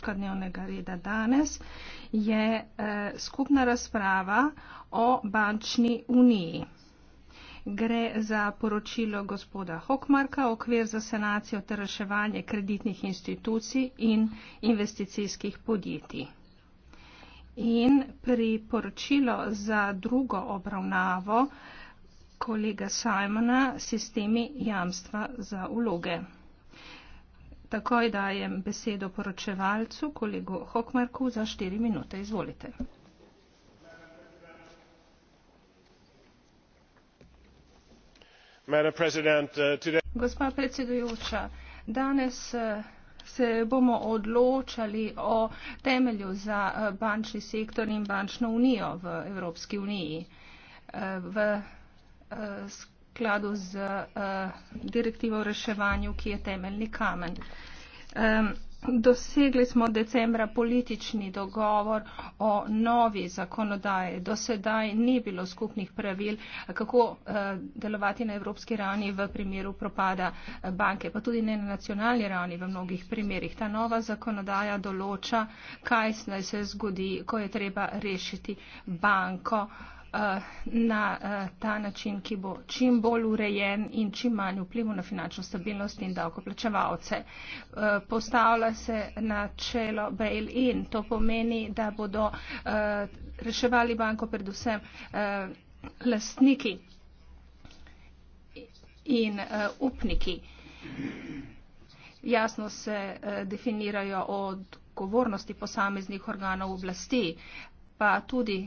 točka dnevnega reda danes je eh, skupna razprava o bančni uniji. Gre za poročilo gospoda Hokmarka, okvir za sanacijo ter reševanje kreditnih institucij in investicijskih podjetij. In pri poročilo za drugo obravnavo kolega Simona sistemi jamstva za uloge. Takoj dajem besedo poročevalcu, kolegu Hokmarku, za štiri minute. Izvolite. Uh, Gospa predsedujoča, danes uh, se bomo odločali o temelju za uh, bančni sektor in bančno unijo v Evropski uniji. V skladu z uh, direktivo o reševanju, ki je temeljni kamen. Um, dosegli smo decembra politični dogovor o novi zakonodaji. Do sedaj ni bilo skupnih pravil, kako uh, delovati na evropski ravni v primeru propada eh, banke, pa tudi ne na nacionalni ravni v mnogih primerjih. Ta nova zakonodaja določa, kaj se zgodi, ko je treba rešiti banko. Uh, Eh, na eh, ta način, ki bo čim bolj urejen in čim manj vplivu na finančno stabilnost in davkoplačevalce. Eh, postavlja se na čelo bail-in. To pomeni, da bodo reševali banko predvsem lastniki in upniki. Jasno se definirajo odgovornosti posameznih organov oblasti, pa tudi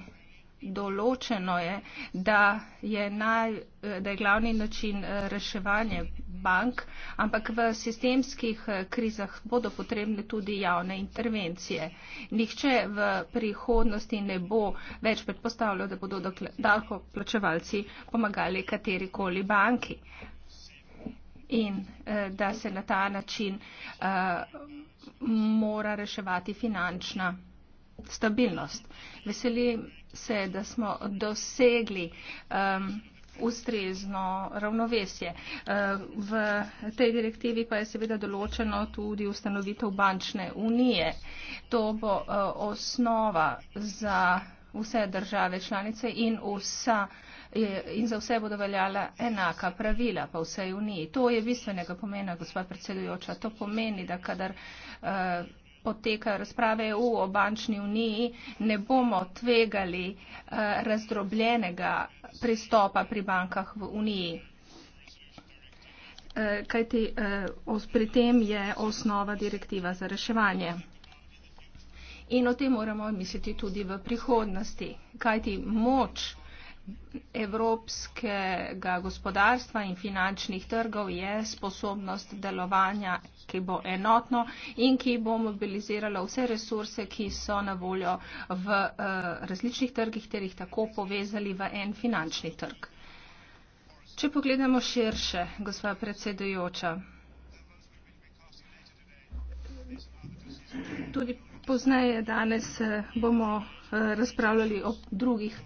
določeno je, da je, naj, da je glavni način eh, reševanje bank, ampak v sistemskih eh, krizah bodo potrebne tudi javne intervencije. Nihče v prihodnosti ne bo več predpostavljal, da bodo davko plačevalci pomagali katerikoli banki in eh, da se na ta način uh, mora reševati finančna stabilnost. Veseli se, da smo dosegli um, ustrezno ravnovesje. Uh, v tej direktivi pa je seveda določeno tudi ustanovitev bančne unije. To bo uh, osnova za vse države članice in, vsa, in za vse bodo veljala enaka pravila pa vsej uniji. To je bistvenega pomena, gospod predsedujoča. To pomeni, da kadar uh, potekajo razprave EU o bančni uniji, ne bomo tvegali eh, razdrobljenega pristopa pri bankah v uniji. Eh, kajti eh, pri tem je osnova direktiva za reševanje. In o tem moramo misliti tudi v prihodnosti, kajti moč evropskega gospodarstva in finančnih trgov je sposobnost delovanja, ki bo enotno in ki bo mobiliziralo vse resurse, ki so na voljo v uh, različnih trgih, ter jih tako povezali v en finančni trg. Če pogledamo širše, gospa predsedujoča, tudi pozneje danes eh, bomo uh, razpravljali o drugih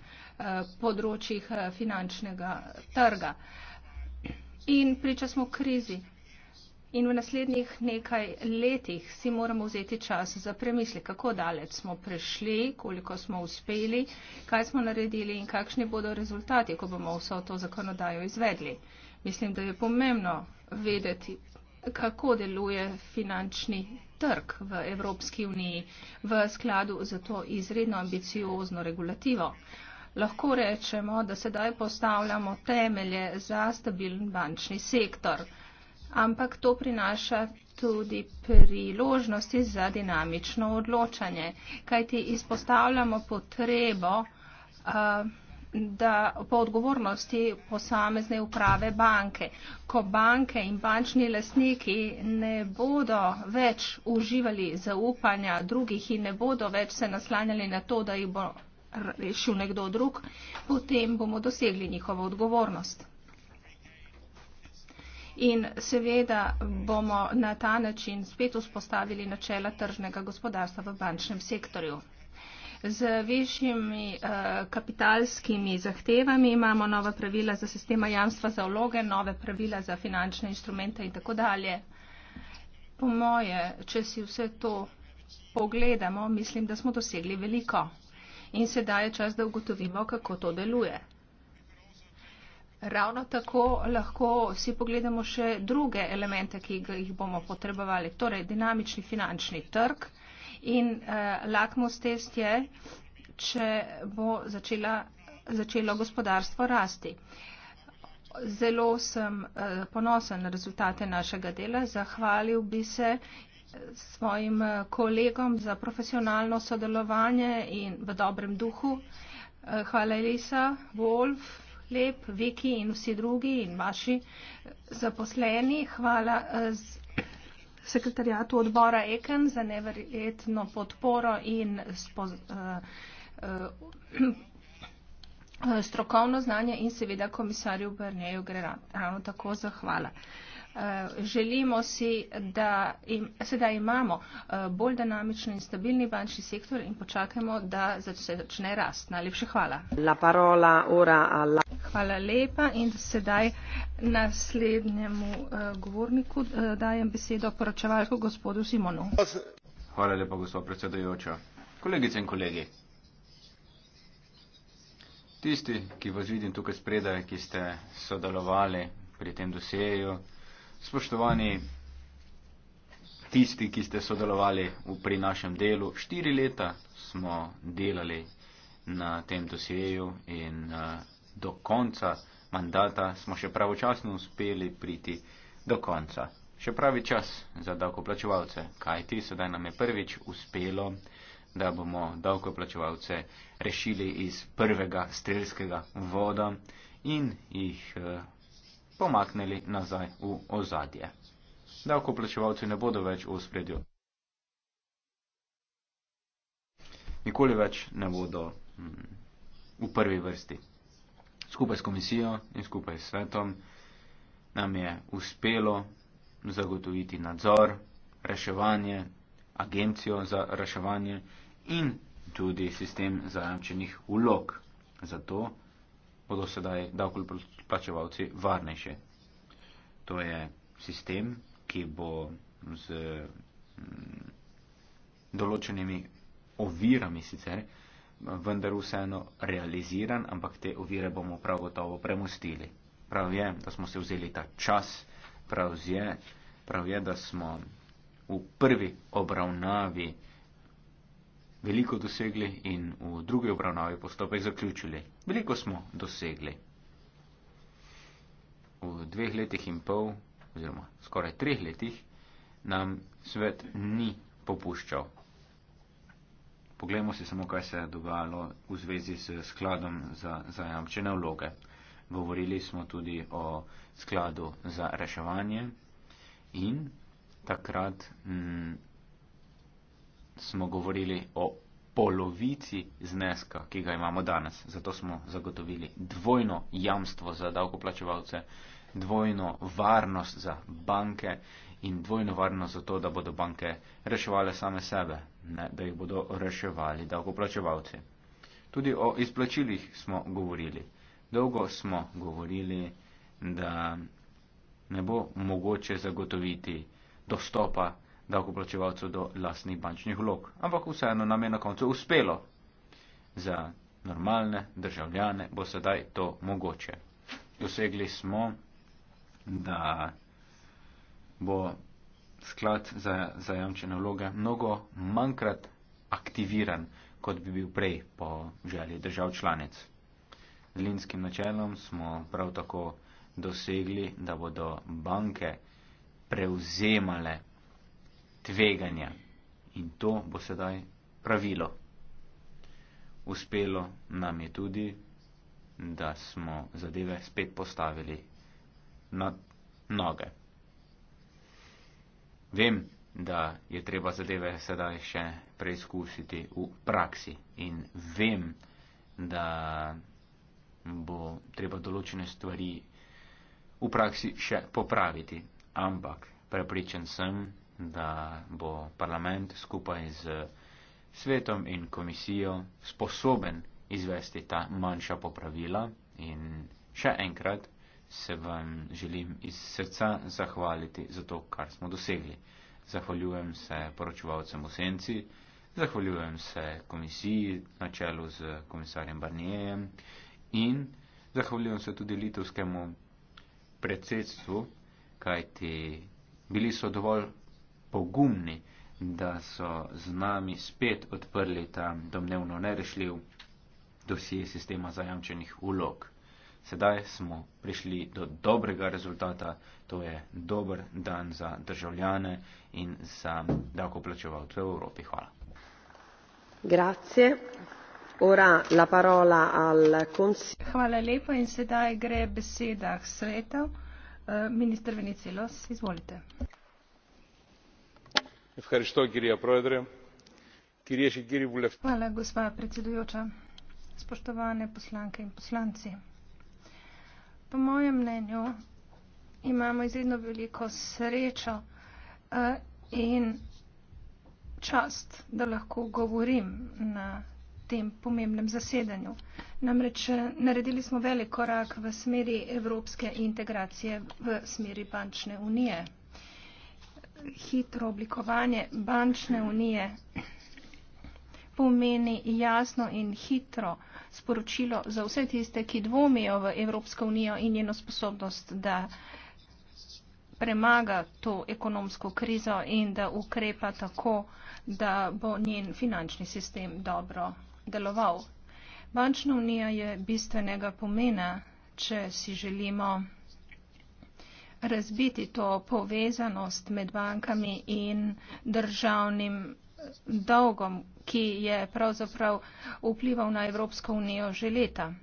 področjih eh, finančnega trga. In priča smo krizi. In v naslednjih nekaj letih si moramo vzeti čas za premisle, kako daleč smo prišli, koliko smo uspeli, kaj smo naredili in kakšni bodo rezultati, ko bomo vso to zakonodajo izvedli. Mislim, da je pomembno vedeti, kako deluje finančni trg v Evropski uniji v skladu za to izredno ambiciozno regulativo lahko rečemo, da sedaj postavljamo temelje za stabilen bančni sektor. Ampak to prinaša tudi priložnosti za dinamično odločanje, kajti izpostavljamo potrebo eh, da, po odgovornosti posamezne uprave banke. Ko banke in bančni lasniki ne bodo več uživali zaupanja drugih in ne bodo več se naslanjali na to, da jih bo rešil nekdo drug, potem bomo dosegli njihovo odgovornost. In seveda bomo na ta način spet vzpostavili načela tržnega gospodarstva v bančnem sektorju. Z višjimi eh, kapitalskimi zahtevami imamo nova pravila za sistema jamstva za vloge, nove pravila za finančne instrumente in tako dalje. Po moje, če si vse to pogledamo, mislim, da smo dosegli veliko in sedaj je čas, da ugotovimo, kako to deluje. Ravno tako lahko si pogledamo še druge elemente, ki jih bomo potrebovali, torej dinamični finančni trg in eh, lakmus test je, če bo začela, začelo gospodarstvo rasti. Zelo sem eh, ponosen na rezultate našega dela, zahvalil bi se svojim eh, kolegom za profesionalno sodelovanje in v dobrem duhu. Eh, hvala Elisa, Wolf, Lep, Viki in vsi drugi in vaši eh, zaposleni. Hvala sekretarjatu odbora Eken za neverjetno podporo in strokovno znanje in seveda komisarju Brneju gre ravno tako zahvala. hvala. Eh, želimo si, da im, sedaj imamo eh, bolj dinamični in stabilni bančni sektor in počakajmo, da se začne rast. Najlepše hvala. La parola ora alla. Hvala lepa in sedaj naslednjemu eh, govorniku dajem besedo poročevalku gospodu Simonu. Hvala lepa, gospod predsedujoča. Kolegice in kolegi. Tisti, ki vas vidim tukaj spredaj, ki ste sodelovali pri tem doseju, spoštovani tisti, ki ste sodelovali v, pri našem delu. Štiri leta smo delali na tem dosjeju in uh, do konca mandata smo še pravočasno uspeli priti do konca. Še pravi čas za davkoplačevalce, kaj ti sedaj nam je prvič uspelo, da bomo davkoplačevalce rešili iz prvega strelskega voda in jih. Uh, pomaknili nazaj v ozadje. Davkoplačevalci ne bodo več v spredju. Nikoli več ne bodo hm, v prvi vrsti. Skupaj s komisijo in skupaj s svetom nam je uspelo zagotoviti nadzor, reševanje, agencijo za reševanje in tudi sistem zajamčenih ulog. Zato bodo sedaj davkoplačevalci varnejše. To je sistem, ki bo z mm, določenimi ovirami sicer, vendar vseeno realiziran, ampak te ovire bomo prav gotovo premustili. Prav je, da smo se vzeli ta čas, prav je, prav je, da smo v prvi obravnavi veliko dosegli in v drugi obravnavi postopek zaključili. Veliko smo dosegli. V dveh letih in pol, oziroma skoraj treh letih, nam svet ni popuščal. Poglejmo si samo, kaj se je dogajalo v zvezi s skladom za zajamčene vloge. Govorili smo tudi o skladu za reševanje in takrat mm, smo govorili o polovici zneska, ki ga imamo danes. Zato smo zagotovili dvojno jamstvo za davkoplačevalce, dvojno varnost za banke in dvojno varnost za to, da bodo banke reševali same sebe, ne, da jih bodo reševali davkoplačevalci. Tudi o izplačilih smo govorili. Dolgo smo govorili, da ne bo mogoče zagotoviti dostopa davkoplačevalcev do lastnih bančnih vlog. Ampak vseeno nam je na koncu uspelo. Za normalne državljane bo sedaj to mogoče. Dosegli smo, da bo sklad za zajamčene vloge mnogo manjkrat aktiviran, kot bi bil prej po želji držav članic. Z linskim načelom smo prav tako dosegli, da bodo banke prevzemale tveganja. In to bo sedaj pravilo. Uspelo nam je tudi, da smo zadeve spet postavili na noge. Vem, da je treba zadeve sedaj še preizkusiti v praksi in vem, da bo treba določene stvari v praksi še popraviti, ampak prepričan sem, da bo parlament skupaj z svetom in komisijo sposoben izvesti ta manjša popravila. In še enkrat se vam želim iz srca zahvaliti za to, kar smo dosegli. Zahvaljujem se poročevalcem v senci, zahvaljujem se komisiji na čelu z komisarjem Barnijejem in zahvaljujem se tudi litovskemu predsedstvu, kajti bili so dovolj pogumni, da so z nami spet odprli ta domnevno nerešljiv dosije sistema zajamčenih ulog. Sedaj smo prišli do dobrega rezultata, to je dober dan za državljane in za davkoplačevalce v Evropi. Hvala. Grazie. Ora la parola al consiglio. Hvala lepa in sedaj gre beseda k svetu. Eh, minister Venicelos, izvolite gospa predsedujoča spoštovane poslanke in poslanci po mojem mnenju imamo izredno veliko srečo in čast da lahko govorim na tem pomembnem zasedanju namreč naredili smo velik korak v smeri evropske integracije v smeri bančne unije hitro oblikovanje bančne unije pomeni jasno in hitro sporočilo za vse tiste, ki dvomijo v Evropsko unijo in njeno sposobnost, da premaga to ekonomsko krizo in da ukrepa tako, da bo njen finančni sistem dobro deloval. Bančna unija je bistvenega pomena, če si želimo razbiti to povezanost med bankami in državnim dolgom, ki je pravzaprav vplival na Evropsko unijo že leta.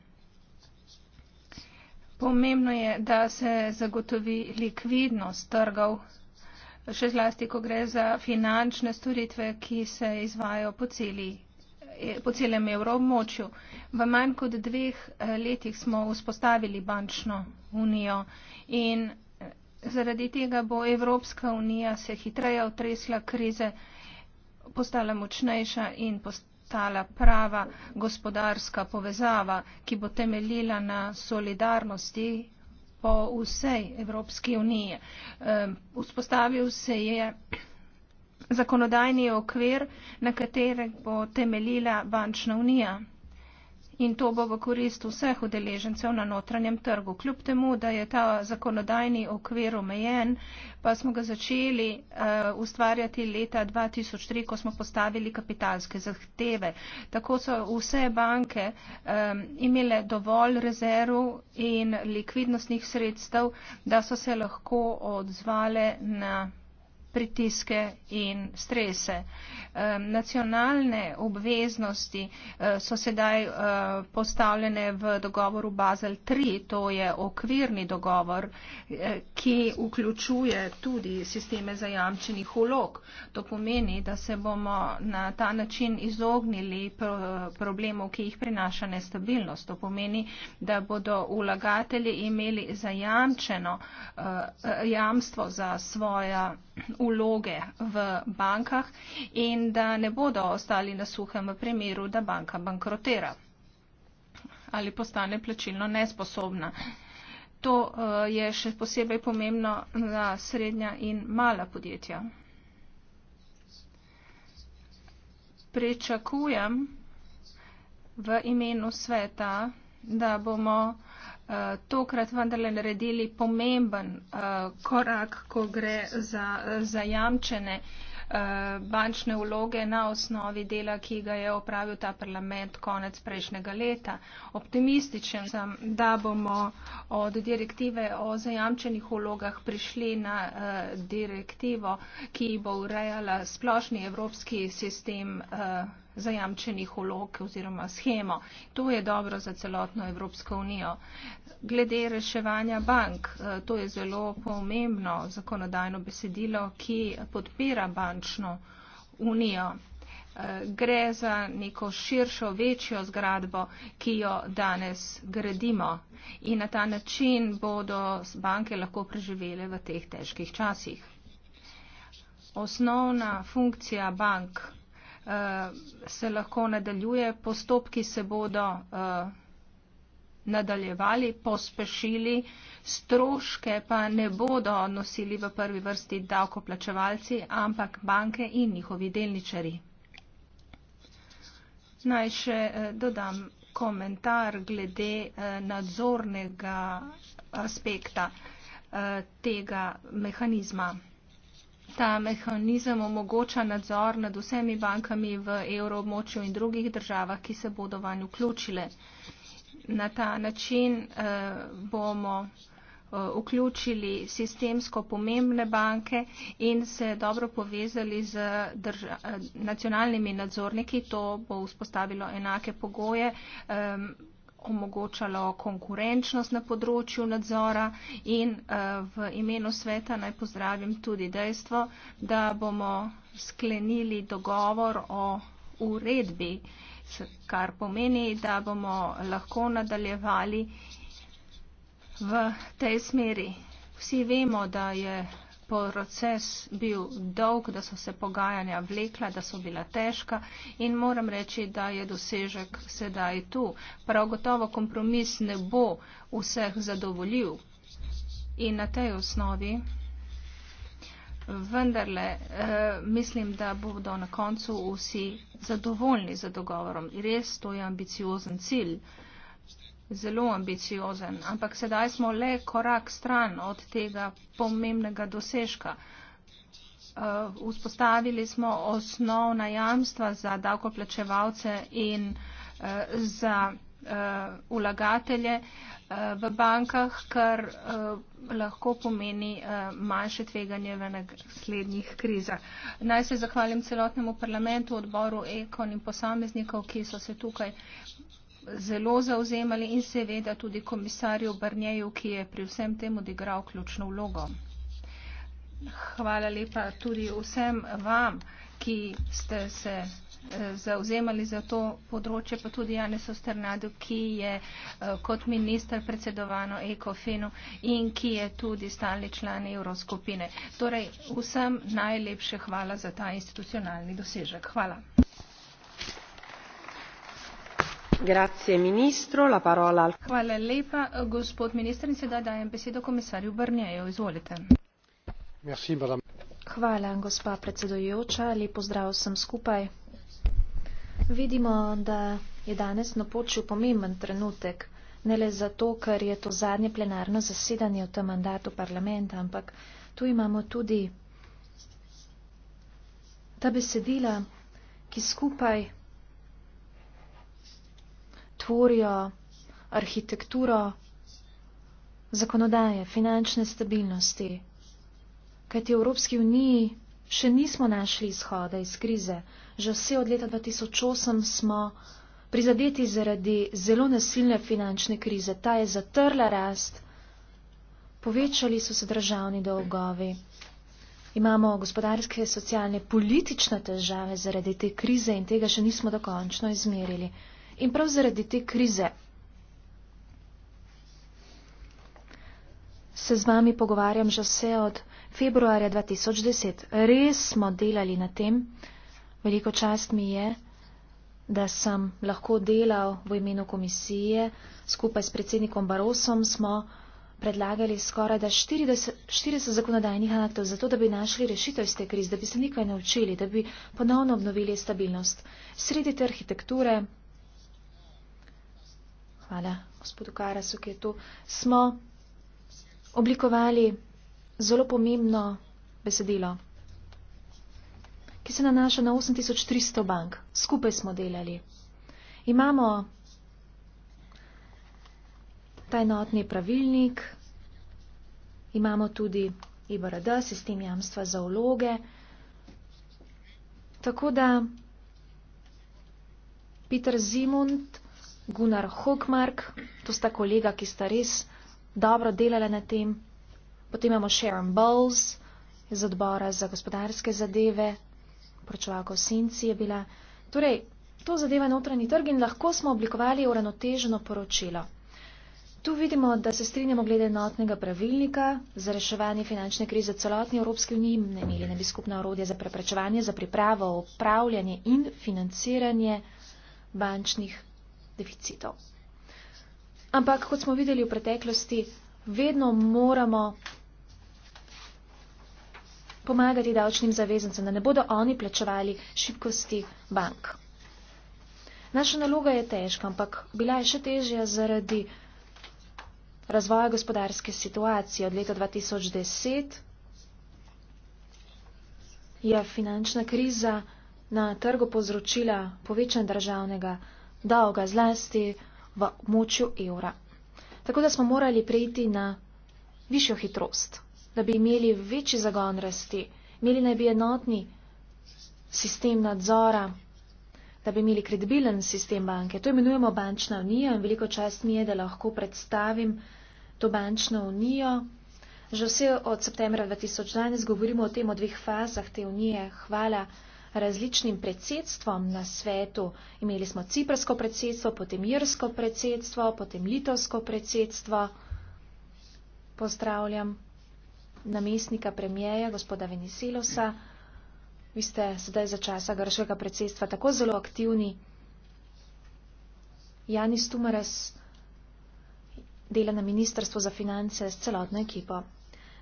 Pomembno je, da se zagotovi likvidnost trgov, še zlasti, ko gre za finančne storitve, ki se izvajo po, celi, po celem evromočju. V manj kot dveh eh, letih smo vzpostavili bančno unijo in Zaradi tega bo Evropska unija se hitreje otresla krize, postala močnejša in postala prava gospodarska povezava, ki bo temeljila na solidarnosti po vsej Evropski uniji. Ehm, vzpostavil se je zakonodajni okvir, na katerem bo temeljila bančna unija in to bo v korist vseh udeležencev na notranjem trgu. Kljub temu, da je ta zakonodajni okvir omejen, pa smo ga začeli uh, ustvarjati leta 2003, ko smo postavili kapitalske zahteve. Tako so vse banke um, imele dovolj rezerv in likvidnostnih sredstev, da so se lahko odzvale na pritiske in strese. Nacionalne obveznosti e, so sedaj e, postavljene v dogovoru Bazel 3, to je okvirni dogovor, e, ki vključuje tudi sisteme zajamčenih ulog. To pomeni, da se bomo na ta način izognili problemov, ki jih prinaša nestabilnost. To pomeni, da bodo vlagatelji imeli zajamčeno jamstvo za svoja vloge v bankah in da ne bodo ostali na suhem v primeru, da banka bankrotira ali postane plačilno nesposobna. To eh, je še posebej pomembno za srednja in mala podjetja. Pričakujem v imenu sveta, da bomo uh, tokrat vendarle naredili pomemben uh, korak, ko gre za eh, zajamčene bančne vloge na osnovi dela, ki ga je opravil ta parlament konec prejšnjega leta. Optimističen sem, da bomo od direktive o zajamčenih vlogah prišli na direktivo, ki bo urejala splošni evropski sistem zajamčenih vlog oziroma schemo. To je dobro za celotno Evropsko unijo. Glede reševanja bank, eh, to je zelo pomembno zakonodajno besedilo, ki podpira bančno unijo. Eh, gre za neko širšo, večjo zgradbo, ki jo danes gradimo in na ta način bodo banke lahko preživele v teh težkih časih. Osnovna funkcija bank Eh, se lahko nadaljuje, postopki se bodo eh, nadaljevali, pospešili, stroške pa ne bodo nosili v prvi vrsti davkoplačevalci, ampak banke in njihovi delničari. Naj še eh, dodam komentar glede nadzornega aspekta tega mehanizma. Ta mehanizem omogoča nadzor nad vsemi bankami v evroobmočju in drugih državah, ki se bodo vanj vključile. Na ta način eh, bomo eh, vključili sistemsko pomembne banke in se dobro povezali z eh, nacionalnimi nadzorniki. To bo vzpostavilo enake pogoje. Eh, omogočalo konkurenčnost na področju nadzora in eh, v imenu sveta naj pozdravim tudi dejstvo, da bomo sklenili dogovor o uredbi, kar pomeni, da bomo lahko nadaljevali v tej smeri. Vsi vemo, da je proces bil dolg, da so se pogajanja vlekla, da so bila težka in moram reči, da je dosežek sedaj tu. Prav gotovo kompromis ne bo vseh zadovoljil in na tej osnovi vendarle eh, mislim, da bodo na koncu vsi zadovoljni za dogovorom. Res to je ambiciozen cilj zelo ambiciozen, ampak sedaj smo le korak stran od tega pomembnega dosežka. Uh, vzpostavili smo osnovna jamstva za davkoplačevalce in uh, za uh, vlagatelje v bankah, kar lahko pomeni manjše tveganje v naslednjih krizah. Naj se zahvalim celotnemu parlamentu, odboru Ekon in posameznikov, ki so se tukaj zelo zauzemali in seveda tudi komisarju Brnjeju, ki je pri vsem tem odigral ključno vlogo. Hvala lepa tudi vsem vam, ki ste se eh, zauzemali za to področje, pa tudi Janesu Sternadu, ki je eh, kot minister predsedovano ECOFIN-u in ki je tudi stalni član Evroskupine. Torej, vsem najlepše hvala za ta institucionalni dosežek. Hvala madam predsedujoča lep pozdrav vsem skupaj vidimo da je danes na počju pomemben trenutek ne le zato ker je to zadnje plenarno zasedanje v tem mandatu parlamenta ampak tu imamo tudi ta besedila ki skupaj tvorijo arhitekturo zakonodaje, finančne stabilnosti. Kajti v Evropski uniji še nismo našli izhoda iz krize. Že vse od leta 2008 smo prizadeti zaradi zelo nasilne finančne krize. Ta je zatrla rast, povečali so se državni dolgovi. Imamo gospodarske, socialne, politične težave zaradi te krize in tega še nismo dokončno izmerili. In prav zaradi te krize se z vami pogovarjam že vse od februarja 2010. Res smo delali na tem. Veliko čast mi je, da sem lahko delal v imenu komisije. Skupaj s predsednikom Barosom smo predlagali skoraj da 40, 40 zakonodajnih aktov, zato da bi našli rešitev iz te krize, da bi se nekaj naučili, da bi ponovno obnovili stabilnost. Sredi te arhitekture Hvala, gospodu Karasu, ki je tu. Smo oblikovali zelo pomembno besedilo, ki se nanaša na 8300 bank. Skupaj smo delali. Imamo ta enotni pravilnik, imamo tudi IBRD, sistem jamstva za vloge. Tako da Peter Zimund Gunnar Hookmark, to sta kolega, ki sta res dobro delali na tem. Potem imamo Sharon Bowles iz odbora za gospodarske zadeve, pročevalko Sinci je bila. Torej, to zadeva notranji trg in lahko smo oblikovali uravnoteženo poročilo. Tu vidimo, da se strinjamo glede enotnega pravilnika za reševanje finančne krize celotni Evropski uniji, ne imeli ne bi skupna orodja za preprečevanje, za pripravo, upravljanje in financiranje bančnih deficitov. Ampak, kot smo videli v preteklosti, vedno moramo pomagati davčnim zavezancem, da ne bodo oni plačevali šibkosti bank. Naša naloga je težka, ampak bila je še težja zaradi razvoja gospodarske situacije. Od leta 2010 je finančna kriza na trgu povzročila povečanje državnega dal ga zlasti v močju evra. Tako da smo morali prejti na višjo hitrost, da bi imeli večji zagon rasti, imeli naj bi enotni sistem nadzora, da bi imeli kredibilen sistem banke. To imenujemo bančna unija in veliko čast mi je, da lahko predstavim to bančno unijo. Že vse od septembra 2011 govorimo o tem, o dveh fazah te unije. Hvala različnim predsedstvom na svetu. Imeli smo ciprsko predsedstvo, potem irsko predsedstvo, potem litovsko predsedstvo. Pozdravljam namestnika premijeja, gospoda Veniselosa. Vi ste sedaj za časa grškega predsedstva tako zelo aktivni. Janis Tumaras dela na Ministrstvu za finance s celotno ekipo.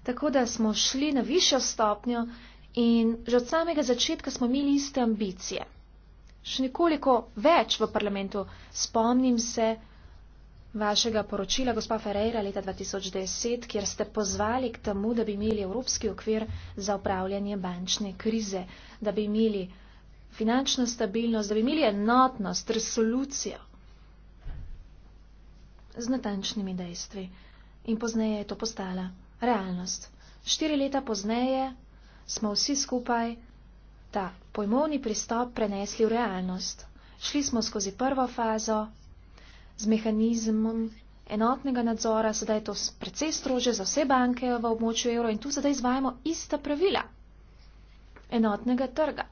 Tako da smo šli na višjo stopnjo In že od samega začetka smo imeli iste ambicije. Še nekoliko več v parlamentu. Spomnim se vašega poročila, gospa Ferreira, leta 2010, kjer ste pozvali k temu, da bi imeli evropski okvir za upravljanje bančne krize, da bi imeli finančno stabilnost, da bi imeli enotnost, resolucijo z natančnimi dejstvi. In pozneje je to postala realnost. Štiri leta pozneje smo vsi skupaj ta pojmovni pristop prenesli v realnost. Šli smo skozi prvo fazo z mehanizmom enotnega nadzora, sedaj je to precej strože za vse banke v območju evro in tu sedaj izvajamo ista pravila enotnega trga.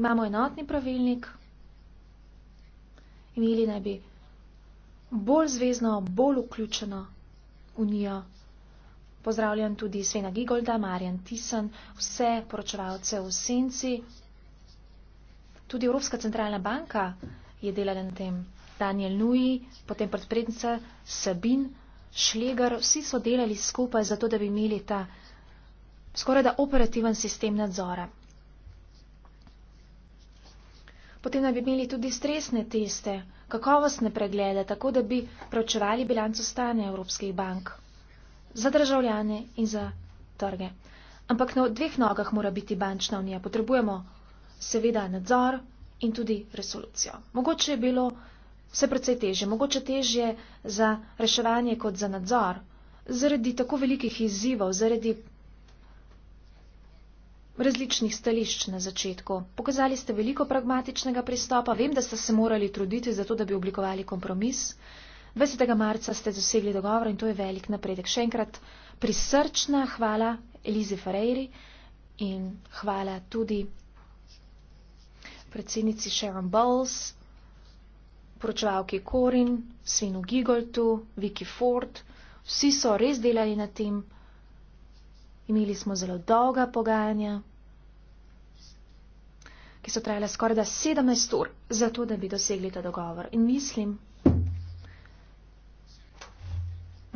Imamo enotni pravilnik, imeli naj bi bolj zvezno, bolj vključeno unijo. Pozdravljam tudi Svena Gigolda, Marjan Tisan, vse poročevalce v Senci. Tudi Evropska centralna banka je delala na tem. Daniel Nui, potem predprednica Sabin, Šlegar, vsi so delali skupaj zato, da bi imeli ta skoraj da operativen sistem nadzora. Potem naj bi imeli tudi stresne teste, kakovostne preglede, tako da bi preučevali bilanco stane evropskih bank za državljane in za trge. Ampak na dveh nogah mora biti bančna unija. Potrebujemo seveda nadzor in tudi resolucijo. Mogoče je bilo vse precej težje, mogoče težje za reševanje kot za nadzor, zaradi tako velikih izzivov, zaradi različnih stališč na začetku. Pokazali ste veliko pragmatičnega pristopa, vem, da ste se morali truditi za to, da bi oblikovali kompromis. 20. marca ste dosegli dogovor in to je velik napredek. Še enkrat prisrčna hvala Elizi Ferreiri in hvala tudi predsednici Sharon Bowles, poročevalki Corin, Svinu Gigoltu, Vicky Ford. Vsi so res delali na tem. Imeli smo zelo dolga pogajanja, ki so trajala skoraj 17 ur, zato da bi dosegli ta dogovor. In mislim,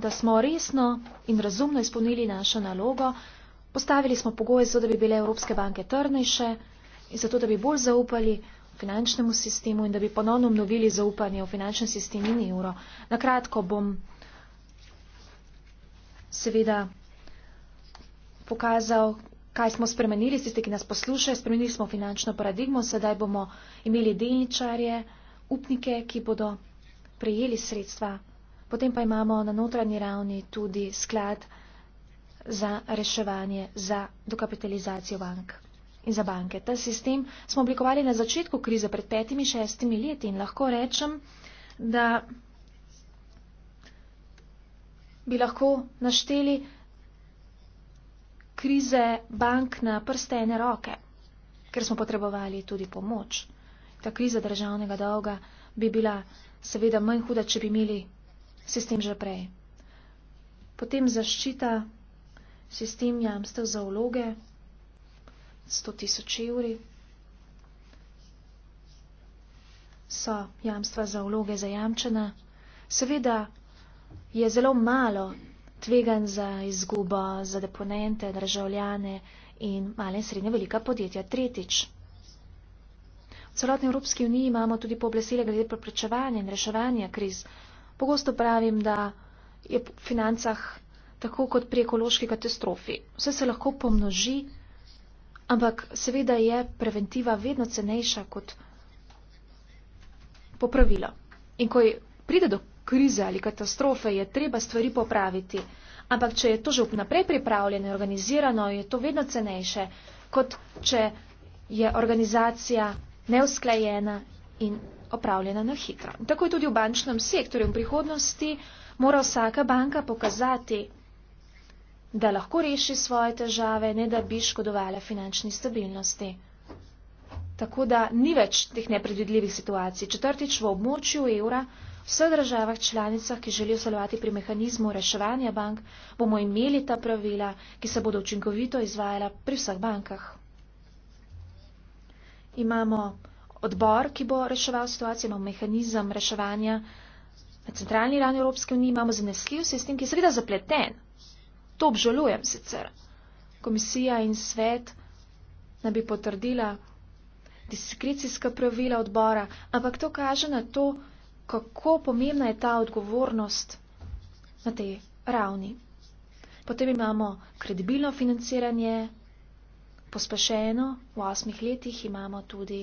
da smo resno in razumno izpolnili našo nalogo, postavili smo pogoje za to, da bi bile Evropske banke trdnejše in za to, da bi bolj zaupali finančnemu sistemu in da bi ponovno obnovili zaupanje v finančni sistem in evro. Na kratko bom seveda pokazal, kaj smo spremenili, tiste, ki nas poslušajo, spremenili smo finančno paradigmo, sedaj bomo imeli delničarje, upnike, ki bodo prejeli sredstva Potem pa imamo na notranji ravni tudi sklad za reševanje, za dokapitalizacijo bank in za banke. Ta sistem smo oblikovali na začetku krize pred petimi, šestimi leti in lahko rečem, da bi lahko našteli krize bank na prste ene roke, ker smo potrebovali tudi pomoč. Ta kriza državnega dolga bi bila seveda manj huda, če bi imeli sistem že prej. Potem zaščita, sistem jamstev za vloge, 100 tisoč evri so jamstva za vloge zajamčena. Seveda je zelo malo tvegan za izgubo, za deponente, državljane in male in srednje velika podjetja. Tretjič. V celotni Evropski uniji imamo tudi pooblastila glede preprečevanja in reševanja kriz. Pogosto pravim, da je v financah tako kot pri ekološki katastrofi. Vse se lahko pomnoži, ampak seveda je preventiva vedno cenejša kot popravilo. In ko pride do krize ali katastrofe, je treba stvari popraviti. Ampak če je to že vnaprej pripravljeno in organizirano, je to vedno cenejše, kot če je organizacija neusklajena in opravljena na hitro. Tako je tudi v bančnem sektorju. V prihodnosti mora vsaka banka pokazati, da lahko reši svoje težave, ne da bi škodovala finančni stabilnosti. Tako da ni več teh nepredvidljivih situacij. Četrtič v območju evra, v vseh državah članicah, ki želijo sodelovati pri mehanizmu reševanja bank, bomo imeli ta pravila, ki se bodo učinkovito izvajala pri vseh bankah. Imamo odbor, ki bo reševal situacijo, imamo mehanizem reševanja na centralni ravni Evropske unije, imamo zanesljiv sistem, ki je seveda zapleten. To obžalujem sicer. Komisija in svet naj bi potrdila diskricijska pravila odbora, ampak to kaže na to, kako pomembna je ta odgovornost na tej ravni. Potem imamo kredibilno financiranje, pospešeno, v osmih letih imamo tudi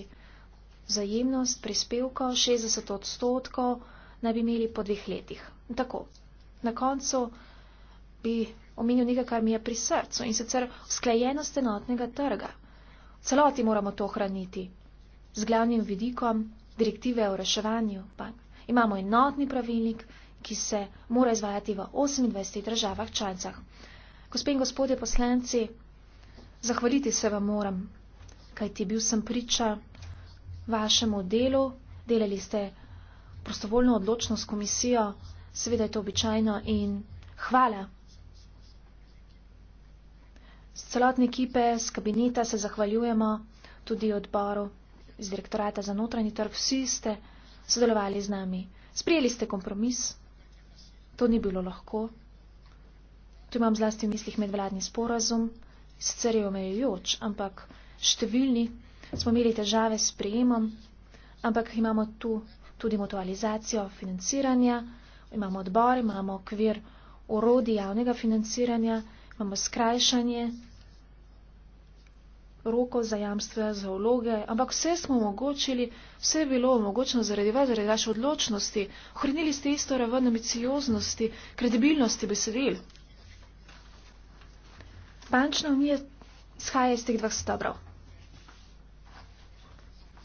vzajemnost prispevkov 60 odstotkov naj bi imeli po dveh letih. Tako, na koncu bi omenil nekaj, kar mi je pri srcu in sicer sklejenost enotnega trga. V celoti moramo to ohraniti. Z glavnim vidikom direktive o reševanju pa imamo enotni pravilnik, ki se mora izvajati v 28 državah članicah. Gospe in gospodje poslanci, zahvaliti se vam moram, kajti bil sem priča vašemu delu, delali ste prostovoljno odločno s komisijo, seveda je to običajno in hvala. Z celotne ekipe, z kabineta se zahvaljujemo, tudi odboru iz direktorata za notranji trg, vsi ste sodelovali z nami. Sprijeli ste kompromis, to ni bilo lahko. Tu imam zlasti v mislih medvladni sporazum, sicer je omejujoč, ampak številni smo imeli težave s prejemom, ampak imamo tu tudi mutualizacijo financiranja, imamo odbor, imamo okvir urodi javnega financiranja, imamo skrajšanje rokov za jamstva, za vloge, ampak vse smo omogočili, vse je bilo omogočeno zaradi vas, zaradi vaše odločnosti. Ohranili ste isto raven ambicioznosti, kredibilnosti besedil. Bančna unija shaja iz teh dveh stabrov.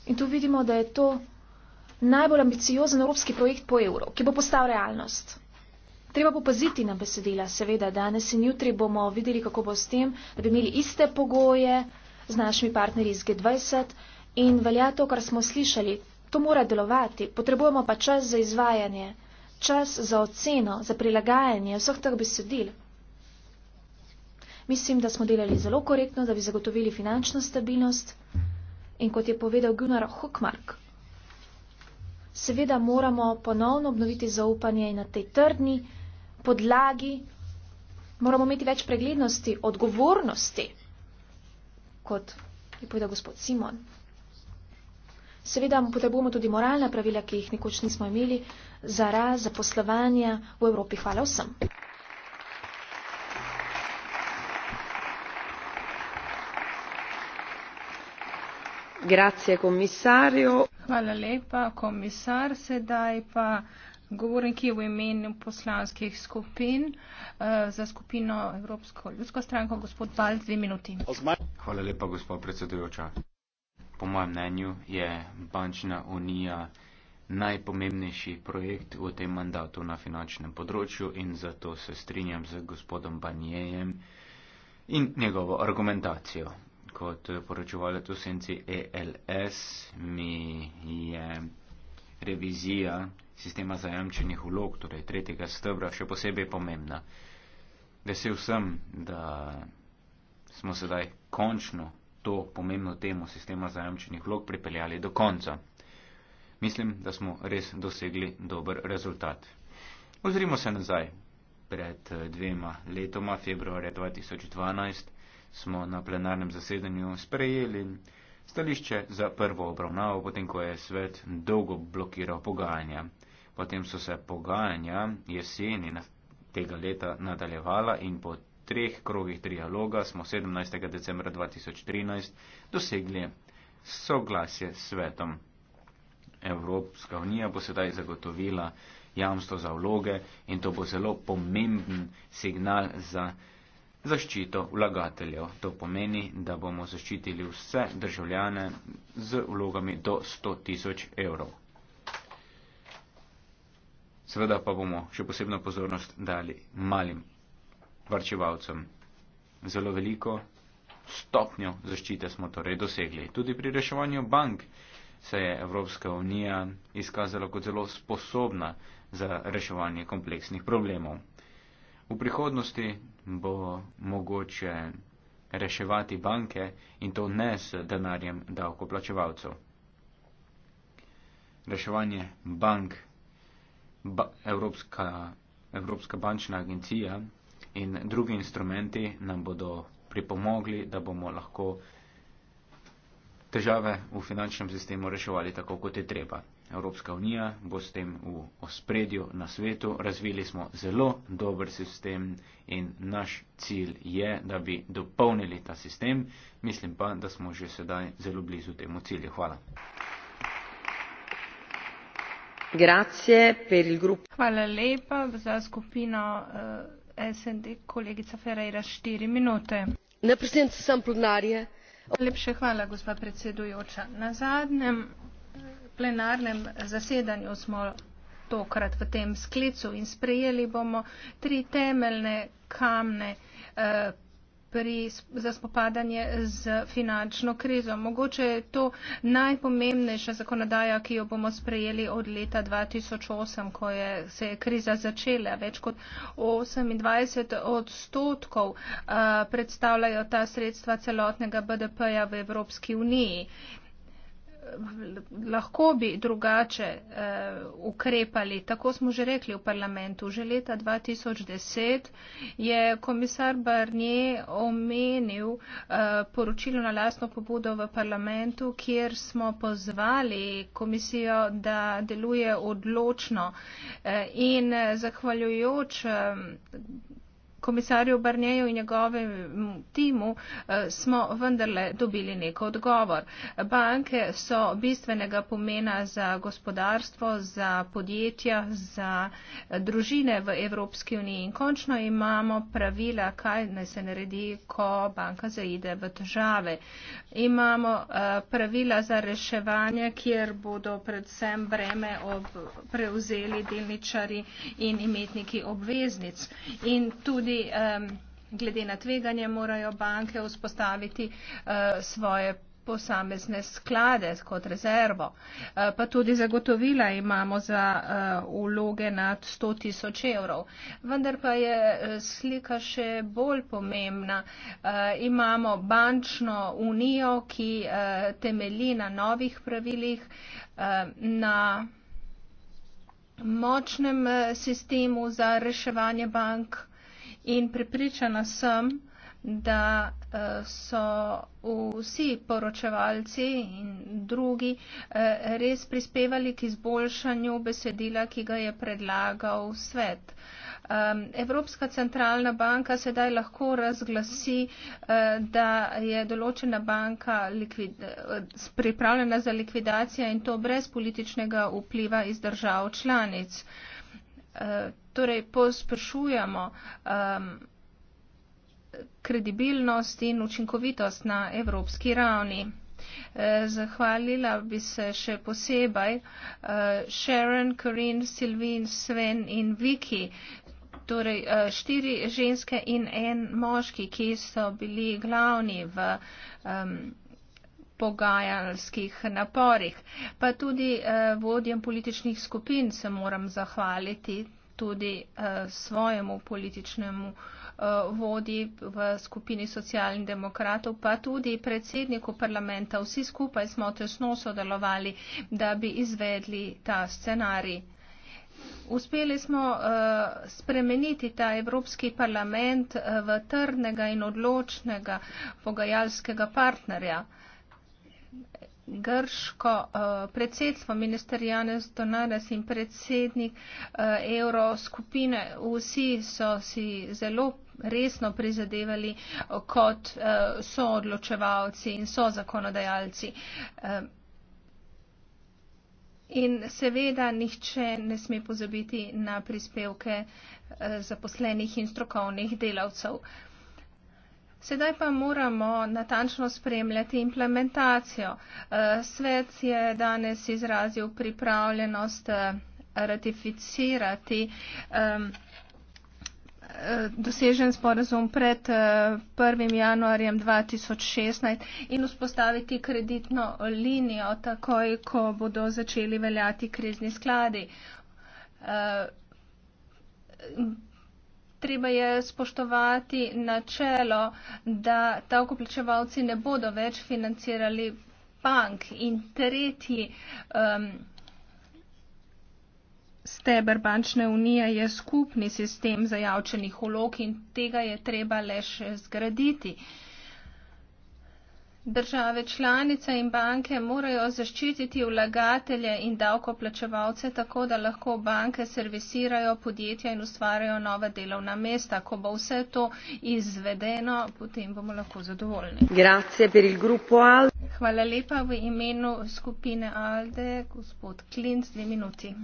In tu vidimo, da je to najbolj ambiciozen evropski projekt po evro, ki bo postal realnost. Treba bo paziti na besedila, seveda danes in jutri bomo videli, kako bo s tem, da bi imeli iste pogoje z našimi partnerji iz G20 in velja to, kar smo slišali. To mora delovati, potrebujemo pa čas za izvajanje, čas za oceno, za prilagajanje vseh teh besedil. Mislim, da smo delali zelo korektno, da bi zagotovili finančno stabilnost in kot je povedal Gunnar Hukmark. Seveda moramo ponovno obnoviti zaupanje in na tej trdni podlagi moramo imeti več preglednosti, odgovornosti, kot je povedal gospod Simon. Seveda potrebujemo tudi moralna pravila, ki jih nekoč nismo imeli, za raz zaposlovanja v Evropi. Hvala vsem. Hvala lepa, komisar. Sedaj pa govorim, ki je v imenu poslanskih skupin. Eh, za skupino Evropsko ljudsko stranko gospod Balc, dve minuti. Hvala lepa, gospod predsedujoča. Po mojem mnenju je bančna unija najpomembnejši projekt v tem mandatu na finančnem področju in zato se strinjam z gospodom Banjejem in njegovo argumentacijo kot poročevalec v senci ELS mi je revizija sistema zajamčenih vlog, torej tretjega stebra, še posebej pomembna. Vesel sem, da smo sedaj končno to pomembno temo sistema zajamčenih vlog pripeljali do konca. Mislim, da smo res dosegli dober rezultat. Ozrimo se nazaj. Pred dvema letoma, februarja 2012, smo na plenarnem zasedanju sprejeli stališče za prvo obravnavo, potem ko je svet dolgo blokiral pogajanja. Potem so se pogajanja jeseni tega leta nadaljevala in po treh krogih dialoga smo 17. decembra 2013 dosegli soglasje s svetom. Evropska unija bo sedaj zagotovila jamstvo za vloge in to bo zelo pomemben signal za zaščito vlagateljev. To pomeni, da bomo zaščitili vse državljane z vlogami do 100 tisoč evrov. Seveda pa bomo še posebno pozornost dali malim varčevalcem. Zelo veliko stopnjo zaščite smo torej dosegli. Tudi pri reševanju bank se je Evropska unija izkazala kot zelo sposobna za reševanje kompleksnih problemov. V prihodnosti bo mogoče reševati banke in to ne s denarjem davkoplačevalcev. Reševanje bank, ba, Evropska, Evropska bančna agencija in drugi instrumenti nam bodo pripomogli, da bomo lahko težave v finančnem sistemu reševali tako, kot je treba. Evropska unija bo s tem v ospredju na svetu. Razvili smo zelo dober sistem in naš cilj je, da bi dopolnili ta sistem. Mislim pa, da smo že sedaj zelo blizu temu cilju. Hvala. Grazie per il gruppo. Hvala lepa za skupino uh, eh, SND, kolegica Ferreira, štiri minute. Ne predsednica, sem plenarje. Lepše hvala, gospa predsedujoča. Na zadnjem. Uh, plenarnem zasedanju smo tokrat v tem sklicu in sprejeli bomo tri temeljne kamne eh, pri, za spopadanje z finančno krizo. Mogoče je to najpomembnejša zakonodaja, ki jo bomo sprejeli od leta 2008, ko je, se je kriza začela. Več kot 28 odstotkov eh, predstavljajo ta sredstva celotnega BDP-ja v Evropski uniji lahko bi drugače uh, ukrepali. Tako smo že rekli v parlamentu. Že leta 2010 je komisar Barnier omenil uh, poročilo na lastno pobudo v parlamentu, kjer smo pozvali komisijo, da deluje odločno uh, in zahvaljujoč. Uh, komisarju Barnjeju in njegovem timu eh, smo vendarle dobili nek odgovor. Banke so bistvenega pomena za gospodarstvo, za podjetja, za eh, družine v Evropski uniji in končno imamo pravila, kaj naj se naredi, ko banka zaide v težave. Imamo eh, pravila za reševanje, kjer bodo predvsem breme preuzeli delničari in imetniki obveznic. In tudi um, glede na tveganje morajo banke vzpostaviti uh, svoje posamezne sklade kot rezervo. Eh, pa tudi zagotovila imamo za uloge eh, nad 100 tisoč evrov. Vendar pa je slika še bolj pomembna. Imamo bančno unijo, ki temeli na novih pravilih, na močnem sistemu za reševanje bank. In prepričana sem, da eh, so vsi poročevalci in drugi eh, res prispevali k izboljšanju besedila, ki ga je predlagal svet. Evropska centralna banka sedaj lahko razglasi, eh, da je določena banka pripravljena za likvidacijo in to brez političnega vpliva iz držav članic torej pospešujemo um, kredibilnost in učinkovitost na evropski ravni. Eh, zahvalila bi se še posebej uh, Sharon, Corinne, Sylvain, Sven in Vicky, torej uh, štiri ženske in en moški, ki so bili glavni v um, pogajalskih naporih. Pa tudi uh, vodjem političnih skupin se moram zahvaliti, tudi uh, svojemu političnemu uh, vodi v skupini socialnih demokratov, pa tudi predsedniku parlamenta. Vsi skupaj smo tesno sodelovali, da bi izvedli ta scenarij. Uspeli smo uh, spremeniti ta Evropski parlament uh, v trdnega in odločnega pogajalskega partnerja. Uh, grško uh, predsedstvo, minister Janez Donares in predsednik uh, evroskupine, vsi so si zelo resno prizadevali kot uh, eh, so odločevalci in so zakonodajalci. Uh, in seveda nihče ne sme pozabiti na prispevke uh, zaposlenih in strokovnih delavcev. Uh, Sedaj pa moramo natančno spremljati implementacijo. Eh, svet je danes izrazil pripravljenost eh, ratificirati eh, dosežen sporazum pred 1. januarjem 2016 in vzpostaviti kreditno linijo takoj, ko bodo začeli veljati krizni skladi. Treba je spoštovati načelo, da davkoplačevalci ne bodo več financirali bank in tretji um, steber bančne unije je skupni sistem zajavčenih vlog in tega je treba le še zgraditi. Uh, Države članice in banke morajo zaščititi vlagatelje in davkoplačevalce tako, da lahko banke servisirajo podjetja in ustvarjajo nove delovna mesta. Ko bo vse to izvedeno, potem bomo lahko zadovoljni. Hvala lepa v imenu skupine Alde, gospod Klinc, dve minuti.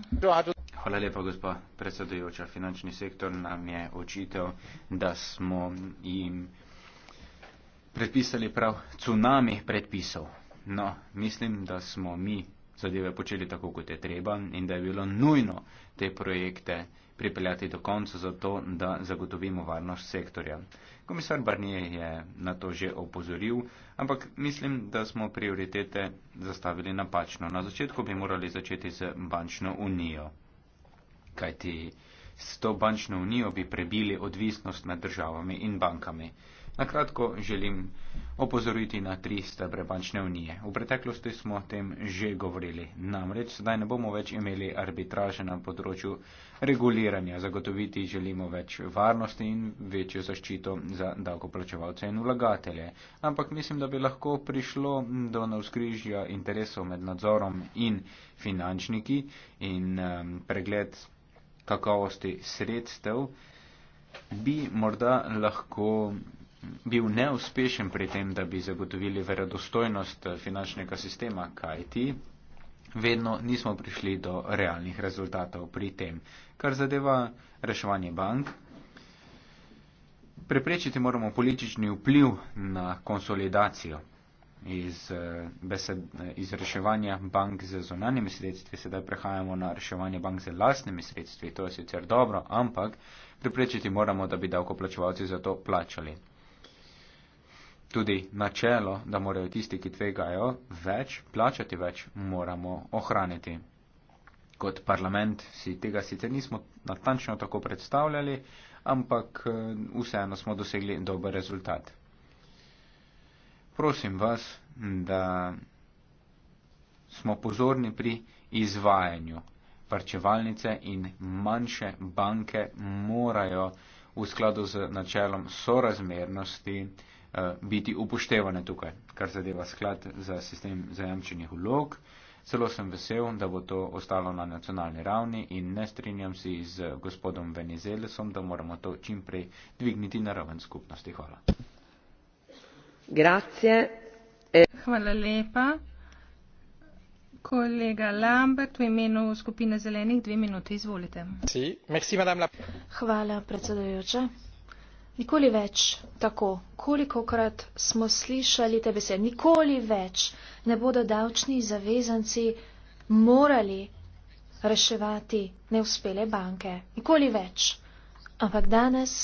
Hvala lepa, gospa predsedujoča. Finančni sektor nam je očitev, da smo jim predpisali prav tsunami predpisov. No, mislim, da smo mi zadeve počeli tako, kot je treba in da je bilo nujno te projekte pripeljati do konca zato, da zagotovimo varnost sektorja. Komisar Barnier je na to že opozoril, ampak mislim, da smo prioritete zastavili napačno. Na začetku bi morali začeti z bančno unijo. Kajti s to bančno unijo bi prebili odvisnost med državami in bankami. Na kratko želim opozoriti na tri stebre bančne unije. V preteklosti smo o tem že govorili. Namreč sedaj ne bomo več imeli arbitraže na področju reguliranja. Zagotoviti želimo več varnosti in večjo zaščito za davkoplačevalce in vlagatelje. Ampak mislim, da bi lahko prišlo do navskrižja interesov med nadzorom in finančniki in um, pregled kakovosti sredstev bi morda lahko bil neuspešen pri tem, da bi zagotovili verodostojnost eh, finančnega sistema, kajti vedno nismo prišli do realnih rezultatov pri tem, kar zadeva reševanje bank. Preprečiti moramo politični vpliv na konsolidacijo iz, eh, besed, eh, iz reševanja bank z zonanimi sredstvi, sedaj prehajamo na reševanje bank z lastnimi sredstvi, to je sicer dobro, ampak preprečiti moramo, da bi davkoplačevalci za to plačali tudi načelo, da morajo tisti, ki tvegajo več, plačati več, moramo ohraniti. Kot parlament si tega sicer nismo natančno tako predstavljali, ampak eh, vseeno smo dosegli dober rezultat. Prosim vas, da smo pozorni pri izvajanju. Varčevalnice in manjše banke morajo v skladu z načelom sorazmernosti eh, Eh, biti upoštevane tukaj, kar zadeva sklad za sistem zajamčenih vlog. Celo sem vesel, da bo to ostalo na nacionalni ravni in ne strinjam si z gospodom Venizelesom, da moramo to čimprej dvigniti na raven skupnosti. Hvala. Grazie. E- Hvala lepa. Kolega Lambert, v imenu skupine zelenih, dve minute, izvolite. Hvala, predsedujoča. Nikoli več tako, kolikokrat smo slišali te besede, nikoli več ne bodo davčni zavezanci morali reševati neuspele banke. Nikoli več. Ampak danes,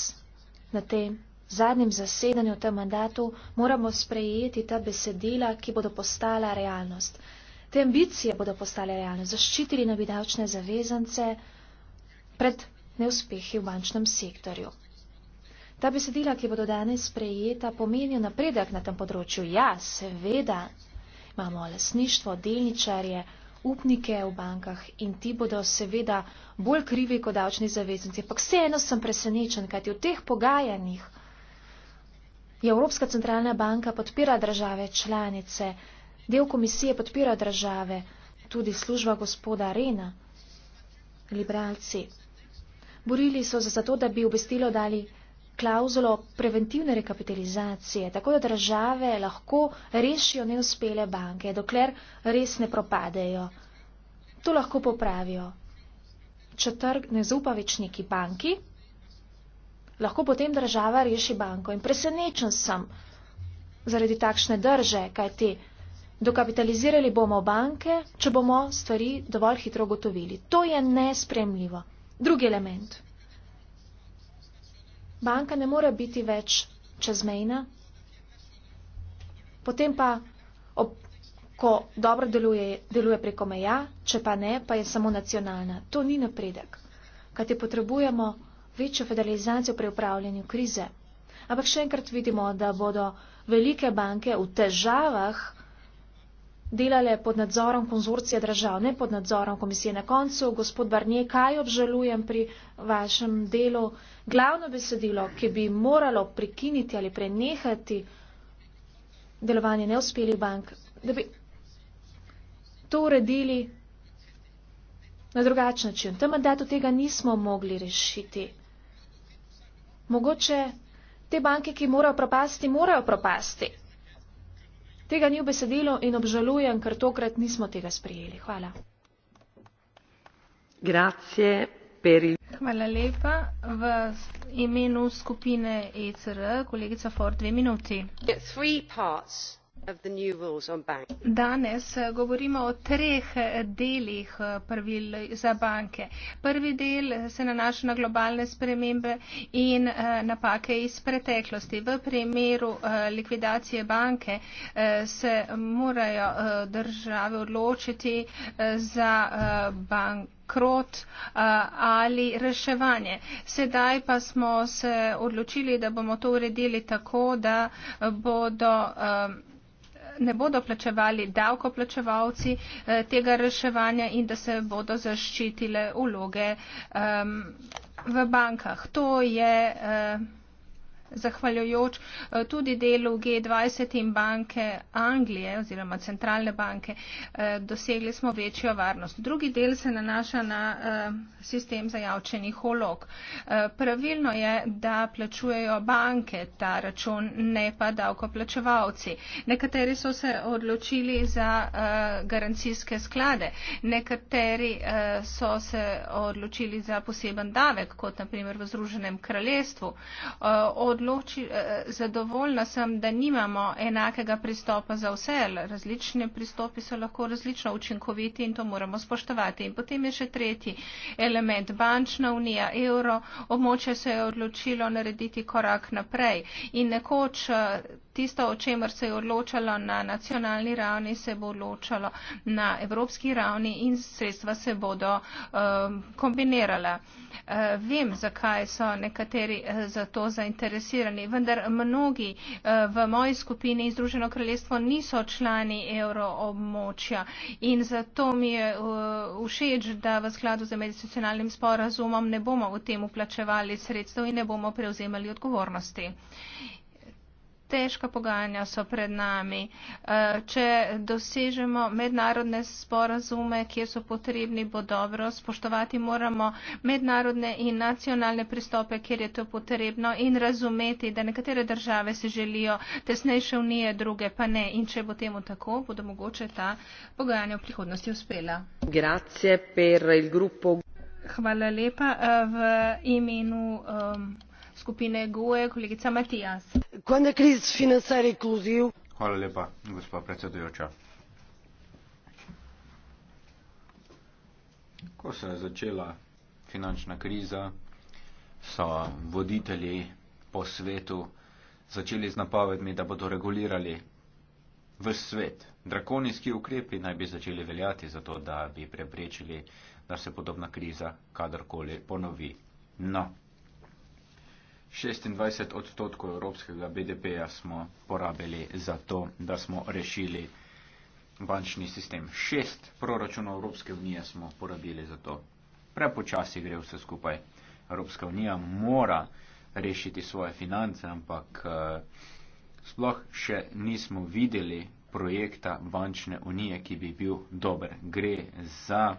na tem zadnjem zasedanju, tem mandatu, moramo sprejeti ta besedila, ki bodo postala realnost. Te ambicije bodo postale realnost. Zaščitili naj bi davčne zavezance pred neuspehi v bančnem sektorju. Ta besedila, ki bodo danes sprejeta, pomenijo napredek na tem področju. Ja, seveda, imamo lasništvo, delničarje, upnike v bankah in ti bodo seveda bolj krivi kot davčni zaveznici. Pa vseeno sem presenečen, kajti v teh pogajanjih je Evropska centralna banka podpira države članice, del komisije podpira države, tudi služba gospoda Rena, liberalci. Borili so se za to, da bi obestilo dali klauzulo preventivne rekapitalizacije, tako da države lahko rešijo neuspele banke, dokler res ne propadejo. To lahko popravijo. Če trg ne zaupa več neki banki, lahko potem država reši banko. In presenečen sem zaradi takšne drže, kajti dokapitalizirali bomo banke, če bomo stvari dovolj hitro gotovili. To je nespremljivo. Drugi element banka ne more biti več čezmejna, potem pa, ob, ko dobro deluje, deluje preko meja, če pa ne, pa je samo nacionalna. To ni napredek, kajte potrebujemo večjo federalizacijo pri upravljanju krize. Ampak še enkrat vidimo, da bodo velike banke v težavah delale pod nadzorom konzorcije držav, ne pod nadzorom komisije. Na koncu, gospod Barnier, kaj obžalujem pri vašem delu? Glavno besedilo, ki bi moralo prekiniti ali prenehati delovanje neuspelih bank, da bi to uredili na drugačen način. Tem mandatu tega nismo mogli rešiti. Mogoče te banke, ki morajo propasti, morajo propasti tega ni v besedilu in obžalujem, ker tokrat nismo tega sprijeli. Hvala. Grazie, peri. Hvala lepa. V imenu skupine ECR, kolegica Ford, dve minuti. Three parts. Danes eh, govorimo o treh eh, delih eh, pravil za banke. Prvi del se nanaša na globalne spremembe in napake iz preteklosti. V primeru likvidacije banke se morajo države odločiti za bank krot ali reševanje. Sedaj pa smo se odločili, da bomo to uredili tako, da bodo ne bodo plačevali davkoplačevalci eh, tega reševanja in da se bodo zaščitile uloge ehm, v bankah. To je eh, zahvaljujoč eh, tudi delu G20 in banke Anglije oziroma centralne banke, eh, dosegli smo večjo varnost. Drugi del se nanaša na eh, sistem zajavčenih olog. Pravilno je, da plačujejo banke ta račun, ne pa davkoplačevalci. Nekateri so se odločili za garancijske sklade, nekateri so se odločili za poseben davek, kot naprimer v Združenem kraljestvu. Od odloči, eh, eh, zadovoljna sem, da nimamo enakega pristopa za vse. Različni pristopi so lahko različno učinkoviti in to moramo spoštovati. In potem je še tretji element. Bančna unija, evro, območje se je odločilo narediti korak naprej. In nekoč eh, tisto, o čemer se je odločalo na nacionalni ravni, se bo odločalo na evropski ravni in sredstva se bodo um, kombinirala. Uh, vem, zakaj so nekateri uh, za to zainteresirani, vendar mnogi uh, v moji skupini in Združeno kraljestvo niso člani euroobmočja in zato mi je uh, všeč, da v skladu z medicinalnim sporazumom ne bomo v tem uplačevali sredstev in ne bomo prevzemali odgovornosti težka pogajanja so pred nami. Eh, če dosežemo mednarodne sporazume, kje so potrebni, bo dobro. Spoštovati moramo mednarodne in nacionalne pristope, kjer je to potrebno in razumeti, da nekatere države se želijo tesnejše unije, druge pa ne. In če bo temu tako, bodo mogoče ta pogajanja v prihodnosti uspela. Hvala lepa eh, v imenu. Um, skupine GUE, kolegica Matijas. Kaj je kriz financer inkluziv? Hvala lepa, gospa predsedujoča. Ko se je začela finančna kriza, so voditelji po svetu začeli z napovedmi, da bodo regulirali v svet. Drakonijski ukrepi naj bi začeli veljati za to, da bi preprečili, da se podobna kriza kadarkoli ponovi. No, 26 odstotkov evropskega BDP-ja smo porabili za to, da smo rešili bančni sistem. Šest proračunov Evropske unije smo porabili za to. Prepočasi gre vse skupaj. Evropska unija mora rešiti svoje finance, ampak uh, sploh še nismo videli projekta bančne unije, ki bi bil dober. Gre za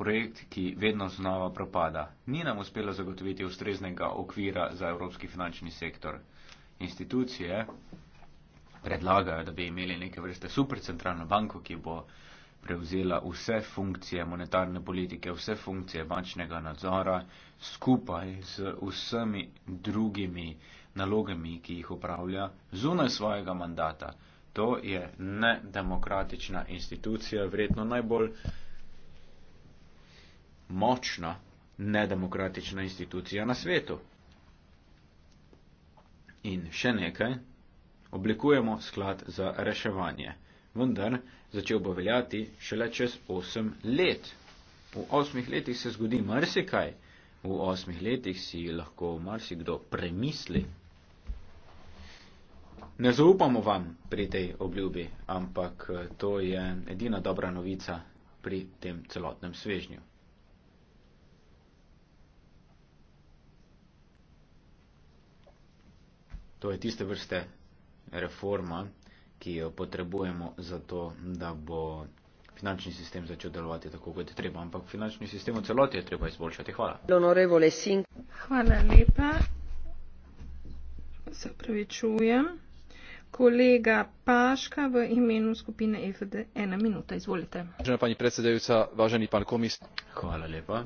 projekt, ki vedno znova propada. Ni nam uspelo zagotoviti ustreznega okvira za evropski finančni sektor. Institucije predlagajo, da bi imeli neke vrste supercentralno banko, ki bo prevzela vse funkcije monetarne politike, vse funkcije bančnega nadzora skupaj z vsemi drugimi nalogami, ki jih upravlja zunaj svojega mandata. To je nedemokratična institucija, vredno najbolj močna nedemokratična institucija na svetu. In še nekaj, oblikujemo sklad za reševanje, vendar začel bo veljati šele čez 8 let. V 8 letih se zgodi marsikaj, v 8 letih si lahko marsikdo premisli. Ne zaupamo vam pri tej obljubi, ampak eh, to je edina dobra novica pri tem celotnem svežnju. To je tiste vrste reforma, ki jo potrebujemo za to, da bo finančni sistem začel delovati tako, kot je treba. Ampak finančni sistem v celoti je treba izboljšati. Hvala. Hvala lepa. Se pravičujem. Kolega Paška v imenu skupine EFD, ena minuta, izvolite. Hvala lepa.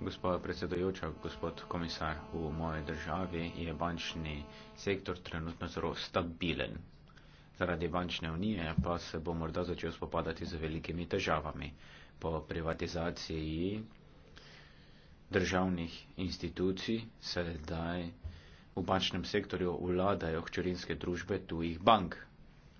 Gospod predsedujoča, gospod komisar, v moji državi je bančni sektor trenutno zelo stabilen. Zaradi bančne unije pa se bo morda začel spopadati z velikimi težavami. Po privatizaciji državnih institucij sedaj v bančnem sektorju vladajo hčerinske družbe tujih bank.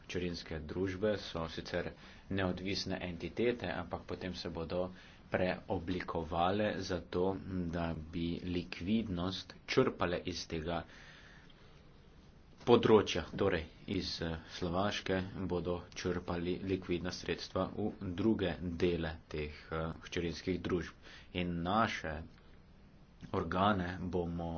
Hčerinske družbe so sicer neodvisne entitete, ampak potem se bodo preoblikovale zato, da bi likvidnost črpale iz tega področja, torej iz eh, Slovaške bodo črpali likvidna sredstva v druge dele teh eh, hčerinskih družb in naše organe bomo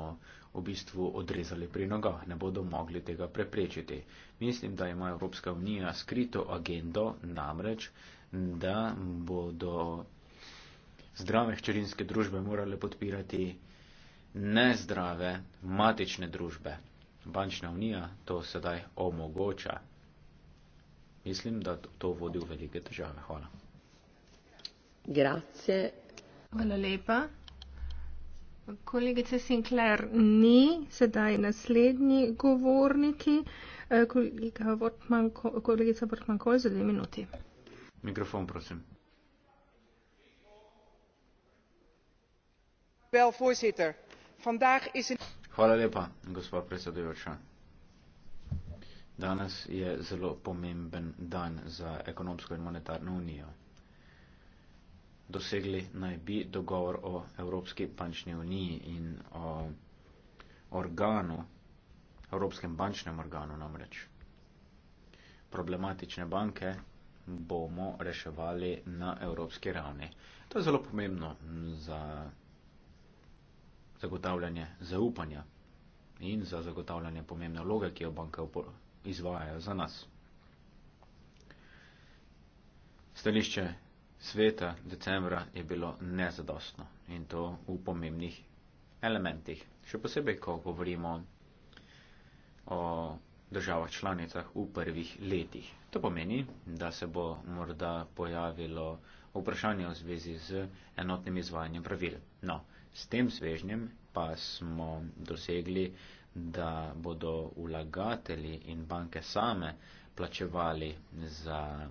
v bistvu odrezali pri nogah, ne bodo mogli tega preprečiti. Mislim, da ima Evropska unija skrito agendo namreč, da bodo zdrave hčerinske družbe morale podpirati nezdrave matične družbe. Bančna unija to sedaj omogoča. Mislim, da to vodi v velike težave. Hvala. Grazie. Hvala lepa. Kolegica Sinclair ni sedaj naslednji govorniki. Eh, kolegica Vortman-Kol, za dve minuti. Mikrofon, prosim. voorzitter vandaag is een. Hvala lepa, gospa predsedujoča. Danes je zelo pomemben dan za ekonomsko in monetarno unijo. Dosegli naj bi dogovor o Evropski bančni uniji in o organu, Evropskem bančnem organu namreč. Problematične banke bomo reševali na evropski ravni. To je zelo pomembno za zagotavljanje zaupanja in za zagotavljanje pomembne vloge, ki jo banke izvajajo za nas. Stališče sveta decembra je bilo nezadostno in to v pomembnih elementih. Še posebej, ko govorimo o državah članicah v prvih letih. To pomeni, da se bo morda pojavilo vprašanje v zvezi z enotnim izvajanjem pravil. No, S tem svežnjem pa smo dosegli, da bodo vlagateli in banke same plačevali za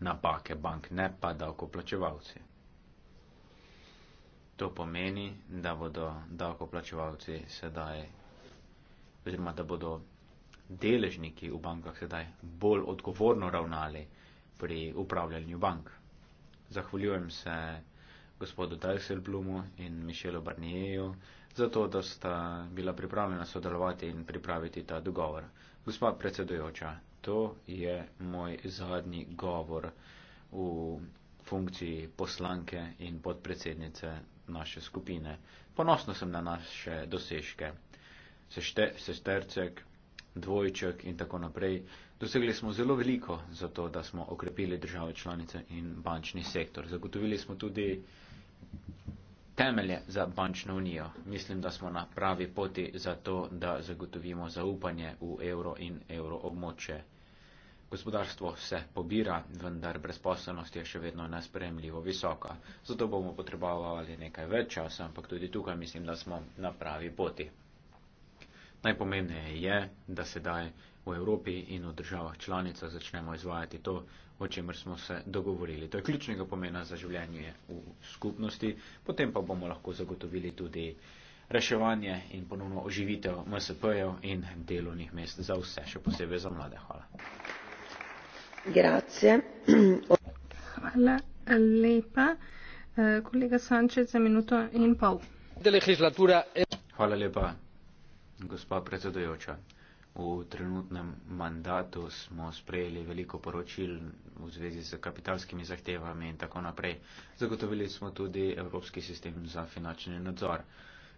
napake bank, ne pa davkoplačevalci. To pomeni, da bodo davkoplačevalci sedaj, oziroma da bodo deležniki v bankah sedaj bolj odgovorno ravnali pri upravljanju bank. Zahvaljujem se gospodu Dijsselblumu in Mišelu Barnijeju, zato da sta bila pripravljena sodelovati in pripraviti ta dogovor. Gospa predsedujoča, to je moj zadnji govor v funkciji poslanke in podpredsednice naše skupine. Ponosno sem na naše dosežke. Sešte, sesterček, dvojček in tako naprej. Dosegli smo zelo veliko za to, da smo okrepili države članice in bančni sektor. Zagotovili smo tudi temelje za bančno unijo. Mislim, da smo na pravi poti za to, da zagotovimo zaupanje v evro in evro območje. Gospodarstvo se pobira, vendar brezposelnost je še vedno nespremljivo visoka. Zato bomo potrebovali nekaj več časa, ampak tudi tukaj mislim, da smo na pravi poti. Najpomembneje je, da sedaj v Evropi in v državah članicah začnemo izvajati to, o čemer smo se dogovorili. To je ključnega pomena za življenje v skupnosti, potem pa bomo lahko zagotovili tudi reševanje in ponovno oživitev MSP-jev in delovnih mest za vse, še posebej za mlade. Hvala. Grazie. Hvala lepa. Eh, kolega Sanchez za minuto in pol. Hvala lepa, gospa predsedojoča. V trenutnem mandatu smo sprejeli veliko poročil v zvezi z kapitalskimi zahtevami in tako naprej. Zagotovili smo tudi Evropski sistem za finančni nadzor.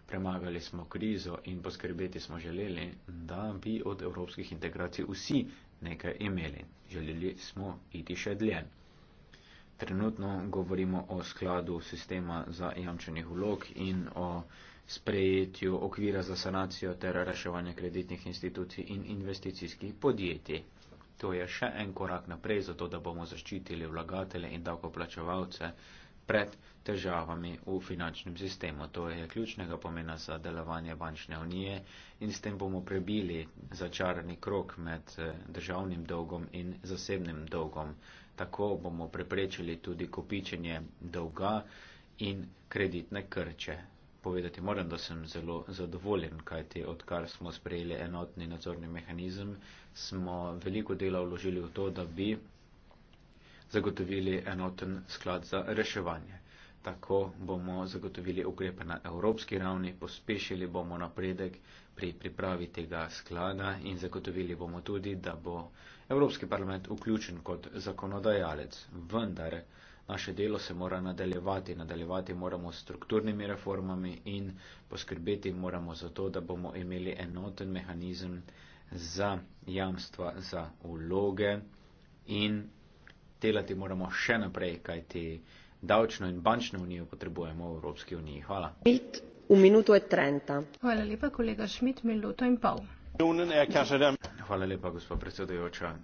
Premagali smo krizo in poskrbeti smo želeli, da bi od evropskih integracij vsi nekaj imeli. Želeli smo iti še dlje. Trenutno govorimo o skladu sistema za jamčenih vlog in o sprejetju okvira za sanacijo ter reševanje kreditnih institucij in investicijskih podjetij. To je še en korak naprej, zato da bomo zaščitili vlagatele in davkoplačevalce pred težavami v finančnem sistemu. To je ključnega pomena za delovanje bančne unije in s tem bomo prebili začarani krok med eh, državnim dolgom in zasebnim dolgom. Tako bomo preprečili tudi kopičenje dolga in kreditne krče povedati moram, da sem zelo zadovoljen, kajti odkar smo sprejeli enotni nadzorni mehanizem, smo veliko dela vložili v to, da bi zagotovili enoten sklad za reševanje. Tako bomo zagotovili ukrepe na evropski ravni, pospešili bomo napredek pri pripravi tega sklada in zagotovili bomo tudi, da bo Evropski parlament vključen kot zakonodajalec. Vendar, naše delo se mora nadaljevati. Nadaljevati moramo s strukturnimi reformami in poskrbeti moramo za to, da bomo imeli enoten mehanizem za jamstva, za vloge in delati moramo še naprej, kajti davčno in bančno unijo potrebujemo v Evropski uniji. Hvala. Hvala lepa, kolega Šmit, minuto in pol. Hvala lepa, gospod predsedujoča.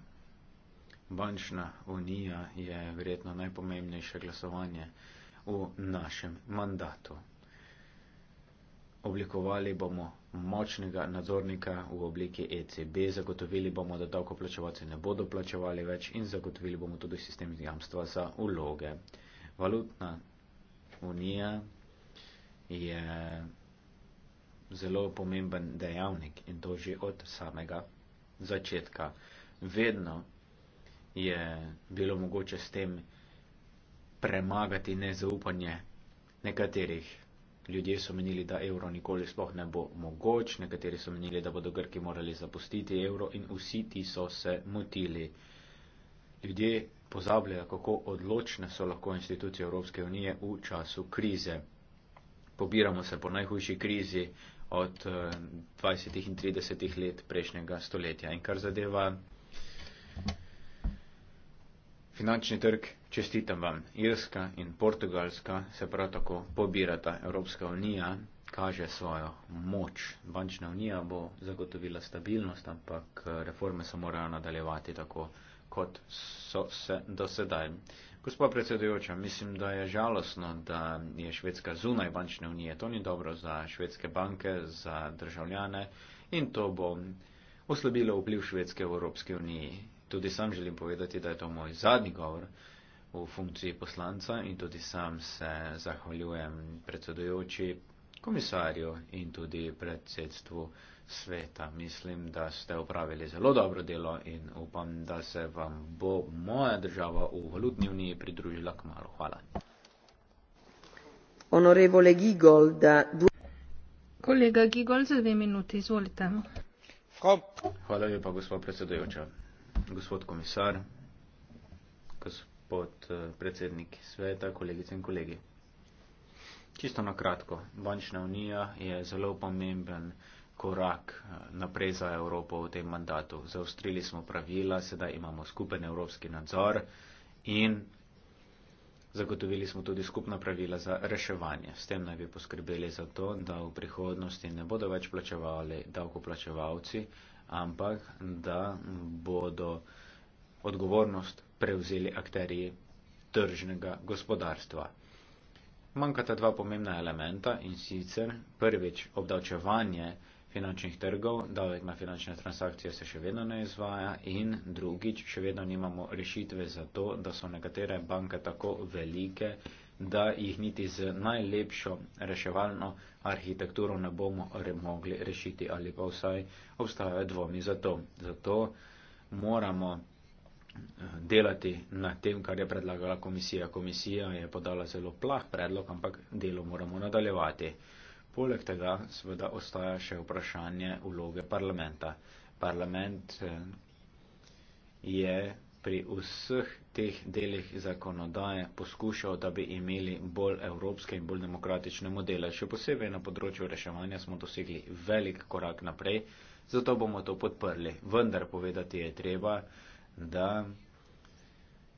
Bančna unija je verjetno najpomembnejše glasovanje v našem mandatu. Oblikovali bomo močnega nadzornika v obliki ECB, zagotovili bomo, da davkoplačevalci ne bodo plačevali več in zagotovili bomo tudi sistem jamstva za uloge. Valutna unija je zelo pomemben dejavnik in to že od samega začetka. Vedno je bilo mogoče s tem premagati nezaupanje nekaterih. Ljudje so menili, da evro nikoli sploh ne bo mogoč, nekateri so menili, da bodo Grki morali zapustiti evro in vsi ti so se motili. Ljudje pozabljajo, kako odločne so lahko institucije Evropske unije v času krize. Pobiramo se po najhujši krizi od 20 eh, in 30 let prejšnjega stoletja. In kar zadeva finančni trg, čestitam vam. Irska in Portugalska se prav tako pobirata. Evropska unija kaže svojo moč. Bančna unija bo zagotovila stabilnost, ampak eh, reforme se morajo nadaljevati tako, kot so se do sedaj. Gospa predsedujoča, mislim, da je žalostno, da je Švedska zunaj bančne unije. To ni dobro za švedske banke, za državljane in to bo oslabilo vpliv Švedske v Evropske unije. Tudi sam želim povedati, da je to moj zadnji govor v funkciji poslanca in tudi sam se zahvaljujem predsedujoči komisarju in tudi predsedstvu sveta. Mislim, da ste upravili zelo dobro delo in upam, da se vam bo moja država v valutni uniji pridružila k malu. Hvala. Honorevole Gigol, da... Kolega Gigol, za dve minuti, izvolite. Hvala lepa, gospod predsedujoča gospod komisar, gospod eh, predsednik sveta, kolegice in kolegi. Čisto na kratko, bančna unija je zelo pomemben korak eh, naprej za Evropo v tem mandatu. Zaustrili smo pravila, sedaj imamo skupen evropski nadzor in zagotovili smo tudi skupna pravila za reševanje. S tem naj bi poskrbeli za to, da v prihodnosti ne bodo več plačevali davkoplačevalci, ampak da bodo odgovornost prevzeli akteriji tržnega gospodarstva. Manjkata dva pomembna elementa in sicer prvič obdavčevanje finančnih trgov, davek na finančne transakcije se še vedno ne izvaja in drugič še vedno nimamo rešitve za to, da so nekatere banke tako velike, da jih niti z najlepšo reševalno arhitekturo ne bomo mogli rešiti ali pa vsaj obstajajo dvomi za to. Zato moramo eh, delati na tem, kar je predlagala komisija. Komisija je podala zelo plah predlog, ampak delo moramo nadaljevati. Poleg tega seveda ostaja še vprašanje uloge parlamenta. Parlament eh, je pri vseh teh delih zakonodaje poskušal, da bi imeli bolj evropske in bolj demokratične modele. Še posebej na področju reševanja smo dosegli velik korak naprej, zato bomo to podprli. Vendar povedati je treba, da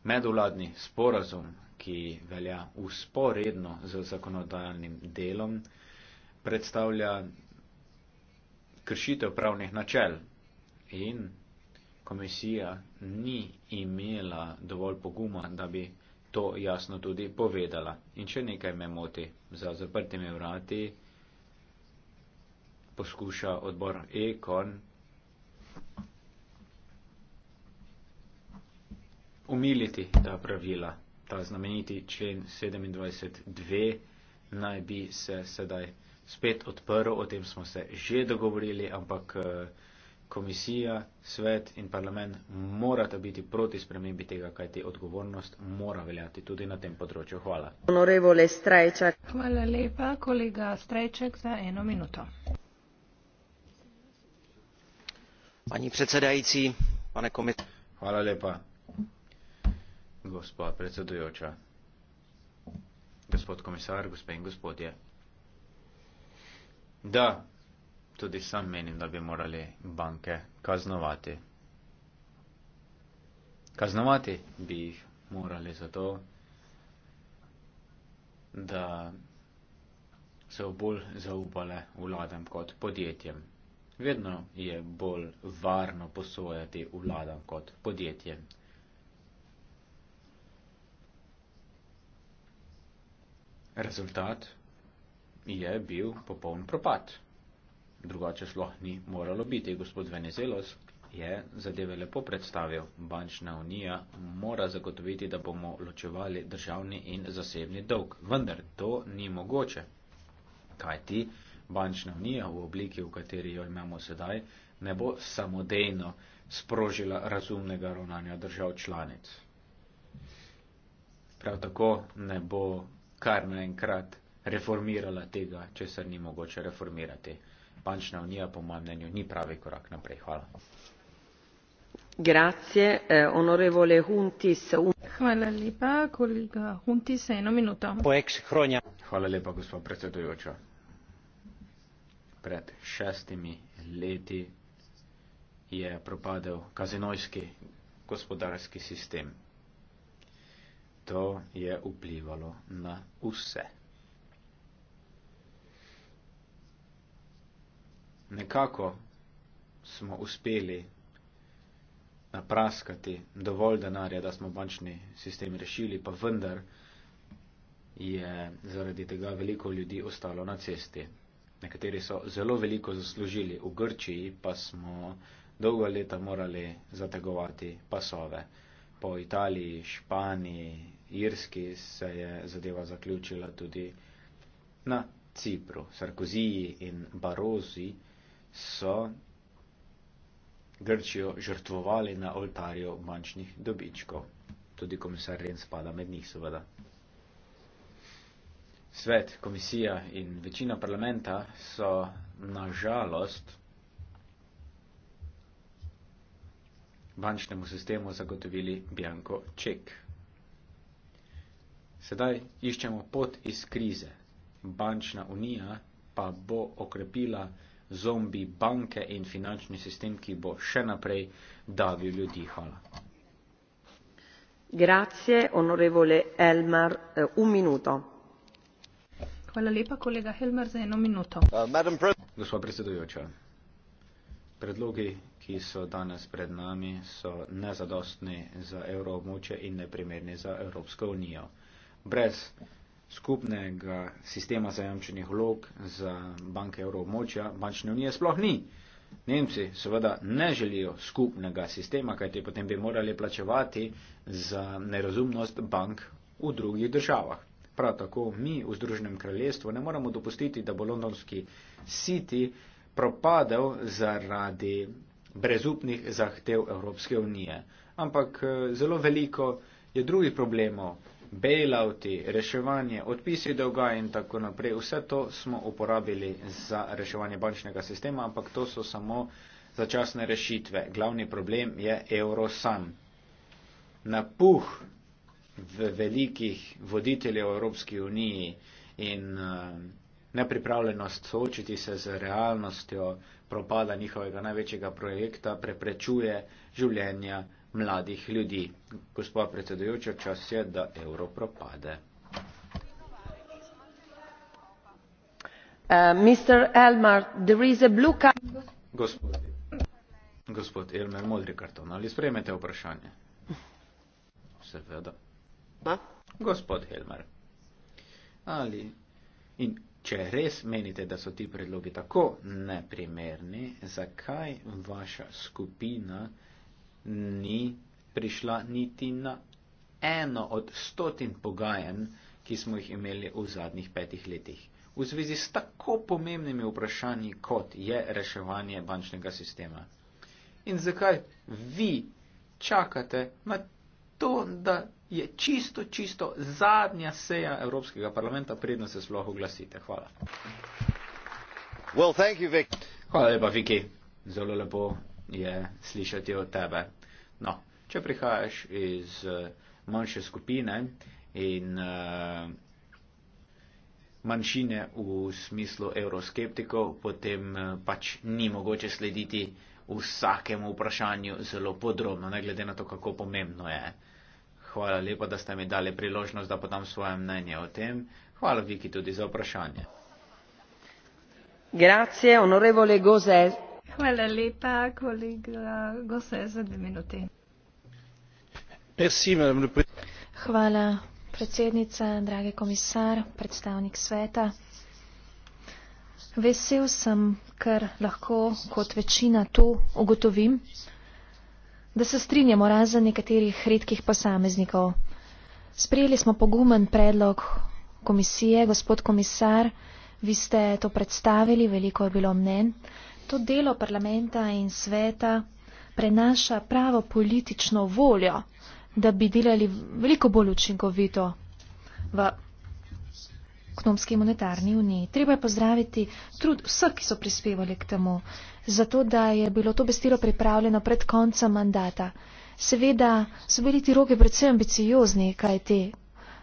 medvladni sporazum, ki velja usporedno z zakonodajnim delom, predstavlja kršitev pravnih načel in komisija ni imela dovolj poguma, da bi to jasno tudi povedala. In če nekaj me moti za zaprtimi vrati, poskuša odbor Ekon umiliti ta pravila. Ta znameniti člen 27.2 naj bi se sedaj spet odprl, o tem smo se že dogovorili, ampak uh, komisija, svet in parlament morata biti proti spremembi tega, kajti odgovornost mora veljati tudi na tem področju. Hvala. Hvala lepa, kolega Strejček, za eno minuto. Pani predsedajci, pane komit. Hvala lepa, gospa predsedujoča, gospod komisar, gospe in gospodje. Da, tudi sam menim, da bi morali banke kaznovati. Kaznovati bi jih morali zato, da so bolj zaupale vladam kot podjetjem. Vedno je bolj varno posojati vladam kot podjetjem. Rezultat je bil popoln propad drugače sploh ni moralo biti. Gospod Venezelos je zadeve lepo predstavil. Bančna unija mora zagotoviti, da bomo ločevali državni in zasebni dolg. Vendar to ni mogoče. Kaj ti? Bančna unija v obliki, v kateri jo imamo sedaj, ne bo samodejno sprožila razumnega ravnanja držav članic. Prav tako ne bo kar naenkrat reformirala tega, česar ni mogoče reformirati bančna unija po mojem mnenju ni pravi korak naprej. Hvala. Grazie, eh, onorevole Huntis. Hvala lepa, kolega Huntis, eno minuto. Hvala lepa, gospod predsedujoča. Pred šestimi leti je propadel kazinojski gospodarski sistem. To je vplivalo na vse. nekako smo uspeli napraskati dovolj denarja, da smo bančni sistem rešili, pa vendar je zaradi tega veliko ljudi ostalo na cesti. Nekateri so zelo veliko zaslužili, v Grčiji pa smo dolga leta morali zategovati pasove. Po Italiji, Španiji, Irski se je zadeva zaključila tudi na Cipru. Sarkoziji in Baroziji so Grčijo žrtvovali na oltarju bančnih dobičkov. Tudi komisar Ren spada med njih, seveda. Svet, komisija in večina parlamenta so na žalost bančnemu sistemu zagotovili bianko ček. Sedaj iščemo pot iz krize. Bančna unija pa bo okrepila zombi banke in finančni sistem, ki bo še naprej davil ljudi. Hvala. Grazie, onorevole Elmar, eh, un minuto. Hvala lepa, kolega Helmer, za eno minuto. Uh, Gospa predsedujoča, predlogi, ki so danes pred nami, so nezadostni za evroobmoče in neprimerni za Evropsko unijo. Brez skupnega sistema zajamčenih vlog za banke evroobmočja, bančne unije sploh ni. Nemci seveda ne želijo skupnega sistema, kajti potem bi morali plačevati za nerazumnost bank v drugih državah. Prav tako mi v Združenem kraljestvu ne moremo dopustiti, da bo londonski siti propadel zaradi brezupnih zahtev Evropske unije. Ampak eh, zelo veliko je drugih problemov, bailouti, reševanje, odpisi dolga in tako naprej, vse to smo uporabili za reševanje bančnega sistema, ampak to so samo začasne rešitve. Glavni problem je evro sam. Na puh v velikih voditeljev Evropske unije in eh, nepripravljenost soočiti se z realnostjo propada njihovega največjega projekta preprečuje življenja mladih ljudi. Gospod predsedujoča, čas je, da evro propade. Uh, Elmar, gospod, gospod Elmer, modri karton, ali sprejmete vprašanje? Seveda. Pa? Gospod Elmar, ali in če res menite, da so ti predlogi tako neprimerni, zakaj vaša skupina ni prišla niti na eno od stotin pogajanj, ki smo jih imeli v zadnjih petih letih. V zvezi s tako pomembnimi vprašanji, kot je reševanje bančnega sistema. In zakaj vi čakate na to, da je čisto, čisto zadnja seja Evropskega parlamenta, predno se sploh oglasite? Hvala. Well, you, Hvala lepa, Viki. Zelo lepo je slišati od tebe. No, če prihajaš iz eh, manjše skupine in eh, manjšine v smislu euroskeptikov, potem eh, pač ni mogoče slediti vsakemu vprašanju zelo podrobno, ne glede na to, kako pomembno je. Hvala lepa, da ste mi dali priložnost, da podam svoje mnenje o tem. Hvala Viki tudi za vprašanje. Grazie, onorevole Gozes. Hvala lepa, kolega Gose, za dve minuti. Merci, Hvala, predsednica, dragi komisar, predstavnik sveta. Vesel sem, ker lahko kot večina to ugotovim, da se strinjamo razen nekaterih redkih posameznikov. Sprijeli smo pogumen predlog komisije, gospod komisar, vi ste to predstavili, veliko je bilo mnen to delo parlamenta in sveta prenaša pravo politično voljo, da bi delali veliko bolj učinkovito v ekonomski in monetarni uniji. Treba je pozdraviti trud vseh, ki so prispevali k temu, zato da je bilo to bestilo pripravljeno pred koncem mandata. Seveda so bili ti roge predvsem ambiciozni, kaj te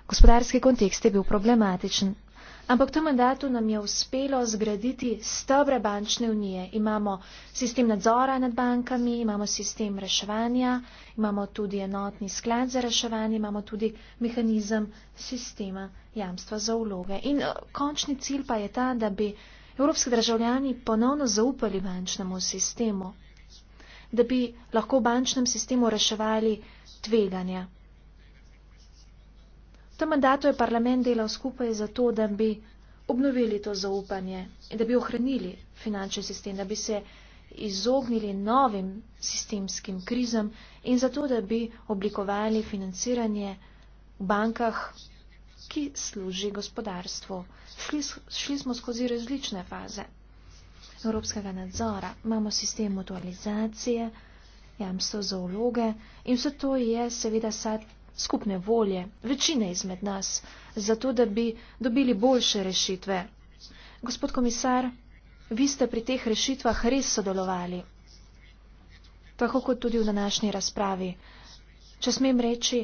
gospodarski kontekst je bil problematičen ampak v tem mandatu nam je uspelo zgraditi stebre bančne unije. Imamo sistem nadzora nad bankami, imamo sistem reševanja, imamo tudi enotni sklad za reševanje, imamo tudi mehanizem sistema jamstva za vloge. In eh, končni cilj pa je ta, da bi evropski državljani ponovno zaupali bančnemu sistemu, da bi lahko v bančnem sistemu reševali tveganja tem mandatu je parlament delal skupaj zato, da bi obnovili to zaupanje in da bi ohranili finančni sistem, da bi se izognili novim sistemskim krizam in zato, da bi oblikovali financiranje v bankah, ki služi gospodarstvu. Šli, šli smo skozi različne faze evropskega nadzora, imamo sistem mutualizacije, jamstvo za vloge in vse to je seveda sad skupne volje, večine izmed nas, zato da bi dobili boljše rešitve. Gospod komisar, vi ste pri teh rešitvah res sodelovali, tako kot tudi v današnji razpravi. Če smem reči,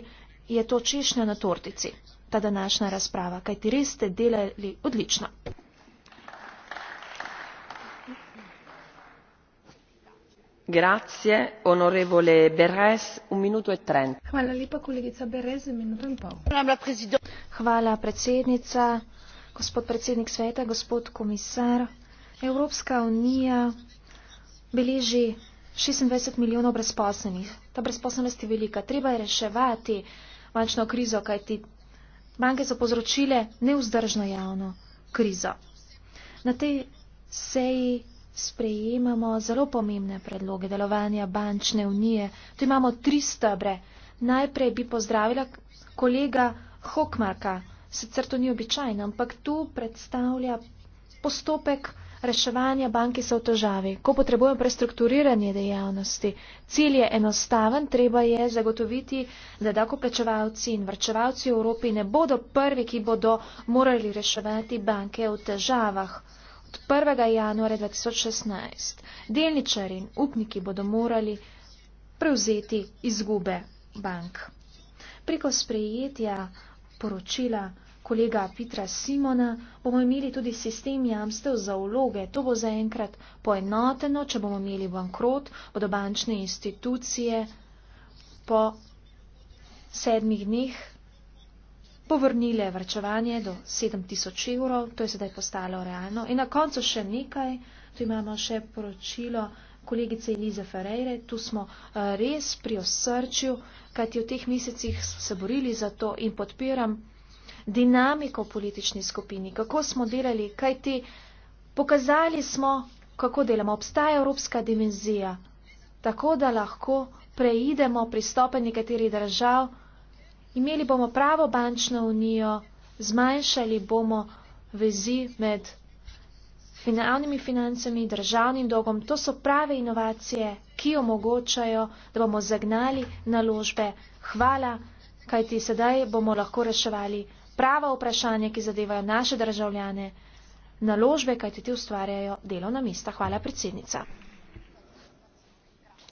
je to češnja na tortici, ta današnja razprava, kajti res ste delali odlično. E gospa predsednica gospod predsednik sveta gospod komisar evropska unija beleži šestindvajset milijonov brezposelnih ta brezposelnost je velika treba je reševati bančno krizo kajti banke so povzročile nevzdržno javno krizo na tej seji sprejemamo zelo pomembne predloge delovanja bančne unije. Tu imamo tri stebre. Najprej bi pozdravila kolega Hokmarka. Sicer to ni običajno, ampak tu predstavlja postopek reševanja banke se v težavi, ko potrebujemo prestrukturiranje dejavnosti. Cilj je enostaven, treba je zagotoviti, da dakoplačevalci in vrčevalci v Evropi ne bodo prvi, ki bodo morali reševati banke v težavah. 1. januarja 2016. Delničari in upniki bodo morali prevzeti izgube bank. Preko sprejetja poročila kolega Petra Simona bomo imeli tudi sistem jamstev za vloge. To bo zaenkrat poenoteno, če bomo imeli bankrot, bodo bančne institucije po sedmih dneh povrnile vračevanje do 7000 evrov, to je sedaj postalo realno. In na koncu še nekaj, tu imamo še poročilo kolegice Elize Ferreire, tu smo eh, res pri osrčju, kajti v teh mesecih se borili za to in podpiram dinamiko v politični skupini, kako smo delali, kajti pokazali smo, kako delamo. Obstaja evropska dimenzija, tako da lahko preidemo pri stopenji katerih držav. Imeli bomo pravo bančno unijo, zmanjšali bomo vezi med finalnimi financami, državnim dolgom. To so prave inovacije, ki omogočajo, da bomo zagnali naložbe. Hvala, kajti sedaj bomo lahko reševali prava vprašanja, ki zadevajo naše državljane, naložbe, kajti ti ustvarjajo delovna mesta. Hvala, predsednica.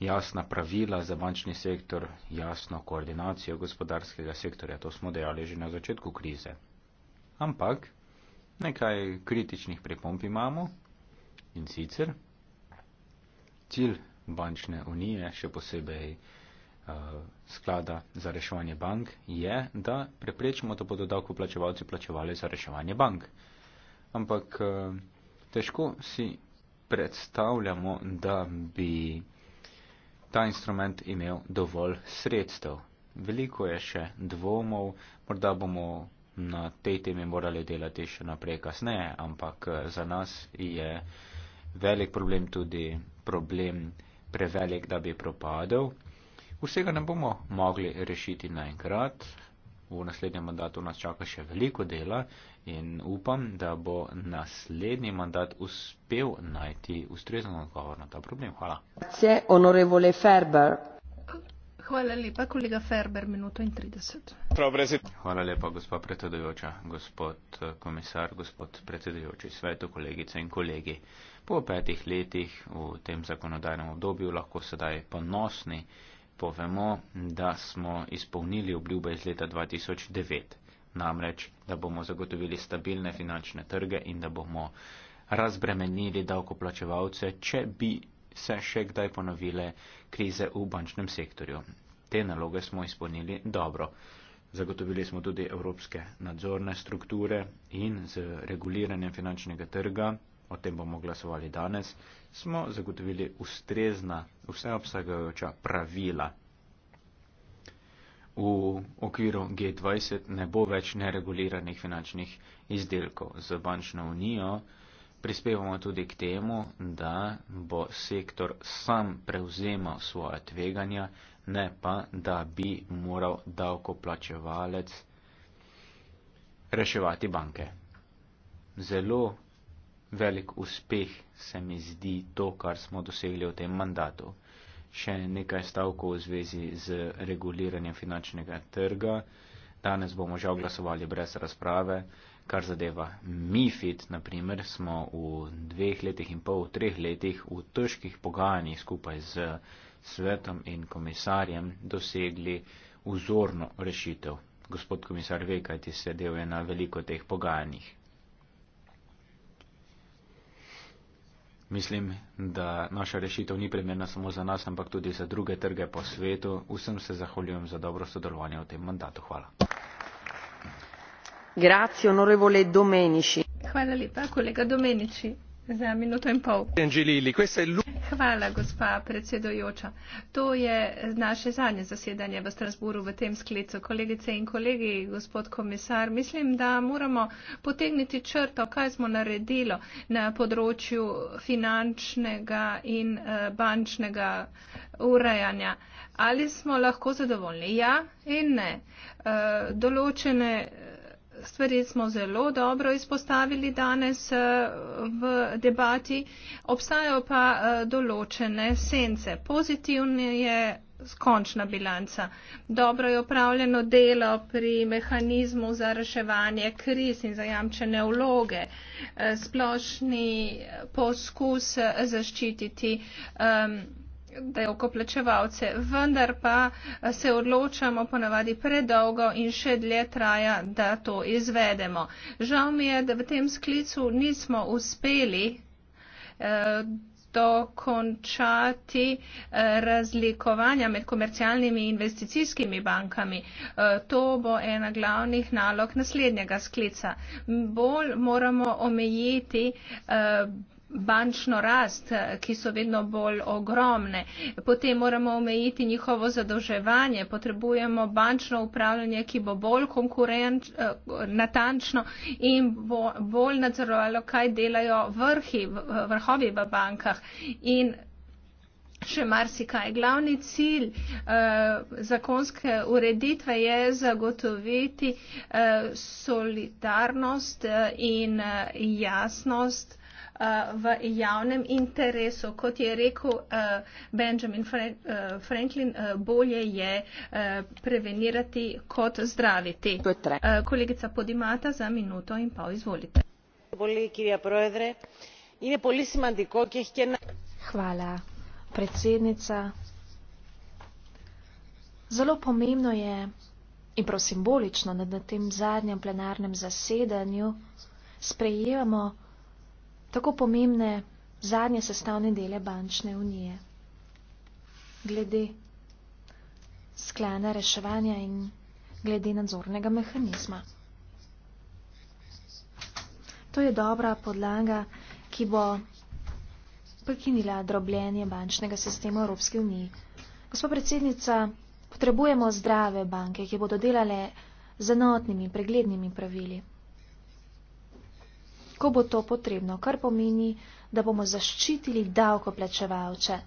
jasna pravila za bančni sektor, jasno koordinacijo gospodarskega sektorja. To smo dejali že na začetku krize. Ampak nekaj kritičnih pripomp imamo in sicer cilj bančne unije, še posebej uh, sklada za reševanje bank, je, da preprečimo, da bodo davkoplačevalci plačevali za reševanje bank. Ampak uh, težko si predstavljamo, da bi ta instrument imel dovolj sredstev. Veliko je še dvomov, morda bomo na tej temi morali delati še naprej kasneje, ampak eh, za nas je velik problem tudi problem prevelik, da bi propadel. Vsega ne bomo mogli rešiti naenkrat, v naslednjem mandatu nas čaka še veliko dela in upam, da bo naslednji mandat uspel najti ustrezen odgovor na ta problem. Hvala. Hvala lepa, kolega Ferber, minuto in 30. Hvala lepa, gospa predsedujoča, gospod eh, komisar, gospod predsedujoči svetu, kolegice in kolegi. Po petih letih v tem zakonodajnem obdobju lahko sedaj ponosni povemo, da smo izpolnili obljube iz leta 2009 namreč, da bomo zagotovili stabilne finančne trge in da bomo razbremenili davkoplačevalce, če bi se še kdaj ponovile krize v bančnem sektorju. Te naloge smo izpolnili dobro. Zagotovili smo tudi evropske nadzorne strukture in z reguliranjem finančnega trga, o tem bomo glasovali danes, smo zagotovili ustrezna, vseobsegajoča pravila v okviru G20 ne bo več nereguliranih finančnih izdelkov. Za bančno unijo prispevamo tudi k temu, da bo sektor sam prevzemal svoje tveganja, ne pa, da bi moral davkoplačevalec reševati banke. Zelo velik uspeh se mi zdi to, kar smo dosegli v tem mandatu še nekaj stavkov v zvezi z reguliranjem finančnega trga. Danes bomo žal glasovali brez razprave, kar zadeva MIFID, naprimer, smo v dveh letih in pol, v treh letih v težkih pogajanjih skupaj z svetom in komisarjem dosegli vzorno rešitev. Gospod komisar ve, kaj ti se del je na veliko teh pogajanjih. Mislim, da naša rešitev ni primerna samo za nas, ampak tudi za druge trge po svetu. Vsem se zahvaljujem za dobro sodelovanje v tem mandatu. Hvala. Hvala lepa, kolega Domeniči, za minuto in pol. Hvala, gospa predsedojoča. To je naše zadnje zasedanje v Strasburu v tem sklicu. Kolegice in kolegi, gospod komisar, mislim, da moramo potegniti črto, kaj smo naredilo na področju finančnega in eh, bančnega urejanja. Ali smo lahko zadovoljni? Ja in ne. Eh, določene stvari smo zelo dobro izpostavili danes eh, v debati, obstajajo pa eh, določene sence. Pozitivna je končna bilanca. Dobro je upravljeno delo pri mehanizmu za reševanje kriz in zajamčene vloge, eh, splošni poskus zaščititi. Um, davkoplačevalce, vendar pa eh, se odločamo ponavadi predolgo in še dlje traja, da to izvedemo. Žal mi je, da v tem sklicu nismo uspeli eh, dokončati eh, razlikovanja med komercialnimi in investicijskimi bankami. To bo ena glavnih nalog naslednjega sklica. Bolj moramo omejiti bančno rast, ki so vedno bolj ogromne. Potem moramo omejiti njihovo zadolževanje, potrebujemo bančno upravljanje, ki bo bolj eh, natančno in bo bolj nadzorovalo, kaj delajo vrhi, vrhovi v bankah. In Še marsikaj. Glavni cilj uh, zakonske ureditve je zagotoviti uh, solidarnost uh, in uh, jasnost v javnem interesu. Kot je rekel eh, Benjamin eh, Franklin, eh, bolje je prevenirati kot zdraviti. Kolegica Podimata, za minuto in pol izvolite. Hvala, predsednica. Zelo pomembno je in prav simbolično, da na tem zadnjem plenarnem zasedanju sprejemamo tako pomembne zadnje sestavne dele bančne unije. Glede sklene reševanja in glede nadzornega mehanizma. To je dobra podlaga, ki bo prekinila drobljenje bančnega sistema Evropske unije. Gospod predsednica, potrebujemo zdrave banke, ki bodo delale z enotnimi, preglednimi pravili ko bo to potrebno, kar pomeni, da bomo zaščitili davkoplačevalce,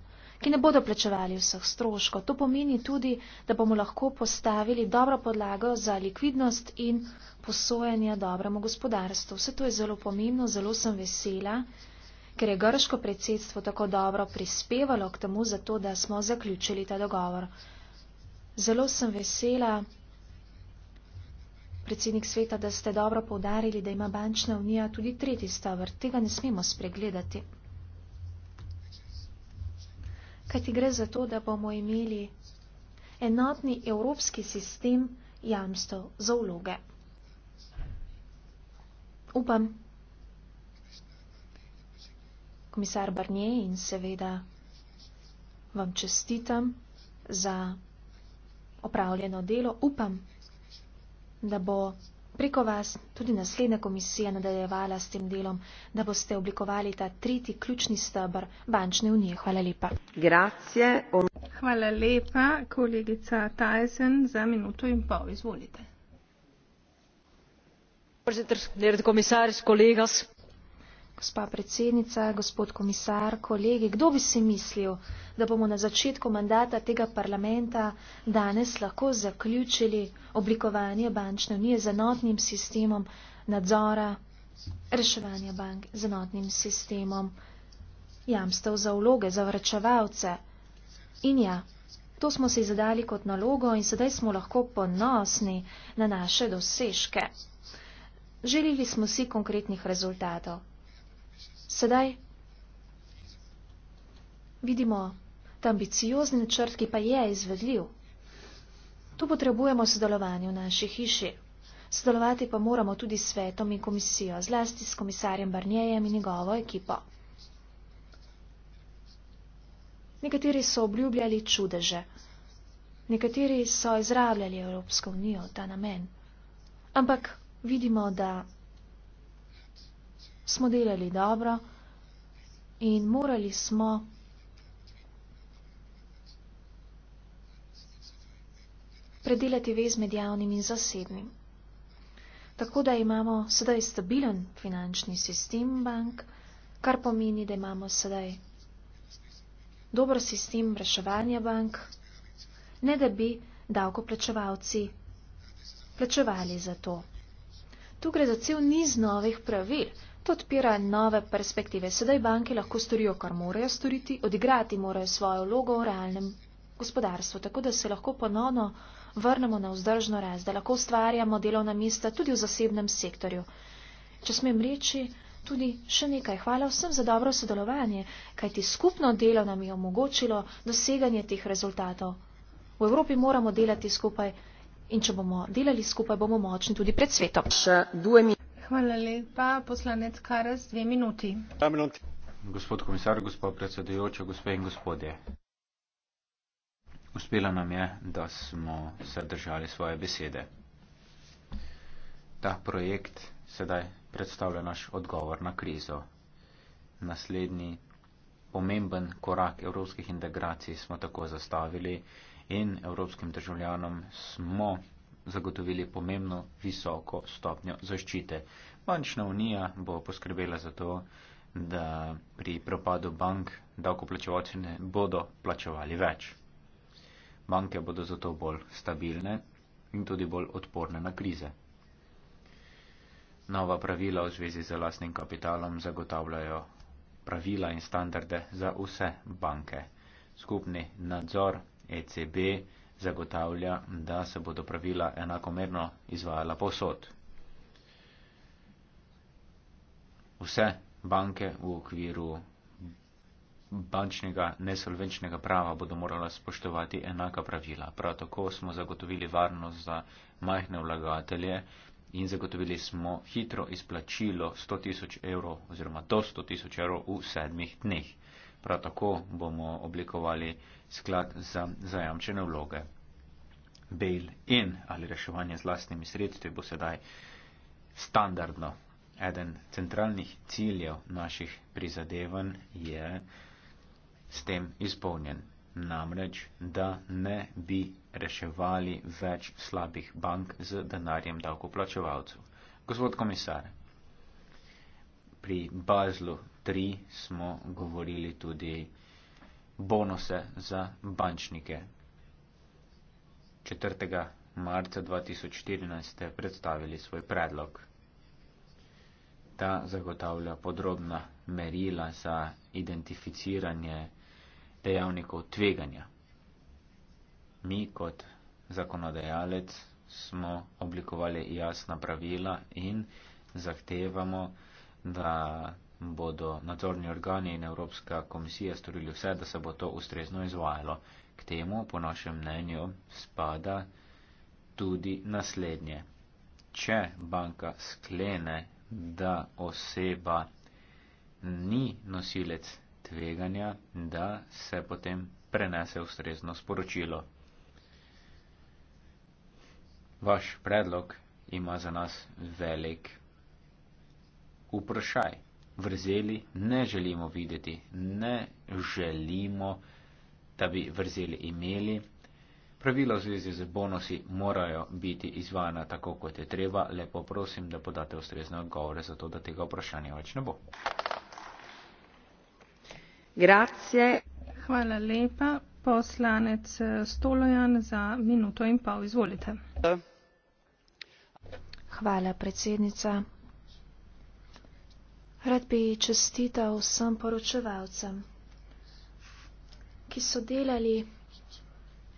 ki ne bodo plačevali vseh stroškov. To pomeni tudi, da bomo lahko postavili dobro podlago za likvidnost in posojanje dobremu gospodarstvu. Vse to je zelo pomembno, zelo sem vesela, ker je grško predsedstvo tako dobro prispevalo k temu, zato da smo zaključili ta dogovor. Zelo sem vesela, predsednik sveta, da ste dobro povdarili, da ima bančna unija tudi tretji stavr. Tega ne smemo spregledati. Kaj ti gre za to, da bomo imeli enotni evropski sistem jamstov za vloge? Upam, komisar Barnier in seveda vam čestitam za opravljeno delo. Upam, da bo preko vas tudi naslednja komisija nadaljevala s tem delom, da boste oblikovali ta tretji ključni stebr bančne unije. Hvala lepa. Gracije. Hvala lepa, kolegica Tyson, za minuto in pol. Izvolite. Hvala lepa, kolegica Tyson, za minuto in pol. Izvolite gospa predsednica, gospod komisar, kolegi, kdo bi si mislil, da bomo na začetku mandata tega parlamenta danes lahko zaključili oblikovanje bančne unije z enotnim sistemom nadzora, reševanja bank z enotnim sistemom jamstev za vloge, za vračevalce. In ja, to smo si zadali kot nalogo in sedaj smo lahko ponosni na naše dosežke. Želili smo si konkretnih rezultatov. Sedaj vidimo ta ambiciozni načrt, ki pa je izvedljiv. Tu potrebujemo sodelovanje v naši hiši. Sodelovati pa moramo tudi s svetom in komisijo, zlasti s komisarjem Barnjejem in njegovo ekipo. Nekateri so obljubljali čudeže, nekateri so izrabljali Evropsko unijo v ta namen. Ampak vidimo, da smo delali dobro in morali smo predelati vez med javnim in zasebnim. Tako da imamo sedaj stabilen finančni sistem bank, kar pomeni, da imamo sedaj dober sistem reševanja bank, ne da bi davkoplačevalci plačevali za to. Tu gre za cel niz novih pravil. To odpira nove perspektive. Sedaj banke lahko storijo, kar morajo storiti, odigrati morajo svojo vlogo v realnem gospodarstvu, tako da se lahko ponovno vrnemo na vzdržno rast, da lahko ustvarjamo delovna mesta tudi v zasebnem sektorju. Če smem reči, tudi še nekaj hvala vsem za dobro sodelovanje, kajti skupno delo nam je omogočilo doseganje teh rezultatov. V Evropi moramo delati skupaj in če bomo delali skupaj, bomo močni tudi pred svetom. Hvala lepa, poslanec Karas, dve minuti. Gospod komisar, gospod predsedujoča, gospe in gospodje. Uspelo nam je, da smo se držali svoje besede. Ta projekt sedaj predstavlja naš odgovor na krizo. Naslednji pomemben korak evropskih integracij smo tako zastavili in evropskim državljanom smo zagotovili pomembno visoko stopnjo zaščite. Bančna unija bo poskrbela za to, da pri propadu bank davkoplačevalci ne bodo plačevali več. Banke bodo zato bolj stabilne in tudi bolj odporne na krize. Nova pravila v zvezi z lastnim kapitalom zagotavljajo pravila in standarde za vse banke. Skupni nadzor ECB zagotavlja, da se bodo pravila enakomerno izvajala posod. Vse banke v okviru bančnega nesolvenčnega prava bodo morala spoštovati enaka pravila. Prav tako smo zagotovili varnost za majhne vlagatelje in zagotovili smo hitro izplačilo 100 tisoč evrov oziroma do 100 tisoč evrov v sedmih dneh. Prav tako bomo oblikovali sklad za zajamčene vloge. Bail in ali reševanje z lastnimi sredstvi bo sedaj standardno. Eden centralnih ciljev naših prizadevanj je s tem izpolnjen. Namreč, da ne bi reševali več slabih bank z denarjem davkoplačevalcev. Gospod komisar, pri Bazlu 3 smo govorili tudi bonuse za bančnike. 4. marca 2014 ste predstavili svoj predlog. Ta zagotavlja podrobna merila za identificiranje dejavnikov tveganja. Mi kot zakonodajalec smo oblikovali jasna pravila in zahtevamo, da bodo nadzorni organi in Evropska komisija storili vse, da se bo to ustrezno izvajalo. K temu, po našem mnenju, spada tudi naslednje. Če banka sklene, da oseba ni nosilec tveganja, da se potem prenese ustrezno sporočilo. Vaš predlog ima za nas velik vprašaj vrzeli ne želimo videti, ne želimo, da bi vrzeli imeli. Pravila v zvezi z bonusi morajo biti izvajana tako, kot je treba. Lepo prosim, da podate ustrezne odgovore, zato da tega vprašanja več ne bo. Grazie. Hvala lepa. Poslanec eh, Stolojan za minuto in pol. Izvolite. Hvala, predsednica. Rad bi čestital vsem poročevalcem, ki so delali v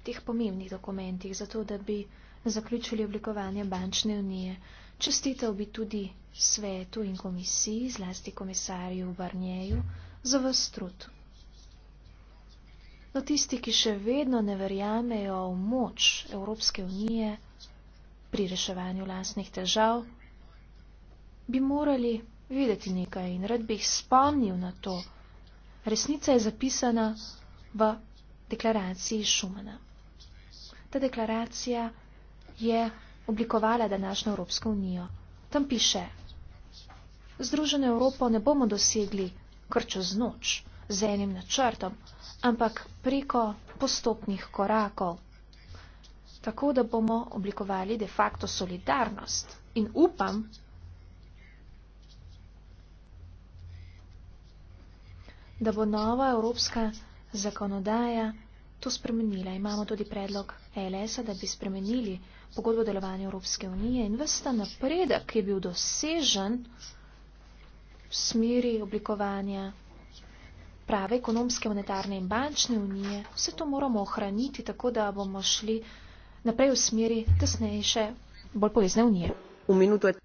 teh pomembnih dokumentih, zato da bi zaključili oblikovanje bančne unije. Čestital bi tudi svetu in komisiji, zlasti komisarju Barnjeju, za vas trud. No tisti, ki še vedno ne verjamejo v moč Evropske unije pri reševanju lastnih težav, bi morali videti nekaj in rad bi jih spomnil na to. Resnica je zapisana v deklaraciji Šumana. Ta deklaracija je oblikovala današnjo Evropsko unijo. Tam piše, Združeno Evropo ne bomo dosegli kar čez noč z enim načrtom, ampak preko postopnih korakov, tako da bomo oblikovali de facto solidarnost. In upam, da bo nova evropska zakonodaja to spremenila. Imamo tudi predlog ELS-a, da bi spremenili pogodbo delovanja Evropske unije in vsta napredek, ki je bil dosežen v smeri oblikovanja prave ekonomske, monetarne in bančne unije, vse to moramo ohraniti tako, da bomo šli naprej v smeri tesnejše, bolj povezne unije. V minuto je.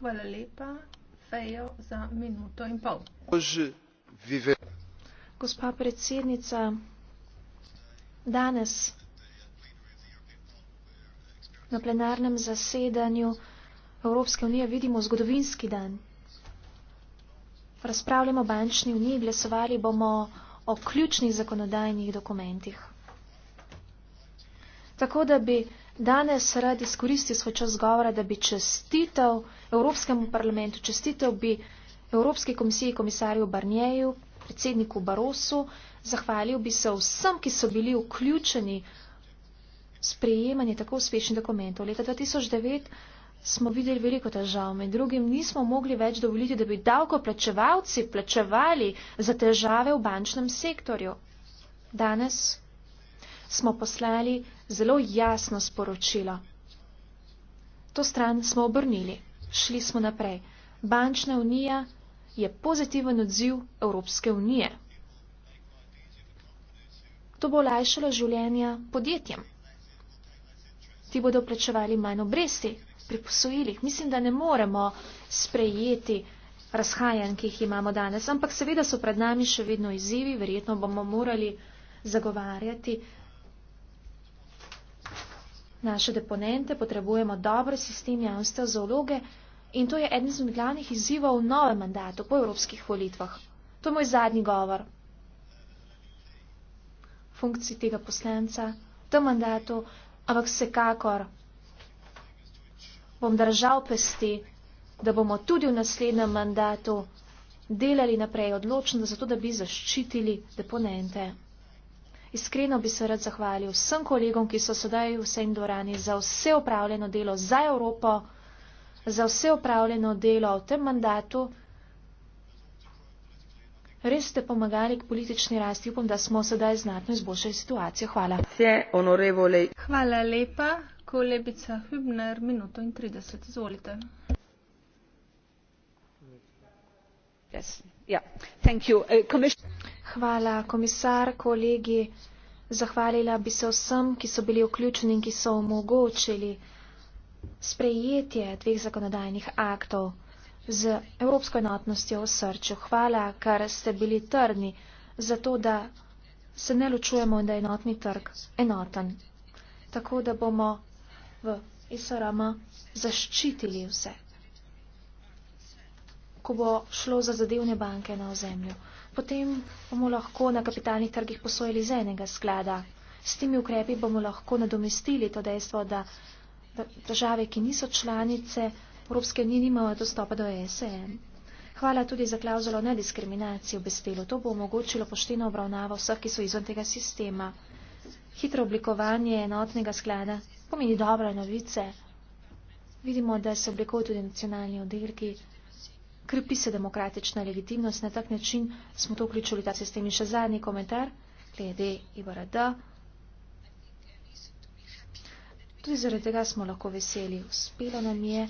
Hvala lepa, Fejo, za minuto in pol. Bože. Gospa predsednica, danes na plenarnem zasedanju Evropske unije vidimo zgodovinski dan. Razpravljamo o bančni uniji, glasovali bomo o ključnih zakonodajnih dokumentih. Tako da bi danes rad izkoristil svoj čas govora, da bi čestitev Evropskemu parlamentu, čestitev bi Evropski komisiji komisarju Barnjeju, predsedniku Barosu, zahvalil bi se vsem, ki so bili vključeni sprejemanje tako uspešnih dokumentov. Leta 2009 smo videli veliko težav, med drugim nismo mogli več dovoliti, da bi davkoplačevalci plačevali za težave v bančnem sektorju. Danes smo poslali zelo jasno sporočilo. To stran smo obrnili, šli smo naprej. Bančna unija je pozitiven odziv Evropske unije. To bo olajšalo življenja podjetjem. Ti bodo plačevali manj obresti pri posojilih. Mislim, da ne moremo sprejeti razhajanj, ki jih imamo danes, ampak seveda so pred nami še vedno izzivi, verjetno bomo morali zagovarjati naše deponente, potrebujemo dober sistem javnostne zaloge in to je eden izmed glavnih izzivov v novem mandatu po evropskih volitvah. To je moj zadnji govor. Funkciji tega poslanca, v tem mandatu, ampak vsekakor bom držal pesti, da bomo tudi v naslednjem mandatu delali naprej odločno, zato da bi zaščitili deponente. Iskreno bi se rad zahvalil vsem kolegom, ki so sedaj v vsej dvorani za vse upravljeno delo za Evropo za vse upravljeno delo v tem mandatu. Res ste pomagali k politični rasti. Upam, da smo sedaj znatno izboljšali situacijo. Hvala. Hvala lepa. Kolebica Hübner, minuto in 30. Izvolite. Yes. Yeah. Uh, Hvala, komisar, kolegi. Zahvalila bi se vsem, ki so bili vključeni in ki so omogočili sprejetje dveh zakonodajnih aktov z evropsko enotnostjo v srču. Hvala, ker ste bili trdni za to, da se ne ločujemo in da je enotni trg enoten. Tako da bomo v SRM zaščitili vse, ko bo šlo za zadevne banke na ozemlju. Potem bomo lahko na kapitalnih trgih posojili z enega sklada. S temi ukrepi bomo lahko nadomestili to dejstvo, da države, ki niso članice Evropske unije, nimajo dostopa do ESM. Hvala tudi za klauzulo nediskriminacije v bestelu. To bo omogočilo pošteno obravnavo vseh, ki so izven tega sistema. Hitro oblikovanje enotnega sklada pomeni dobre novice. Vidimo, da se oblikujejo tudi nacionalni oddelki, krepi se demokratična legitimnost. Na tak način smo to vključili v ta sistem. In še zadnji komentar glede IBRD. Tudi zaradi tega smo lahko veseli. Uspelo nam je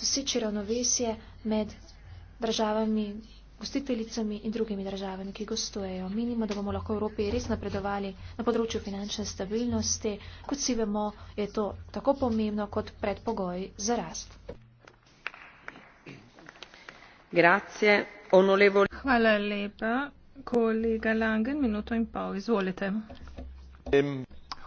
doseči ravnovesje med državami, gostiteljicami in drugimi državami, ki gostujejo. Menimo, da bomo lahko v Evropi res napredovali na področju finančne stabilnosti. Kot si vemo, je to tako pomembno kot predpogoj za rast. Grazie. Onolevo... Hvala lepa. Kolega Langen, minuto in pol. Izvolite. Um.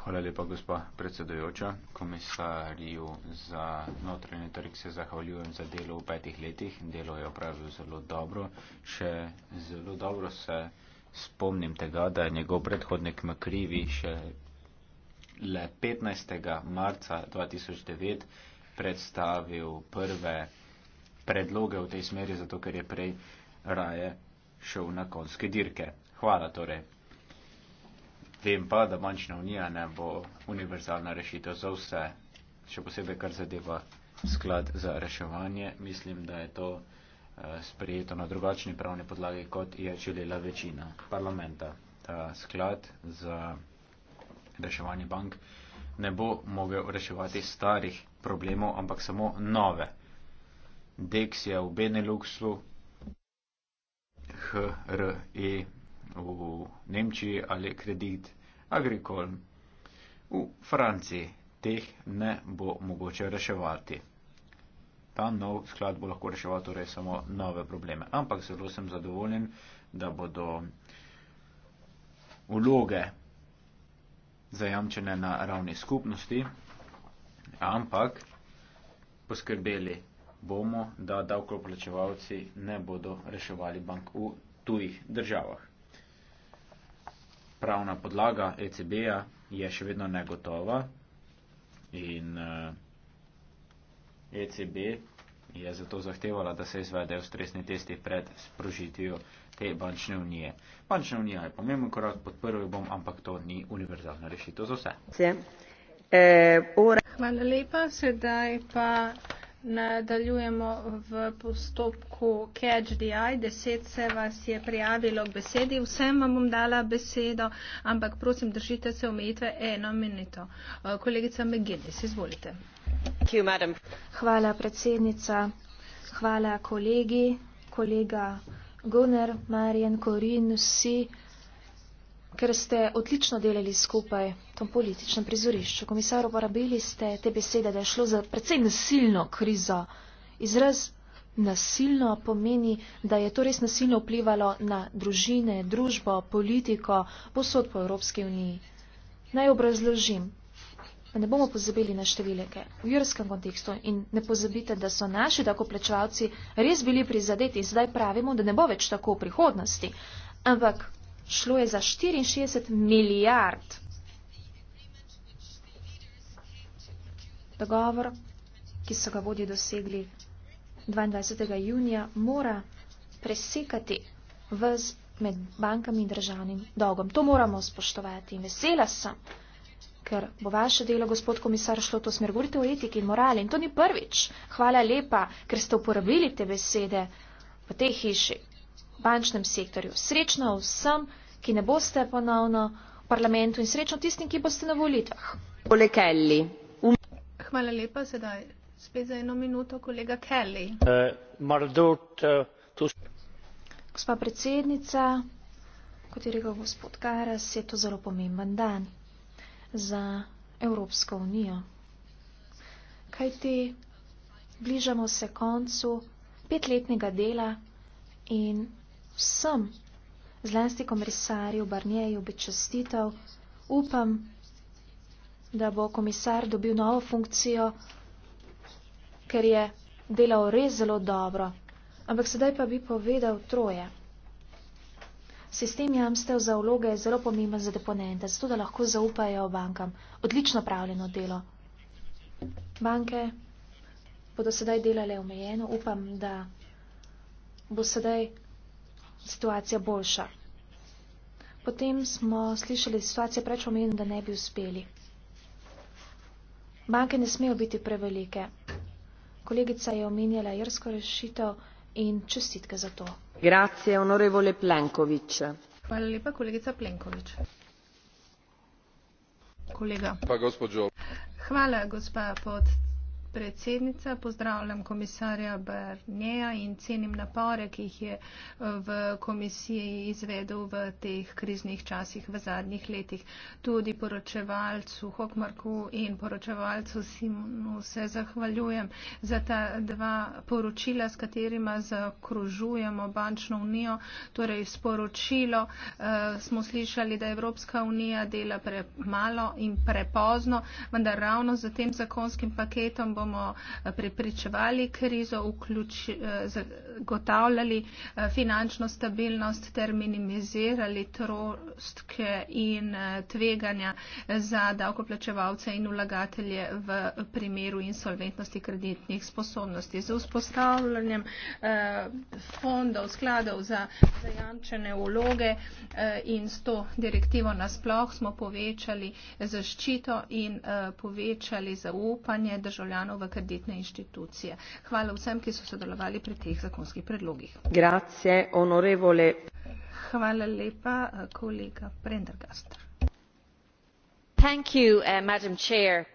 Hvala lepa, gospa predsedujoča. Komisarju za notranje trg se zahvaljujem za delo v petih letih. Delo je opravil zelo dobro. Še zelo dobro se spomnim tega, da je njegov predhodnik Makrivi še le 15. marca 2009 predstavil prve predloge v tej smeri, zato ker je prej raje šel na konske dirke. Hvala torej vem pa, da bančna unija ne bo univerzalna rešitev za vse, še posebej kar zadeva sklad za reševanje. Mislim, da je to eh, sprejeto na drugačni pravni podlagi, kot je želela večina parlamenta. Ta sklad za reševanje bank ne bo mogel reševati starih problemov, ampak samo nove. Dex je v Beneluxu, HRE v Nemčiji ali kredit Agrikol. V Franciji teh ne bo mogoče reševati. Ta nov sklad bo lahko reševal torej samo nove probleme. Ampak zelo sem zadovoljen, da bodo vloge zajamčene na ravni skupnosti, ampak poskrbeli bomo, da davkoplačevalci ne bodo reševali bank v tujih državah pravna podlaga ECB-ja je še vedno negotova in ECB eh, e je zato zahtevala, da se izvedejo stresni testi pred sprožitvijo te bančne unije. Bančna unija je pomemben korak, podprl jo bom, ampak to ni univerzalna rešitev za vse. Hvala lepa, sedaj pa. Nadaljujemo v postopku Catch the Eye. Deset se vas je prijavilo k besedi. Vsem vam bom dala besedo, ampak prosim, držite se omejitve eno minuto. Eh, kolegica McGinnis, izvolite. Hvala predsednica, hvala kolegi, kolega Gunnar, Marjen, Korin, vsi, ker ste odlično delali skupaj tom političnem prizorišču. Komisar, uporabili ste te besede, da je šlo za precej nasilno krizo. Izraz nasilno pomeni, da je to res nasilno vplivalo na družine, družbo, politiko, posod po Evropski uniji. Naj obrazložim. Ne bomo pozabili na številke v jurskem kontekstu in ne pozabite, da so naši tako plačevalci res bili prizadeti in zdaj pravimo, da ne bo več tako v prihodnosti. Ampak šlo je za 64 milijard. dogovor, ki so ga vodi dosegli 22. junija, mora presekati vz med bankami in državnim dolgom. To moramo spoštovati in vesela sem, ker bo vaše delo, gospod komisar, šlo to smer. Govorite o etiki in morali in to ni prvič. Hvala lepa, ker ste uporabili te besede v tej hiši, bančnem sektorju. Srečno vsem, ki ne boste ponovno v parlamentu in srečno tistim, ki boste na volitvah. Olekelli. Hvala lepa. Sedaj spet za eno minuto kolega Kelly. Eh, eh, Gospa predsednica, kot je rekel gospod Karas, je to zelo pomemben dan za Evropsko unijo. Kaj ti bližamo se koncu petletnega dela in vsem, zlasti komisarju Barnjeju, bi čestitev. Upam, da bo komisar dobil novo funkcijo, ker je delal res zelo dobro. Ampak sedaj pa bi povedal troje. Sistem jamstev za vloge je zelo pomemben za deponente, zato da lahko zaupajo bankam. Odlično pravljeno delo. Banke bodo sedaj delale omejeno, upam, da bo sedaj situacija boljša. Potem smo slišali, da situacija preč omenjena, da ne bi uspeli. Banke ne smejo biti prevelike. Kolegica je omenjala jersko rešitev in čestitke za to. Grazie, onorevole Plenković. Hvala lepa, kolegica Plenković. Kolega. Pa, gospođo. Hvala, gospa pod predsednica, pozdravljam komisarja Barneja in cenim napore, ki jih je eh, v komisiji izvedel v teh kriznih časih v zadnjih letih. Tudi poročevalcu Hokmarku in poročevalcu Simonu se zahvaljujem za ta dva poročila, s katerima zakružujemo bančno unijo. Torej, sporočilo eh, smo slišali, da Evropska unija dela premalo in prepozno, vendar ravno z tem zakonskim paketom bomo eh, prepričevali krizo, eh, zagotavljali eh, finančno stabilnost ter minimizirali troske in tveganja za davkoplačevalce in ulagatelje v primeru insolventnosti kreditnih sposobnosti. Z vzpostavljanjem fondov, skladov za zajamčene vloge in s to direktivo nasploh smo povečali zaščito in povečali zaupanje državljanov članov v kreditne inštitucije. Hvala vsem, ki so sodelovali pri teh zakonskih predlogih. Grazie, onorevole. Hvala lepa, eh, kolega Prendergaster. Thank you, uh, Madam Chair.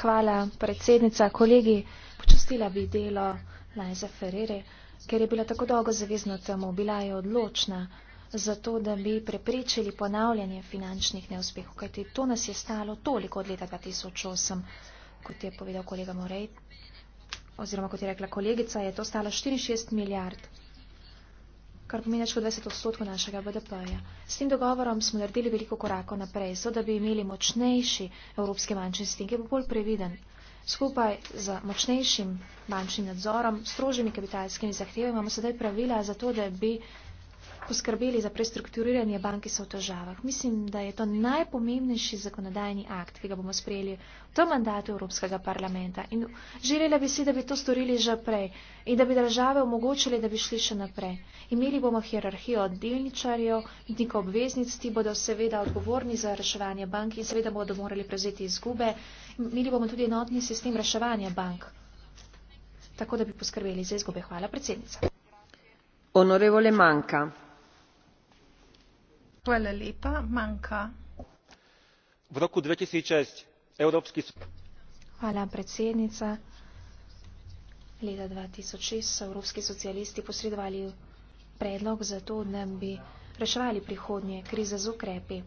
Hvala, predsednica. Kolegi, počustila bi delo Lajza Ferrere, ker je bila tako dolgo zavezna temu, bila je odločna za to, da bi prepričali ponavljanje finančnih neuspehov, kajti to nas je stalo toliko od leta 2008 kot je povedal kolega Morej, oziroma kot je rekla kolegica, je to stalo 64 milijard, kar pomeni več kot 20 odstotkov našega BDP-ja. S tem dogovorom smo naredili veliko korakov naprej, so da bi imeli močnejši evropski bančni sistem, ki bo bolj previden. Skupaj z močnejšim bančnim nadzorom, strožjimi kapitalskimi zahtevami imamo sedaj pravila za to, da bi poskrbeli za prestrukturiranje bank, ki so v težavah. Mislim, da je to najpomembnejši zakonodajni akt, ki ga bomo sprejeli v tem mandatu Evropskega parlamenta. In želela bi si, da bi to storili že prej in da bi države omogočili, da bi šli še naprej. Imeli bomo hierarhijo delničarjev, niko obveznic, ti bodo seveda odgovorni za reševanje bank in seveda bodo morali prevzeti izgube. Imeli bomo tudi enotni sistem reševanja bank, tako da bi poskrbeli za izgube. Hvala, predsednica. Onorevole Manka hvala predsednica leta dva tisoč šest so evropski socialisti posredovali predlog za to da bi reševali prihodnje krize z ukrepi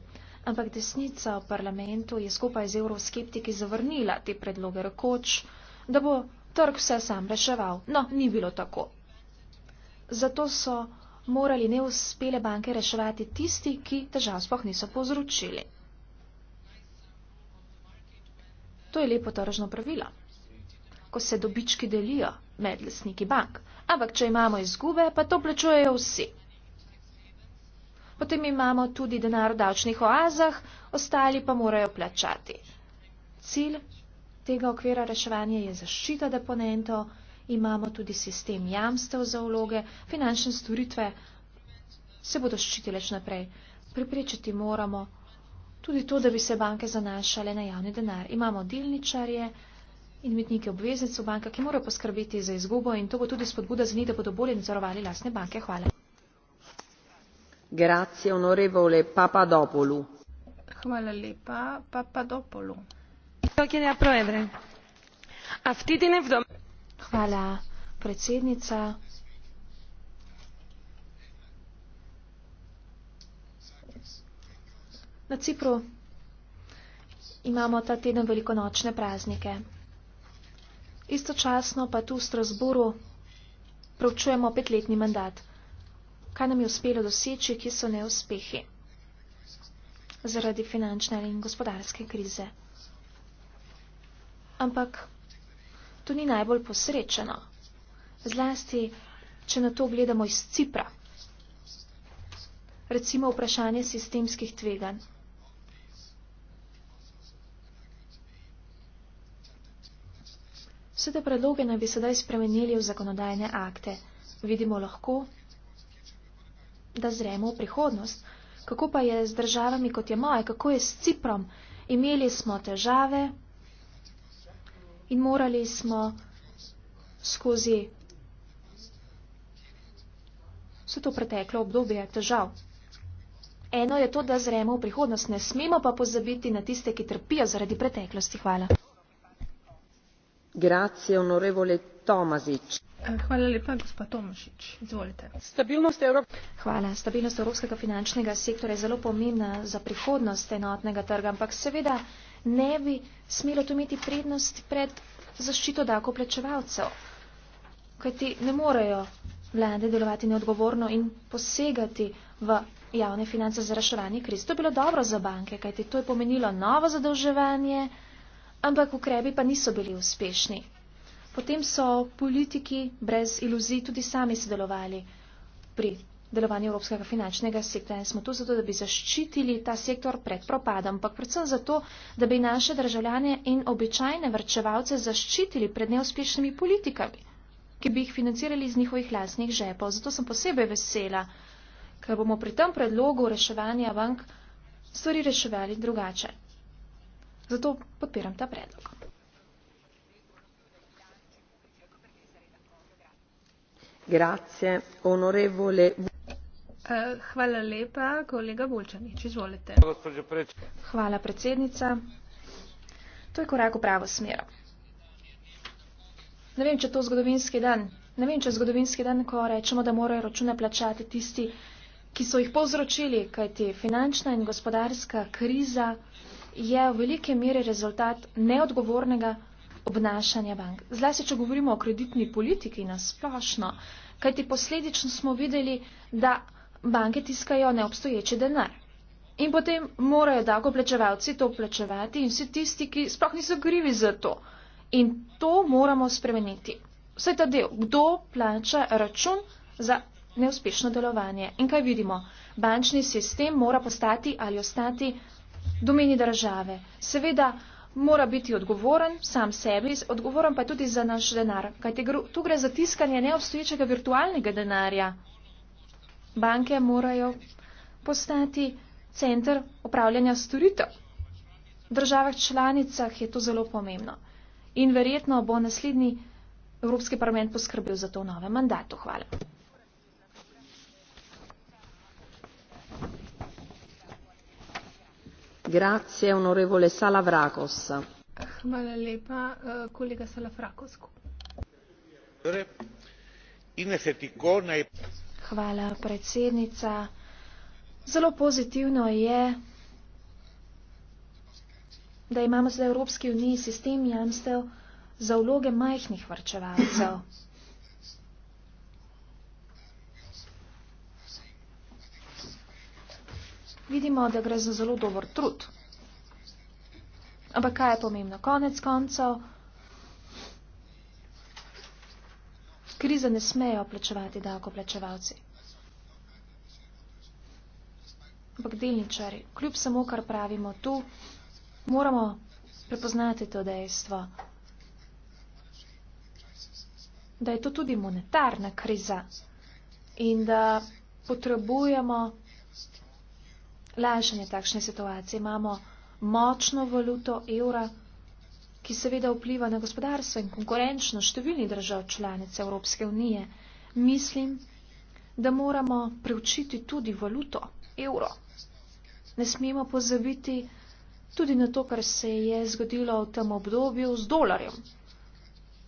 ampak desnica v parlamentu je skupaj z evroskeptiki zavrnila te predloge rekoč da bo trg vse sam reševal no ni bilo tako zato so morali neuspele banke reševati tisti, ki težav sploh niso povzročili. To je lepo tržno pravilo, ko se dobički delijo med lesniki bank, ampak če imamo izgube, pa to plačujejo vsi. Potem imamo tudi denar v davčnih oazah, ostali pa morajo plačati. Cilj tega okvira reševanja je zaščita deponentov imamo tudi sistem jamstev za vloge, finančne storitve se bodo ščitile še naprej. Pripričati moramo tudi to, da bi se banke zanašale na javni denar. Imamo delničarje in imetnike obveznic v bankah, ki morajo poskrbeti za izgubo in to bo tudi spodbuda za njih, da bodo bolje nadzorovali lastne banke. Hvala. Grazie, onorevole Papadopoulou. Hvala lepa, Papadopoulou. Tokio ne aprovere. A v tidine v domu. Hvala, predsednica. Na Cipru imamo ta teden velikonočne praznike. Istočasno pa tu v Strasburu pravčujemo petletni mandat. Kaj nam je uspelo doseči, ki so neuspehi zaradi finančne in gospodarske krize. Ampak to ni najbolj posrečeno. Zlasti, če na to gledamo iz Cipra. Recimo vprašanje sistemskih tveganj. Vse te predloge naj bi sedaj spremenili v zakonodajne akte. Vidimo lahko, da zremo v prihodnost. Kako pa je z državami, kot je moja, kako je s Ciprom? Imeli smo težave, in morali smo skozi vse to preteklo obdobje težav. Eno je to, da zremo v prihodnost, ne smemo pa pozabiti na tiste, ki trpijo zaradi preteklosti. Hvala. Grazie, onorevole Tomazič. Eh, hvala lepa, gospod Tomašič. Izvolite. Stabilnost Evrop... Hvala. Stabilnost evropskega finančnega sektora je zelo pomembna za prihodnost enotnega trga, ampak seveda ne bi smelo to imeti prednost pred zaščito davkoplačevalcev, kajti ne morejo vlade delovati neodgovorno in posegati v javne finance za reševanje kriz. To je bilo dobro za banke, kajti to je pomenilo novo zadolževanje, ampak ukrepi pa niso bili uspešni. Potem so politiki brez iluzij tudi sami sodelovali pri delovanje evropskega finančnega sektorja. In smo tu zato, da bi zaščitili ta sektor pred propadom, ampak predvsem zato, da bi naše državljane in običajne vrčevalce zaščitili pred neuspešnimi politikami, ki bi jih financirali iz njihovih lasnih žepov. Zato sem posebej vesela, ker bomo pri tem predlogu reševanja bank stvari reševali drugače. Zato podpiram ta predlog. Grazie, onorevole. Eh, hvala, predsednica. To je korak v pravo smer. Ne vem, če je to zgodovinski dan. Ne vem, če je zgodovinski dan, ko rečemo, da morajo račune plačati tisti, ki so jih povzročili, kajti finančna in gospodarska kriza je v velike meri rezultat neodgovornega obnašanja bank. Zlasti, če govorimo o kreditni politiki na splošno, kajti posledično smo videli, da banke tiskajo neobstoječe denar. In potem morajo dagoplačevalci to plačevati in vsi tisti, ki sploh niso krivi za to. In to moramo spremeniti. Vse ta del, kdo plača račun za neuspešno delovanje. In kaj vidimo? Bančni sistem mora postati ali ostati domeni države. Seveda mora biti odgovoren sam sebi, odgovoren pa tudi za naš denar. Kajte, tu gre za tiskanje neobstoječega virtualnega denarja, Banke morajo postati center opravljanja storitev. V državah članicah je to zelo pomembno. In verjetno bo naslednji Evropski parlament poskrbel za to v novem mandatu. Hvala. Grazie, onorevole Salavrakos. Hvala lepa, eh, kolega Salavrakos. Torej, in efetiko naj hvala, predsednica. Zelo pozitivno je, da imamo zdaj v Evropski uniji sistem jamstev za vloge majhnih vrčevalcev. Vidimo, da gre za zelo dober trud. Ampak kaj je pomembno? Konec koncev. krize ne smejo plačevati davkoplačevalci. Ampak delničari, kljub samo kar pravimo tu, moramo prepoznati to dejstvo, da je to tudi monetarna kriza in da potrebujemo lajšanje takšne situacije. Imamo močno valuto evra ki seveda vpliva na gospodarstvo in konkurenčno številni držav članic Evropske unije, mislim, da moramo preučiti tudi valuto, evro. Ne smemo pozaviti tudi na to, kar se je zgodilo v tem obdobju z dolarjem.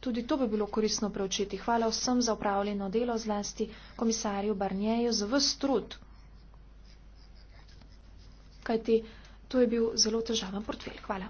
Tudi to bi bilo koristno preučiti. Hvala vsem za upravljeno delo, zlasti komisarju Barnjeju, za vse trud. Kajti, to je bil zelo težaven portfelj. Hvala.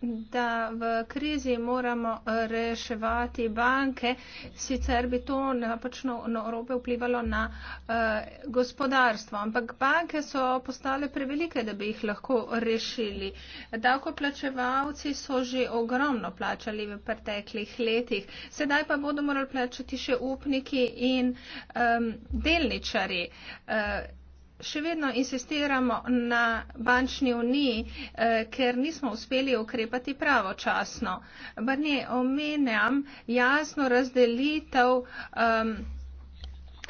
da v krizi moramo reševati banke, sicer bi to napačno na Evrope vplivalo na uh, gospodarstvo. Ampak banke so postale prevelike, da bi jih lahko rešili. Davkoplačevalci so že ogromno plačali v preteklih letih. Sedaj pa bodo morali plačati še upniki in um, delničari. Uh, eh, še vedno insistiramo na bančni uniji, eh, ker nismo uspeli ukrepati pravočasno. Brne omenjam jasno razdelitev. Um,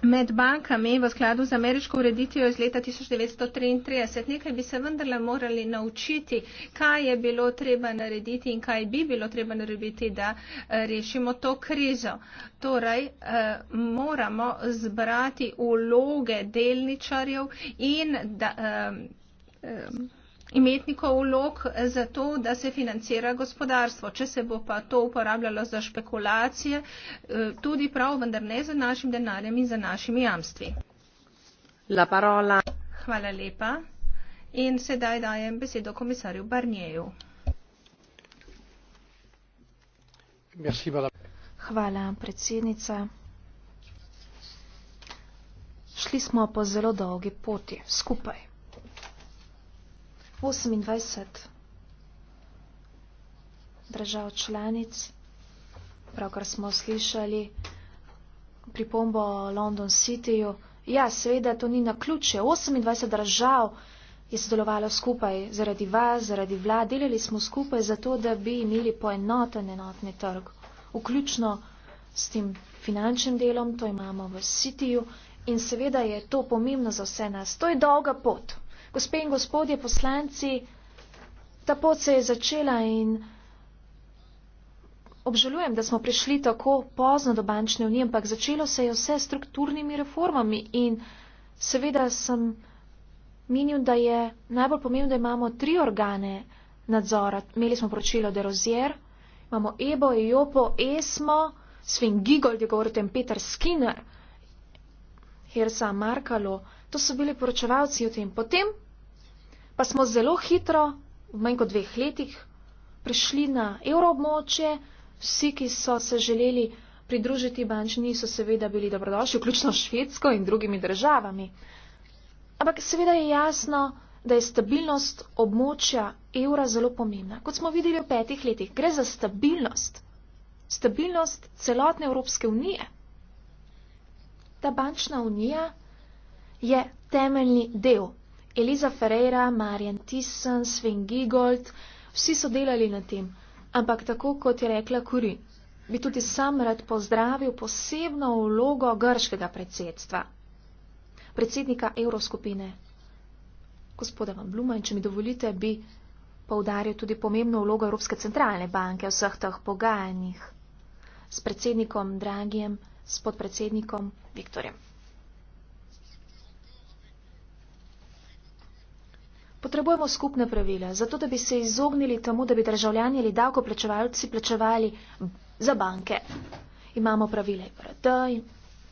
med bankami v skladu z ameriško ureditvijo iz leta 1933. Nekaj bi se vendarle morali naučiti, kaj je bilo treba narediti in kaj bi bilo treba narediti, da eh, rešimo to krizo. Torej, eh, moramo zbrati uloge delničarjev in da. Eh, imetnikov vlog eh, za to, da se financira gospodarstvo. Če se bo pa to uporabljalo za špekulacije, eh, tudi prav, vendar ne za našim denarjem in za našimi jamstvi. La parola. Hvala lepa. In sedaj dajem besedo komisarju Barnieju. Hvala, predsednica. Šli smo po zelo dolgi poti, skupaj. 28 držav članic, pravkar smo slišali pripombo o London Cityju. Ja, seveda, to ni na ključe. 28 držav je sodelovalo skupaj zaradi vas, zaradi vlad. Delali smo skupaj zato, da bi imeli poenoten enotni trg. Vključno s tem finančnim delom, to imamo v Cityju. In seveda je to pomembno za vse nas. To je dolga pot. Gospe in gospodje poslanci, ta pot se je začela in obžalujem, da smo prišli tako pozno do bančne unije, ampak začelo se je vse strukturnimi reformami in seveda sem menil, da je najbolj pomembno, da imamo tri organe nadzora. Imeli smo poročilo Derozier, imamo Ebo, Ejopo, Esmo, Sven Gigold je govoril o tem, Peter Skinner, Hersa Markalo to so bili poročevalci o tem. Potem pa smo zelo hitro, v manj kot dveh letih, prišli na evroobmočje. Vsi, ki so se želeli pridružiti bančni, so seveda bili dobrodošli, vključno Švedsko in drugimi državami. Ampak seveda je jasno, da je stabilnost območja evra zelo pomembna. Kot smo videli v petih letih, gre za stabilnost. Stabilnost celotne Evropske unije. Ta bančna unija je temeljni del. Eliza Ferreira, Marian Thyssen, Sven Giegold, vsi so delali na tem, ampak tako kot je rekla Kurin, bi tudi sam rad pozdravil posebno vlogo grškega predsedstva, predsednika Evroskupine. Gospoda Van Bluma, in če mi dovolite, bi poudaril tudi pomembno vlogo Evropske centralne banke v vseh teh pogajanjih s predsednikom Dragijem, s podpredsednikom Viktorjem. Potrebujemo skupne pravila, zato da bi se izognili temu, da bi državljani ali davkoplačevalci plačevali za banke. Imamo pravile IPRT in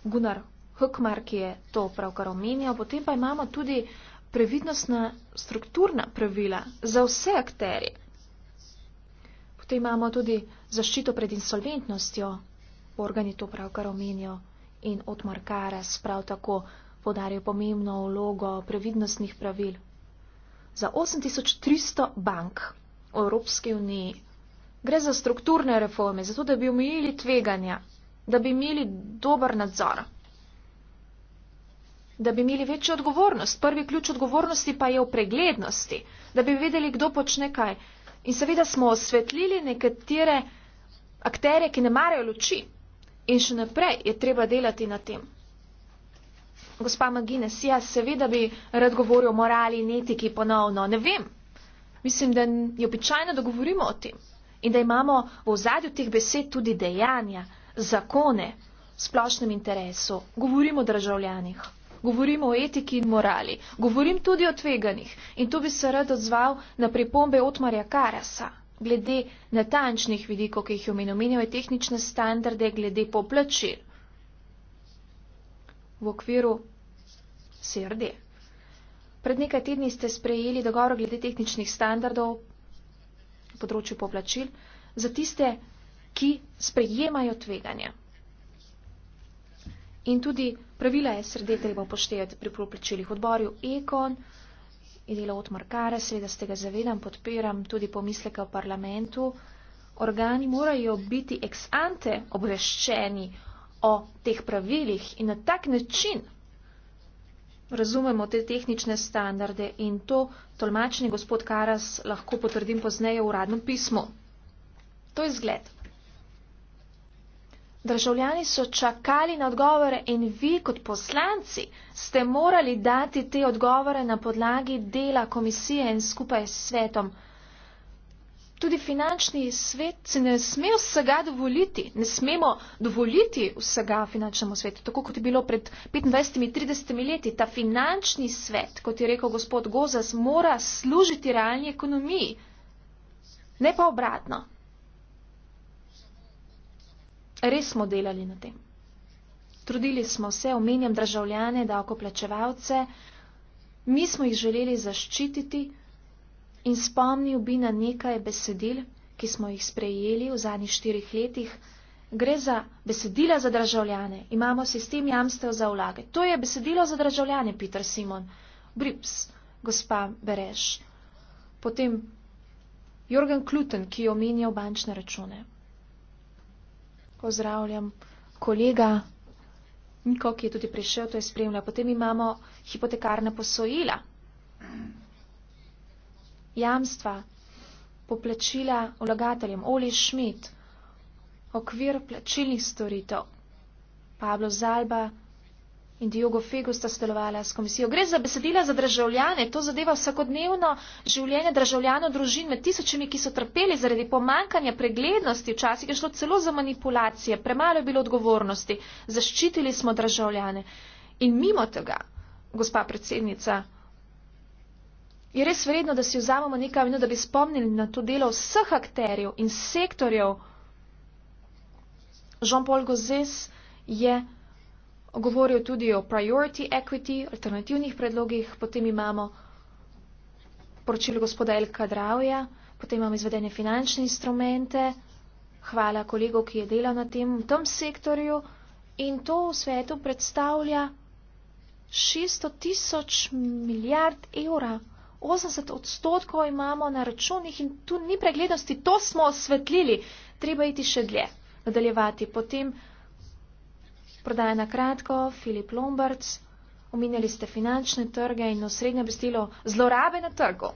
Gunnar Hukmark je to pravkar omenjal. Potem pa imamo tudi previdnostna strukturna pravila za vse akterje. Potem imamo tudi zaščito pred insolventnostjo, organi to pravkar omenjajo in Otmar Karas prav tako podarijo pomembno vlogo previdnostnih pravil za 8300 bank v Evropski uniji. Gre za strukturne reforme, zato da bi omejili tveganja, da bi imeli dober nadzor, da bi imeli večjo odgovornost. Prvi ključ odgovornosti pa je v preglednosti, da bi vedeli, kdo počne kaj. In seveda smo osvetlili nekatere akterje, ki ne marajo luči. In še naprej je treba delati na tem. Gospa Magines, ja, seveda bi rad govoril o morali in etiki ponovno. Ne vem. Mislim, da je običajno, da govorimo o tem in da imamo v zadju teh besed tudi dejanja, zakone, splošnem interesu. Govorimo o državljanih, govorimo o etiki in morali, govorim tudi o tveganih in tu bi se rad odzval na pripombe Otmarja Karasa. Glede natančnih vidikov, ki jih omenjajo tehnične standarde, glede poplačil v okviru CRD. Pred nekaj tedni ste sprejeli dogovor glede tehničnih standardov v področju poplačil za tiste, ki sprejemajo tveganja. In tudi pravila je srede treba upoštevati pri poplačilih odborju Ekon in delo od Markare, seveda ste ga zavedam, podpiram tudi pomisleke v parlamentu. Organi morajo biti ex ante obveščeni o teh pravilih in na tak način razumemo te tehnične standarde in to tolmačni gospod Karas lahko potrdim pozneje v uradnem pismu. To je zgled. Državljani so čakali na odgovore in vi kot poslanci ste morali dati te odgovore na podlagi dela komisije in skupaj s svetom. Tudi finančni svet se ne sme vsega dovoliti, ne smemo dovoliti vsega finančnemu svetu, tako kot je bilo pred 25-30 leti. Ta finančni svet, kot je rekel gospod Gozas, mora služiti realni ekonomiji, ne pa obratno. Res smo delali na tem. Trudili smo se, omenjam državljane, davkoplačevalce, mi smo jih želeli zaščititi in spomnil bi na nekaj besedil, ki smo jih sprejeli v zadnjih štirih letih. Gre za besedila za državljane, imamo sistem jamstev za vlage. To je besedilo za državljane, Peter Simon. Brips, gospa Bereš. Potem Jorgen Kluten, ki je omenjal bančne račune. Pozdravljam kolega Niko, ki je tudi prišel, to je spremljal. Potem imamo hipotekarne posojila jamstva, poplačila vlagateljem, Oli Šmit, okvir plačilnih storitev, Pablo Zalba in Diogo Fego sta sodelovala s komisijo. Gre za besedila za državljane, to zadeva vsakodnevno življenje državljanov družin med tisočimi, ki so trpeli zaradi pomankanja preglednosti, včasih je šlo celo za manipulacije, premalo je bilo odgovornosti, zaščitili smo državljane. In mimo tega, gospa predsednica, je res vredno, da si vzamemo nekaj minut, da bi spomnili na to delo vseh akterjev in sektorjev. Jean-Paul Gozes je govoril tudi o priority equity, alternativnih predlogih, potem imamo poročilo gospoda El Kadravja, potem imamo izvedene finančne instrumente, hvala kolegov, ki je delal na tem, tem sektorju in to v svetu predstavlja 600 tisoč milijard evra. 80 odstotkov imamo na računih in tu ni preglednosti, to smo osvetlili, treba iti še dlje, nadaljevati. Potem prodaja na kratko, Filip Lomberts, omenjali ste finančne trge in osrednje bestilo zlorabe na trgu.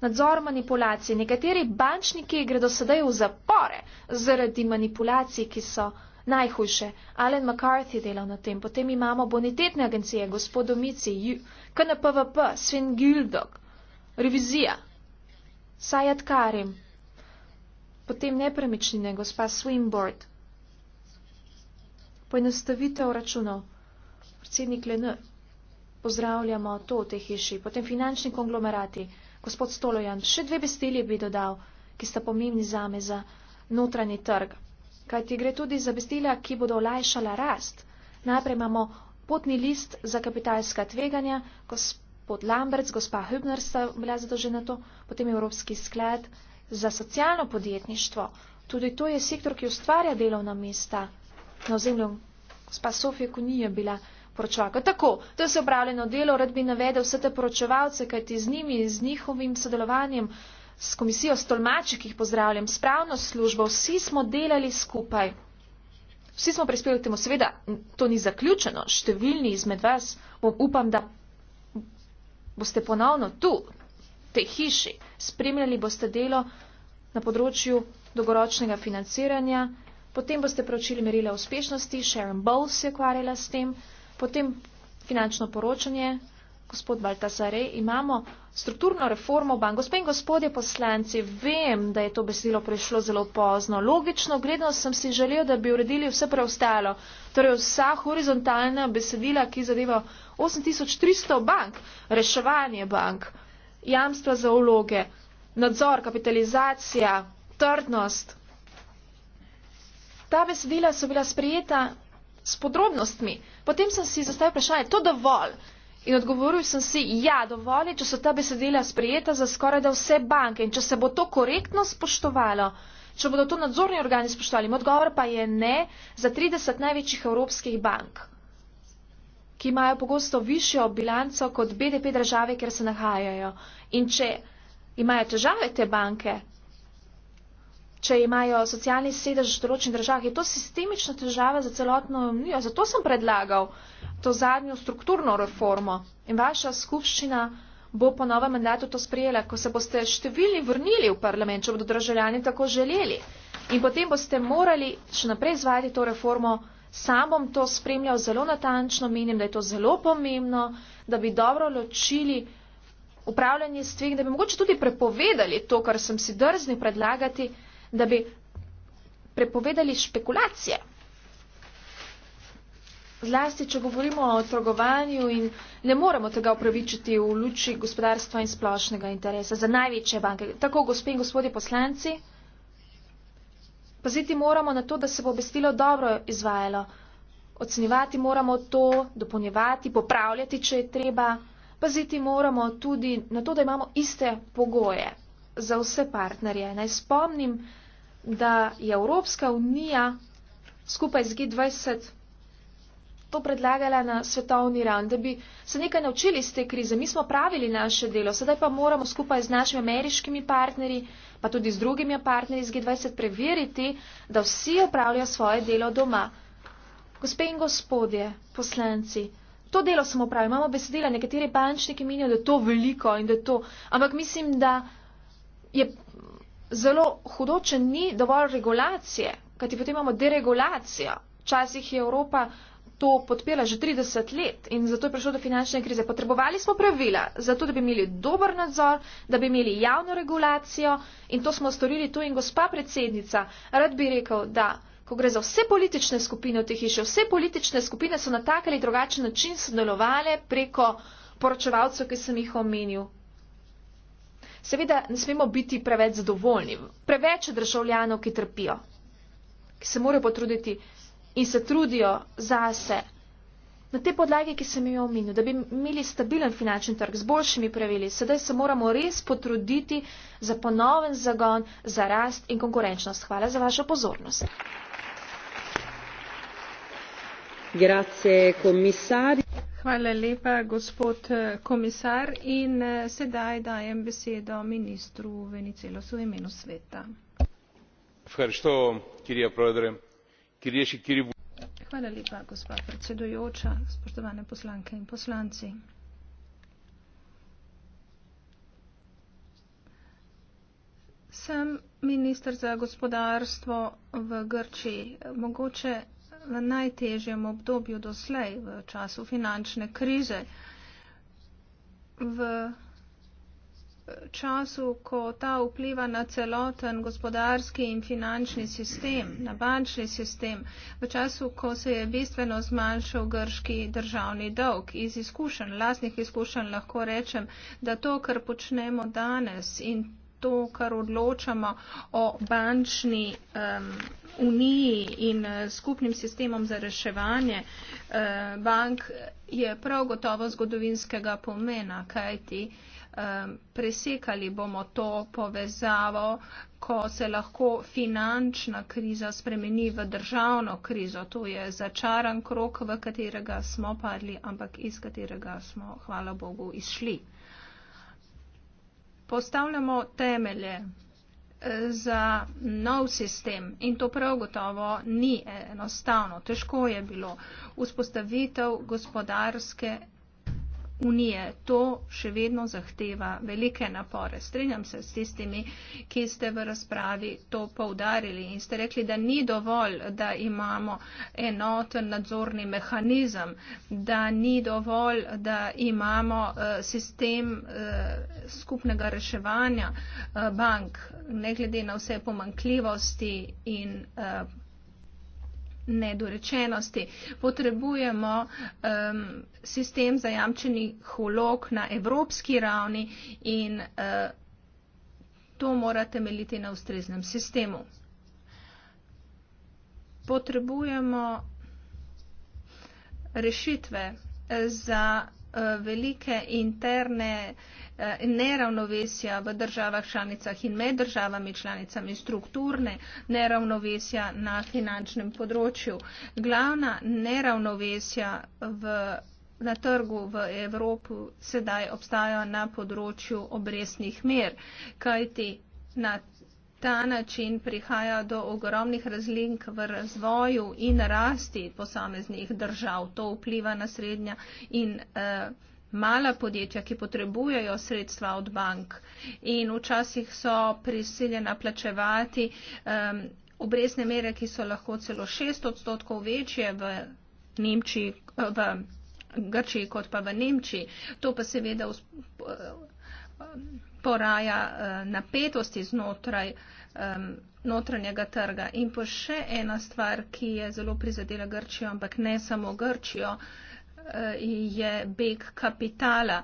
Nadzor manipulacij. Nekateri bančniki gredo sedaj v zapore zaradi manipulacij, ki so najhujše. Alan McCarthy dela na tem. Potem imamo bonitetne agencije, gospod Omici, KNPVP, Sven Gildog, revizija, Sajat Karim. Potem nepremičnine, gospa Swimboard. Poenostavitev računov. Predsednik LN. Pozdravljamo to v tej hiši. Potem finančni konglomerati. Gospod Stolojan, še dve besedili bi dodal, ki sta pomembni zame za notranji trg kajti gre tudi za bestila, ki bodo olajšala rast. Najprej imamo potni list za kapitalska tveganja, gospod Lamberts, gospa Hübner sta bila zadožena to, potem Evropski sklad za socialno podjetništvo. Tudi to je sektor, ki ustvarja delovna mesta na ozemlju. Gospa Sofija Kunija bila poročevalka. Tako, to je se upravljeno delo, rad bi navedel vse te poročevalce, kajti z njimi, z njihovim sodelovanjem s komisijo stolmači, ki jih pozdravljam, s pravno službo, vsi smo delali skupaj. Vsi smo prispeli k temu. Seveda, to ni zaključeno. Številni izmed vas, upam, da boste ponovno tu, v tej hiši, spremljali boste delo na področju dolgoročnega financiranja, potem boste pročili merila uspešnosti, Sharon Bowles je ukvarjala s tem, potem finančno poročanje, Gospod Baltasare, imamo strukturno reformo bank. Gospod in gospodje poslanci, vem, da je to besedilo prišlo zelo pozno. Logično, gledno sem si želel, da bi uredili vse preostalo. Torej vsa horizontalna besedila, ki zadeva 8300 bank, reševanje bank, jamstva za vloge, nadzor, kapitalizacija, trdnost. Ta besedila so bila sprijeta s podrobnostmi. Potem sem si zastavil vprašanje, to dovolj. In odgovoril sem si, ja, dovolj je, če so ta besedila sprejeta za skoraj da vse banke in če se bo to korektno spoštovalo, če bodo to nadzorni organi spoštovali. Odgovor pa je ne za 30 največjih evropskih bank, ki imajo pogosto višjo bilanco kot BDP države, kjer se nahajajo. In če imajo težave te banke, če imajo socialni sedež v določenih državah, je to sistemična težava za celotno unijo. Zato sem predlagal to zadnjo strukturno reformo in vaša skupščina bo po novem mandatu to sprejela, ko se boste številni vrnili v parlament, če bodo državljani tako želeli. In potem boste morali še naprej izvajati to reformo. Sam bom to spremljal zelo natančno, menim, da je to zelo pomembno, da bi dobro ločili upravljanje s tvegi, da bi mogoče tudi prepovedali to, kar sem si drzni predlagati da bi prepovedali špekulacije. Zlasti, če govorimo o trgovanju in ne moremo tega upravičiti v luči gospodarstva in splošnega interesa za največje banke. Tako, gospe in gospodje poslanci, paziti moramo na to, da se bo obestilo dobro izvajalo. Ocenjevati moramo to, dopolnjevati, popravljati, če je treba. Paziti moramo tudi na to, da imamo iste pogoje za vse partnerje. Naj spomnim, da je Evropska unija skupaj z G20 to predlagala na svetovni ran, da bi se nekaj naučili iz te krize. Mi smo pravili naše delo, sedaj pa moramo skupaj z našimi ameriškimi partnerji, pa tudi z drugimi partnerji iz G20 preveriti, da vsi opravljajo svoje delo doma. Gospe in gospodje, poslanci, to delo samo pravi. Imamo besedila, nekateri bančniki menijo, da je to veliko in da je to, ampak mislim, da je zelo hudo, če ni dovolj regulacije, kajti potem imamo deregulacijo. Včasih je Evropa to podpela že 30 let in zato je prišlo do finančne krize. Potrebovali smo pravila, zato da bi imeli dober nadzor, da bi imeli javno regulacijo in to smo storili tu in gospa predsednica, rad bi rekel, da ko gre za vse politične skupine v teh hiši, vse politične skupine so na tak ali drugačen način sodelovali preko poročevalcev, ki sem jih omenil, Seveda ne smemo biti preveč zadovoljni. Preveč je državljanov, ki trpijo, ki se morajo potruditi in se trudijo zase. Na te podlage, ki sem jo omenil, da bi imeli stabilen finančni trg z boljšimi pravili, sedaj se moramo res potruditi za ponoven zagon, za rast in konkurenčnost. Hvala za vašo pozornost gospod eh, komisar in eh, sedaj dajem besedo ministru venizelosu v imenu sveta. hvala lepa gospa predsedujoča spoštovane poslanke in poslanci. sem minister za gospodarstvo v grčiji. mogoče v najtežjem obdobju doslej, v času finančne krize, v času, ko ta vpliva na celoten gospodarski in finančni sistem, na bančni sistem, v času, ko se je bistveno zmanjšal grški državni dolg. Iz izkušenj, lastnih izkušenj lahko rečem, da to, kar počnemo danes in to, kar odločamo o bančni um, uniji in eh, skupnim sistemom za reševanje eh, bank, je prav gotovo zgodovinskega pomena, kajti eh, presekali bomo to povezavo, ko se lahko finančna kriza spremeni v državno krizo. To je začaran krok, v katerega smo padli, ampak iz katerega smo, hvala Bogu, izšli postavljamo temelje eh, za nov sistem in to prav gotovo ni enostavno. Težko je bilo vzpostavitev gospodarske unije. To še vedno zahteva velike napore. Strenjam se s tistimi, ki ste v razpravi to poudarili in ste rekli, da ni dovolj, da imamo enoten nadzorni mehanizem, da ni dovolj, da imamo eh, sistem eh, skupnega reševanja eh, bank, ne glede na vse pomankljivosti in nedorečenosti. Potrebujemo um, sistem zajamčenih holog na evropski ravni in uh, to mora temeljiti na ustreznem sistemu. Potrebujemo rešitve za Eh, velike interne eh, neravnovesja v državah članicah in med državami članicami, strukturne neravnovesja na finančnem področju. Glavna neravnovesja v, na trgu v Evropi sedaj obstajajo na področju obresnih mer, kajti na ta način prihaja do ogromnih razlink v razvoju in rasti posameznih držav. To vpliva na srednja in uh, mala podjetja, ki potrebujejo sredstva od bank in včasih so prisiljena plačevati um, eh, obresne mere, ki so lahko celo 6 odstotkov večje v Nemčiji, v Grčiji kot pa v Nemčiji. To pa seveda. Usp- eh, poraja eh, napetosti znotraj notranjega trga. In pa še ena stvar, ki je zelo prizadela Grčijo, ampak ne samo Grčijo, eh, je beg kapitala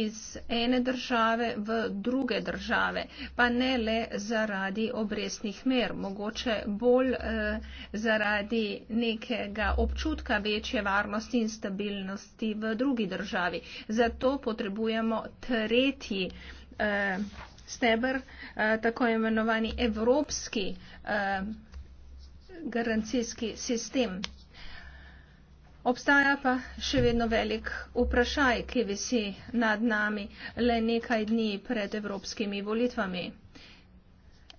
iz ene države v druge države, pa ne le zaradi obresnih mer, mogoče bolj eh, zaradi nekega občutka večje varnosti in stabilnosti v drugi državi. Zato potrebujemo tretji eh, steber, eh, tako imenovani evropski eh, garancijski sistem. Obstaja pa še vedno velik vprašaj, ki visi nad nami le nekaj dni pred evropskimi volitvami.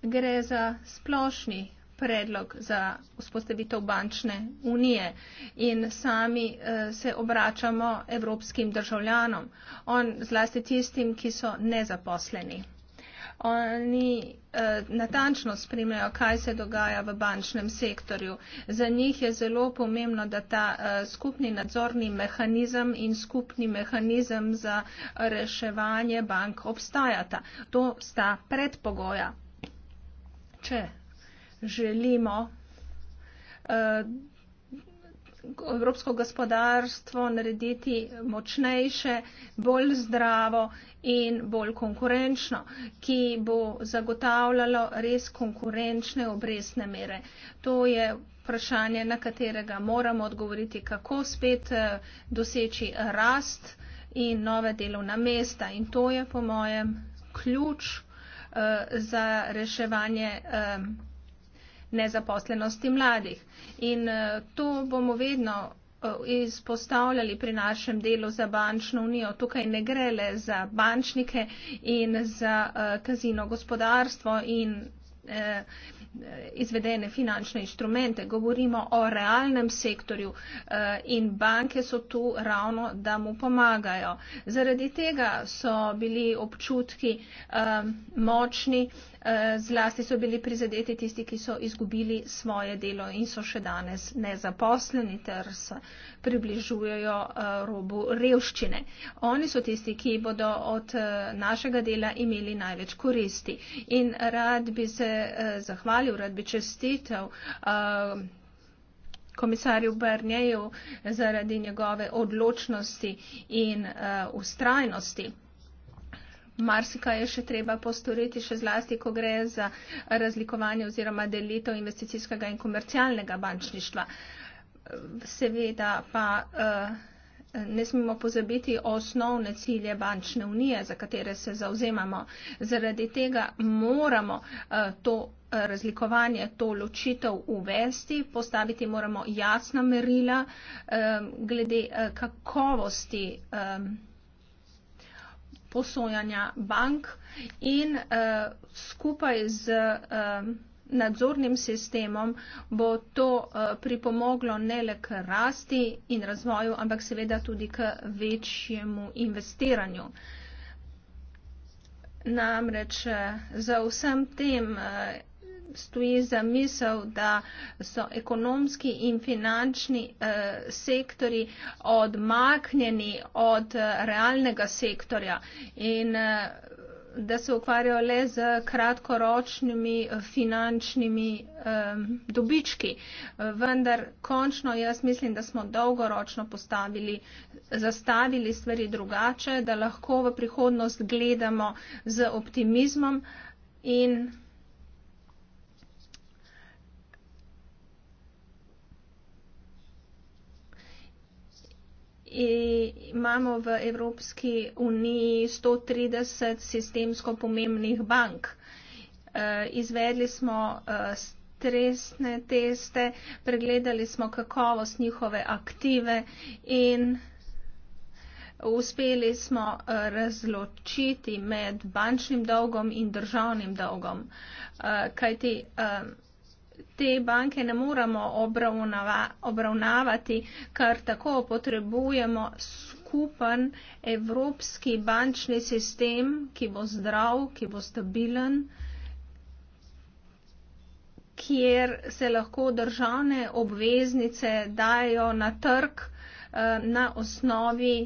Gre za splošni predlog za vzpostavitev bančne unije in sami eh, se obračamo evropskim državljanom, on zlasti tistim, ki so nezaposleni. Oni eh, natančno spremljajo, kaj se dogaja v bančnem sektorju. Za njih je zelo pomembno, da ta eh, skupni nadzorni mehanizem in skupni mehanizem za reševanje bank obstajata. To sta predpogoja. Če želimo. Eh, evropsko gospodarstvo narediti močnejše, bolj zdravo in bolj konkurenčno, ki bo zagotavljalo res konkurenčne obresne mere. To je vprašanje, na katerega moramo odgovoriti, kako spet eh, doseči rast in nove delovna mesta. In to je po mojem ključ uh, za reševanje. Uh, nezaposlenosti mladih. In eh, to bomo vedno eh, izpostavljali pri našem delu za bančno unijo. Tukaj ne gre le za bančnike in za eh, kazino gospodarstvo in izvedene finančne inštrumente. Govorimo o realnem sektorju in banke so tu ravno, da mu pomagajo. Zaradi tega so bili občutki močni, zlasti so bili prizadeti tisti, ki so izgubili svoje delo in so še danes nezaposleni ter se približujejo eh, robu revščine. Oni so tisti, ki bodo od eh, našega dela imeli največ koristi. In rad bi se eh, zahvalil, rad bi čestitev komisarju Brnjeju zaradi njegove odločnosti in ustrajnosti. Uh, marsikaj je še treba postoriti, še zlasti, ko gre za razlikovanje oziroma delitev investicijskega in komercialnega bančništva. Seveda pa eh, ne smemo pozabiti osnovne cilje bančne unije, za katere se zauzemamo. Zaradi tega moramo eh, to eh, razlikovanje, to ločitev uvesti, postaviti moramo jasna merila glede kakovosti posojanja bank in uh, skupaj z uh, nadzornim sistemom bo to uh, pripomoglo ne le k rasti in razvoju, ampak seveda tudi k večjemu investiranju. Namreč uh, za vsem tem. Uh, stoji za misel, da so ekonomski in finančni eh, sektori odmaknjeni od eh, realnega sektorja in eh, da se ukvarjajo le z kratkoročnimi eh, finančnimi eh, dobički. Eh, vendar končno jaz mislim, da smo dolgoročno postavili, zastavili stvari drugače, da lahko v prihodnost gledamo z optimizmom in imamo v Evropski uniji 130 sistemsko pomembnih bank. E, izvedli smo e, stresne teste, pregledali smo kakovost njihove aktive in uspeli smo e, razločiti med bančnim dolgom in državnim dolgom. Kajti, te banke ne moramo obravnavati, ker tako potrebujemo skupen evropski bančni sistem, ki bo zdrav, ki bo stabilen, kjer se lahko državne obveznice dajo na trg eh, na osnovi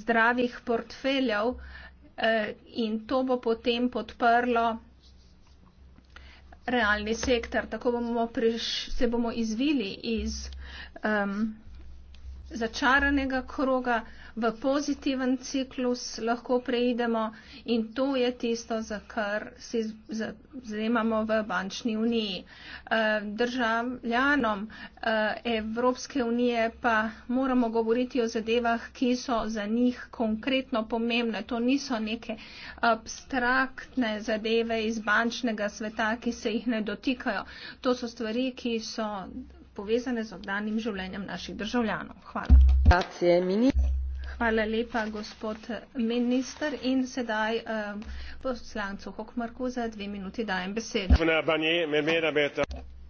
zdravih portfeljev eh, in to bo potem podprlo realni sektor. Tako bomo priš, se bomo izvili iz um, začaranega kroga v pozitiven ciklus lahko preidemo in to je tisto, za kar si zanimamo v bančni uniji. Eh, državljanom eh, Evropske unije pa moramo govoriti o zadevah, ki so za njih konkretno pomembne. To niso neke abstraktne zadeve iz bančnega sveta, ki se jih ne dotikajo. To so stvari, ki so povezane z obdanim življenjem naših državljanov. Hvala. Grazie, Hvala lepa, gospod minister. In sedaj um, poslancu Hokmarku za dve minuti dajem besedo.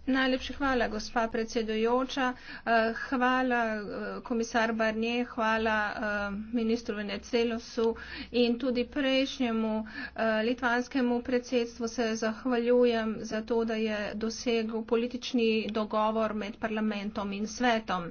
Najlepša hvala, gospa predsedujoča. Eh, hvala eh, komisar Barnje, hvala ministru Venecelosu in tudi prejšnjemu litvanskemu predsedstvu se zahvaljujem za to, da je dosegel politični dogovor med parlamentom in svetom.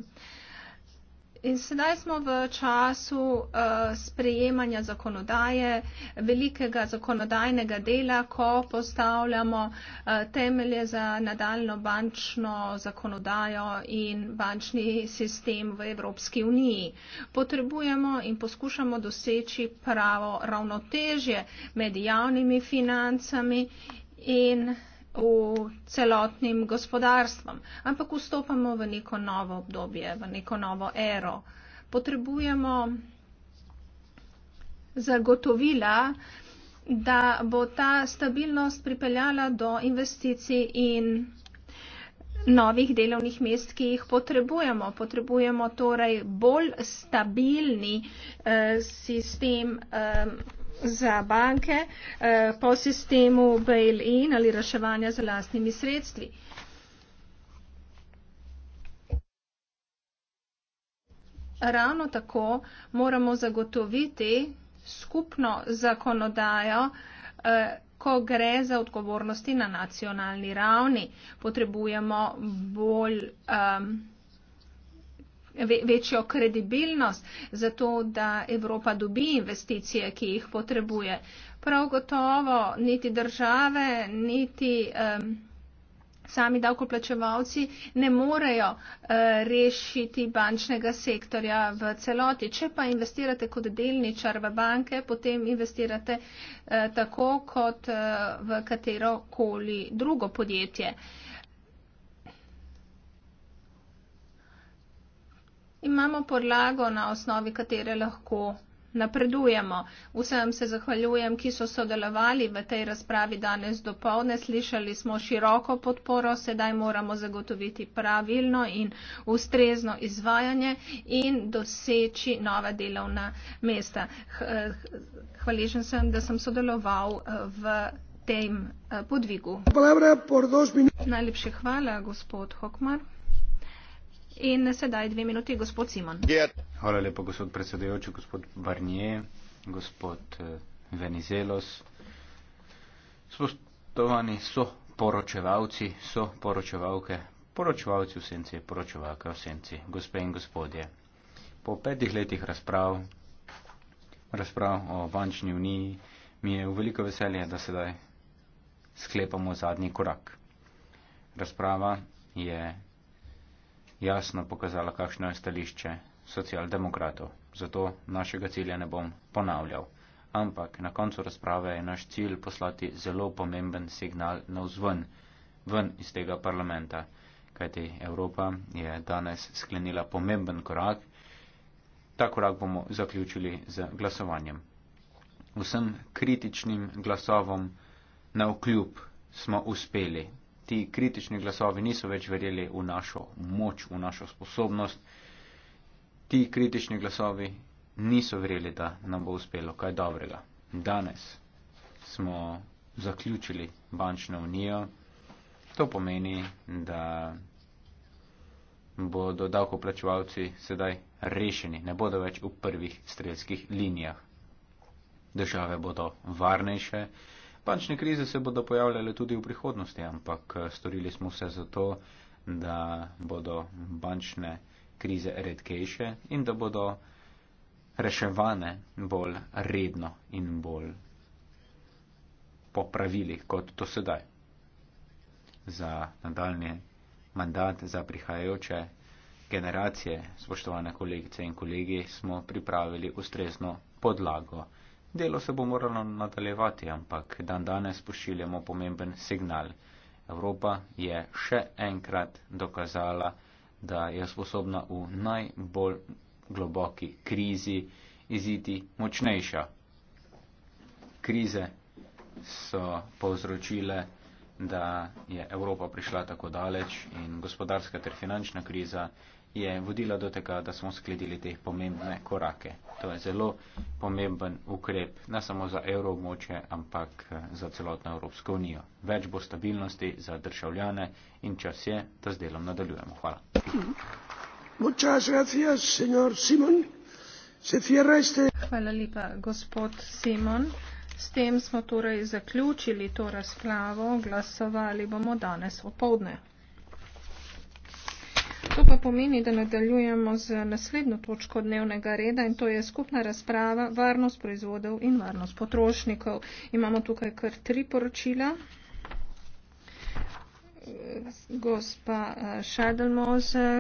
In sedaj smo v času uh, sprejemanja zakonodaje, velikega zakonodajnega dela, ko postavljamo uh, temelje za nadaljno bančno zakonodajo in bančni sistem v Evropski uniji. Potrebujemo in poskušamo doseči pravo ravnotežje med javnimi financami in v celotnim gospodarstvom, ampak vstopamo v neko novo obdobje, v neko novo ero. Potrebujemo zagotovila, da bo ta stabilnost pripeljala do investicij in novih delovnih mest, ki jih potrebujemo. Potrebujemo torej bolj stabilni eh, sistem. Eh, za banke eh, po sistemu bail-in ali reševanja z lastnimi sredstvi. Ravno tako moramo zagotoviti skupno zakonodajo, eh, ko gre za odgovornosti na nacionalni ravni. Potrebujemo bolj um, večjo kredibilnost za to, da Evropa dobi investicije, ki jih potrebuje. Prav gotovo niti države, niti um, sami davkoplačevalci ne morejo uh, rešiti bančnega sektorja v celoti. Če pa investirate kot delničar v banke, potem investirate uh, tako kot uh, v katero koli drugo podjetje. Uh, imamo podlago, na osnovi katere lahko napredujemo. Vsem se zahvaljujem, ki so sodelovali v tej razpravi danes do povne. Slišali smo široko podporo, sedaj moramo zagotoviti pravilno in ustrezno izvajanje in doseči nova delovna mesta. Hvaležen sem, da sem sodeloval eh, v tem eh, podvigu. Najlepše hvala, gospod Hokmar. In sedaj dve minuti, gospod Simon. Hvala lepa, gospod predsedujoči, gospod Barnier, gospod eh, Venizelos. Spoštovani so poročevalci, so poročevalke, poročevalci v senci, poročevalke v senci, gospe in gospodje. Po petih letih razprav, razprav o bančni uniji, mi je v veliko veselje, da sedaj sklepamo zadnji korak. Razprava je jasno pokazala, kakšno je stališče socialdemokratov. Zato našega cilja ne bom ponavljal. Ampak na koncu razprave je naš cilj poslati zelo pomemben signal na vzven, ven iz tega parlamenta. Kajti Evropa je danes sklenila pomemben korak. Ta korak bomo zaključili z glasovanjem. Vsem kritičnim glasovom na okljub smo uspeli, ti kritični glasovi niso več verjeli v našo moč, v našo sposobnost, ti kritični glasovi niso verjeli, da nam bo uspelo kaj dobrega. Danes smo zaključili bančno unijo. To pomeni, da bodo davkoplačevalci sedaj rešeni, ne bodo več v prvih streljskih linijah. Države bodo varnejše. Bančne krize se bodo pojavljale tudi v prihodnosti, ampak eh, storili smo vse zato, da bodo bančne krize redkejše in da bodo reševane bolj redno in bolj po pravilih kot to sedaj. Za nadaljni mandat, za prihajajoče generacije, spoštovane kolegice in kolegi, smo pripravili ustrezno podlago. Delo se bo moralo nadaljevati, ampak dan danes pošiljamo pomemben signal. Evropa je še enkrat dokazala, da je sposobna v najbolj globoki krizi iziti močnejša. Krize so povzročile, da je Evropa prišla tako daleč in gospodarska ter finančna kriza je vodila do tega, da smo skledili te pomembne korake. To je zelo pomemben ukrep, ne samo za evroobmoče, ampak eh, za celotno Evropsko unijo. Več bo stabilnosti za državljane in čas je, da z delom nadaljujemo. Hvala. Hvala lepa, gospod Simon. S tem smo torej zaključili to razpravo, glasovali bomo danes opovdne. To pa pomeni, da nadaljujemo z naslednjo točko dnevnega reda in to je skupna razprava varnost proizvodov in varnost potrošnikov. Imamo tukaj kar tri poročila. Gospa eh, Šadelmozer.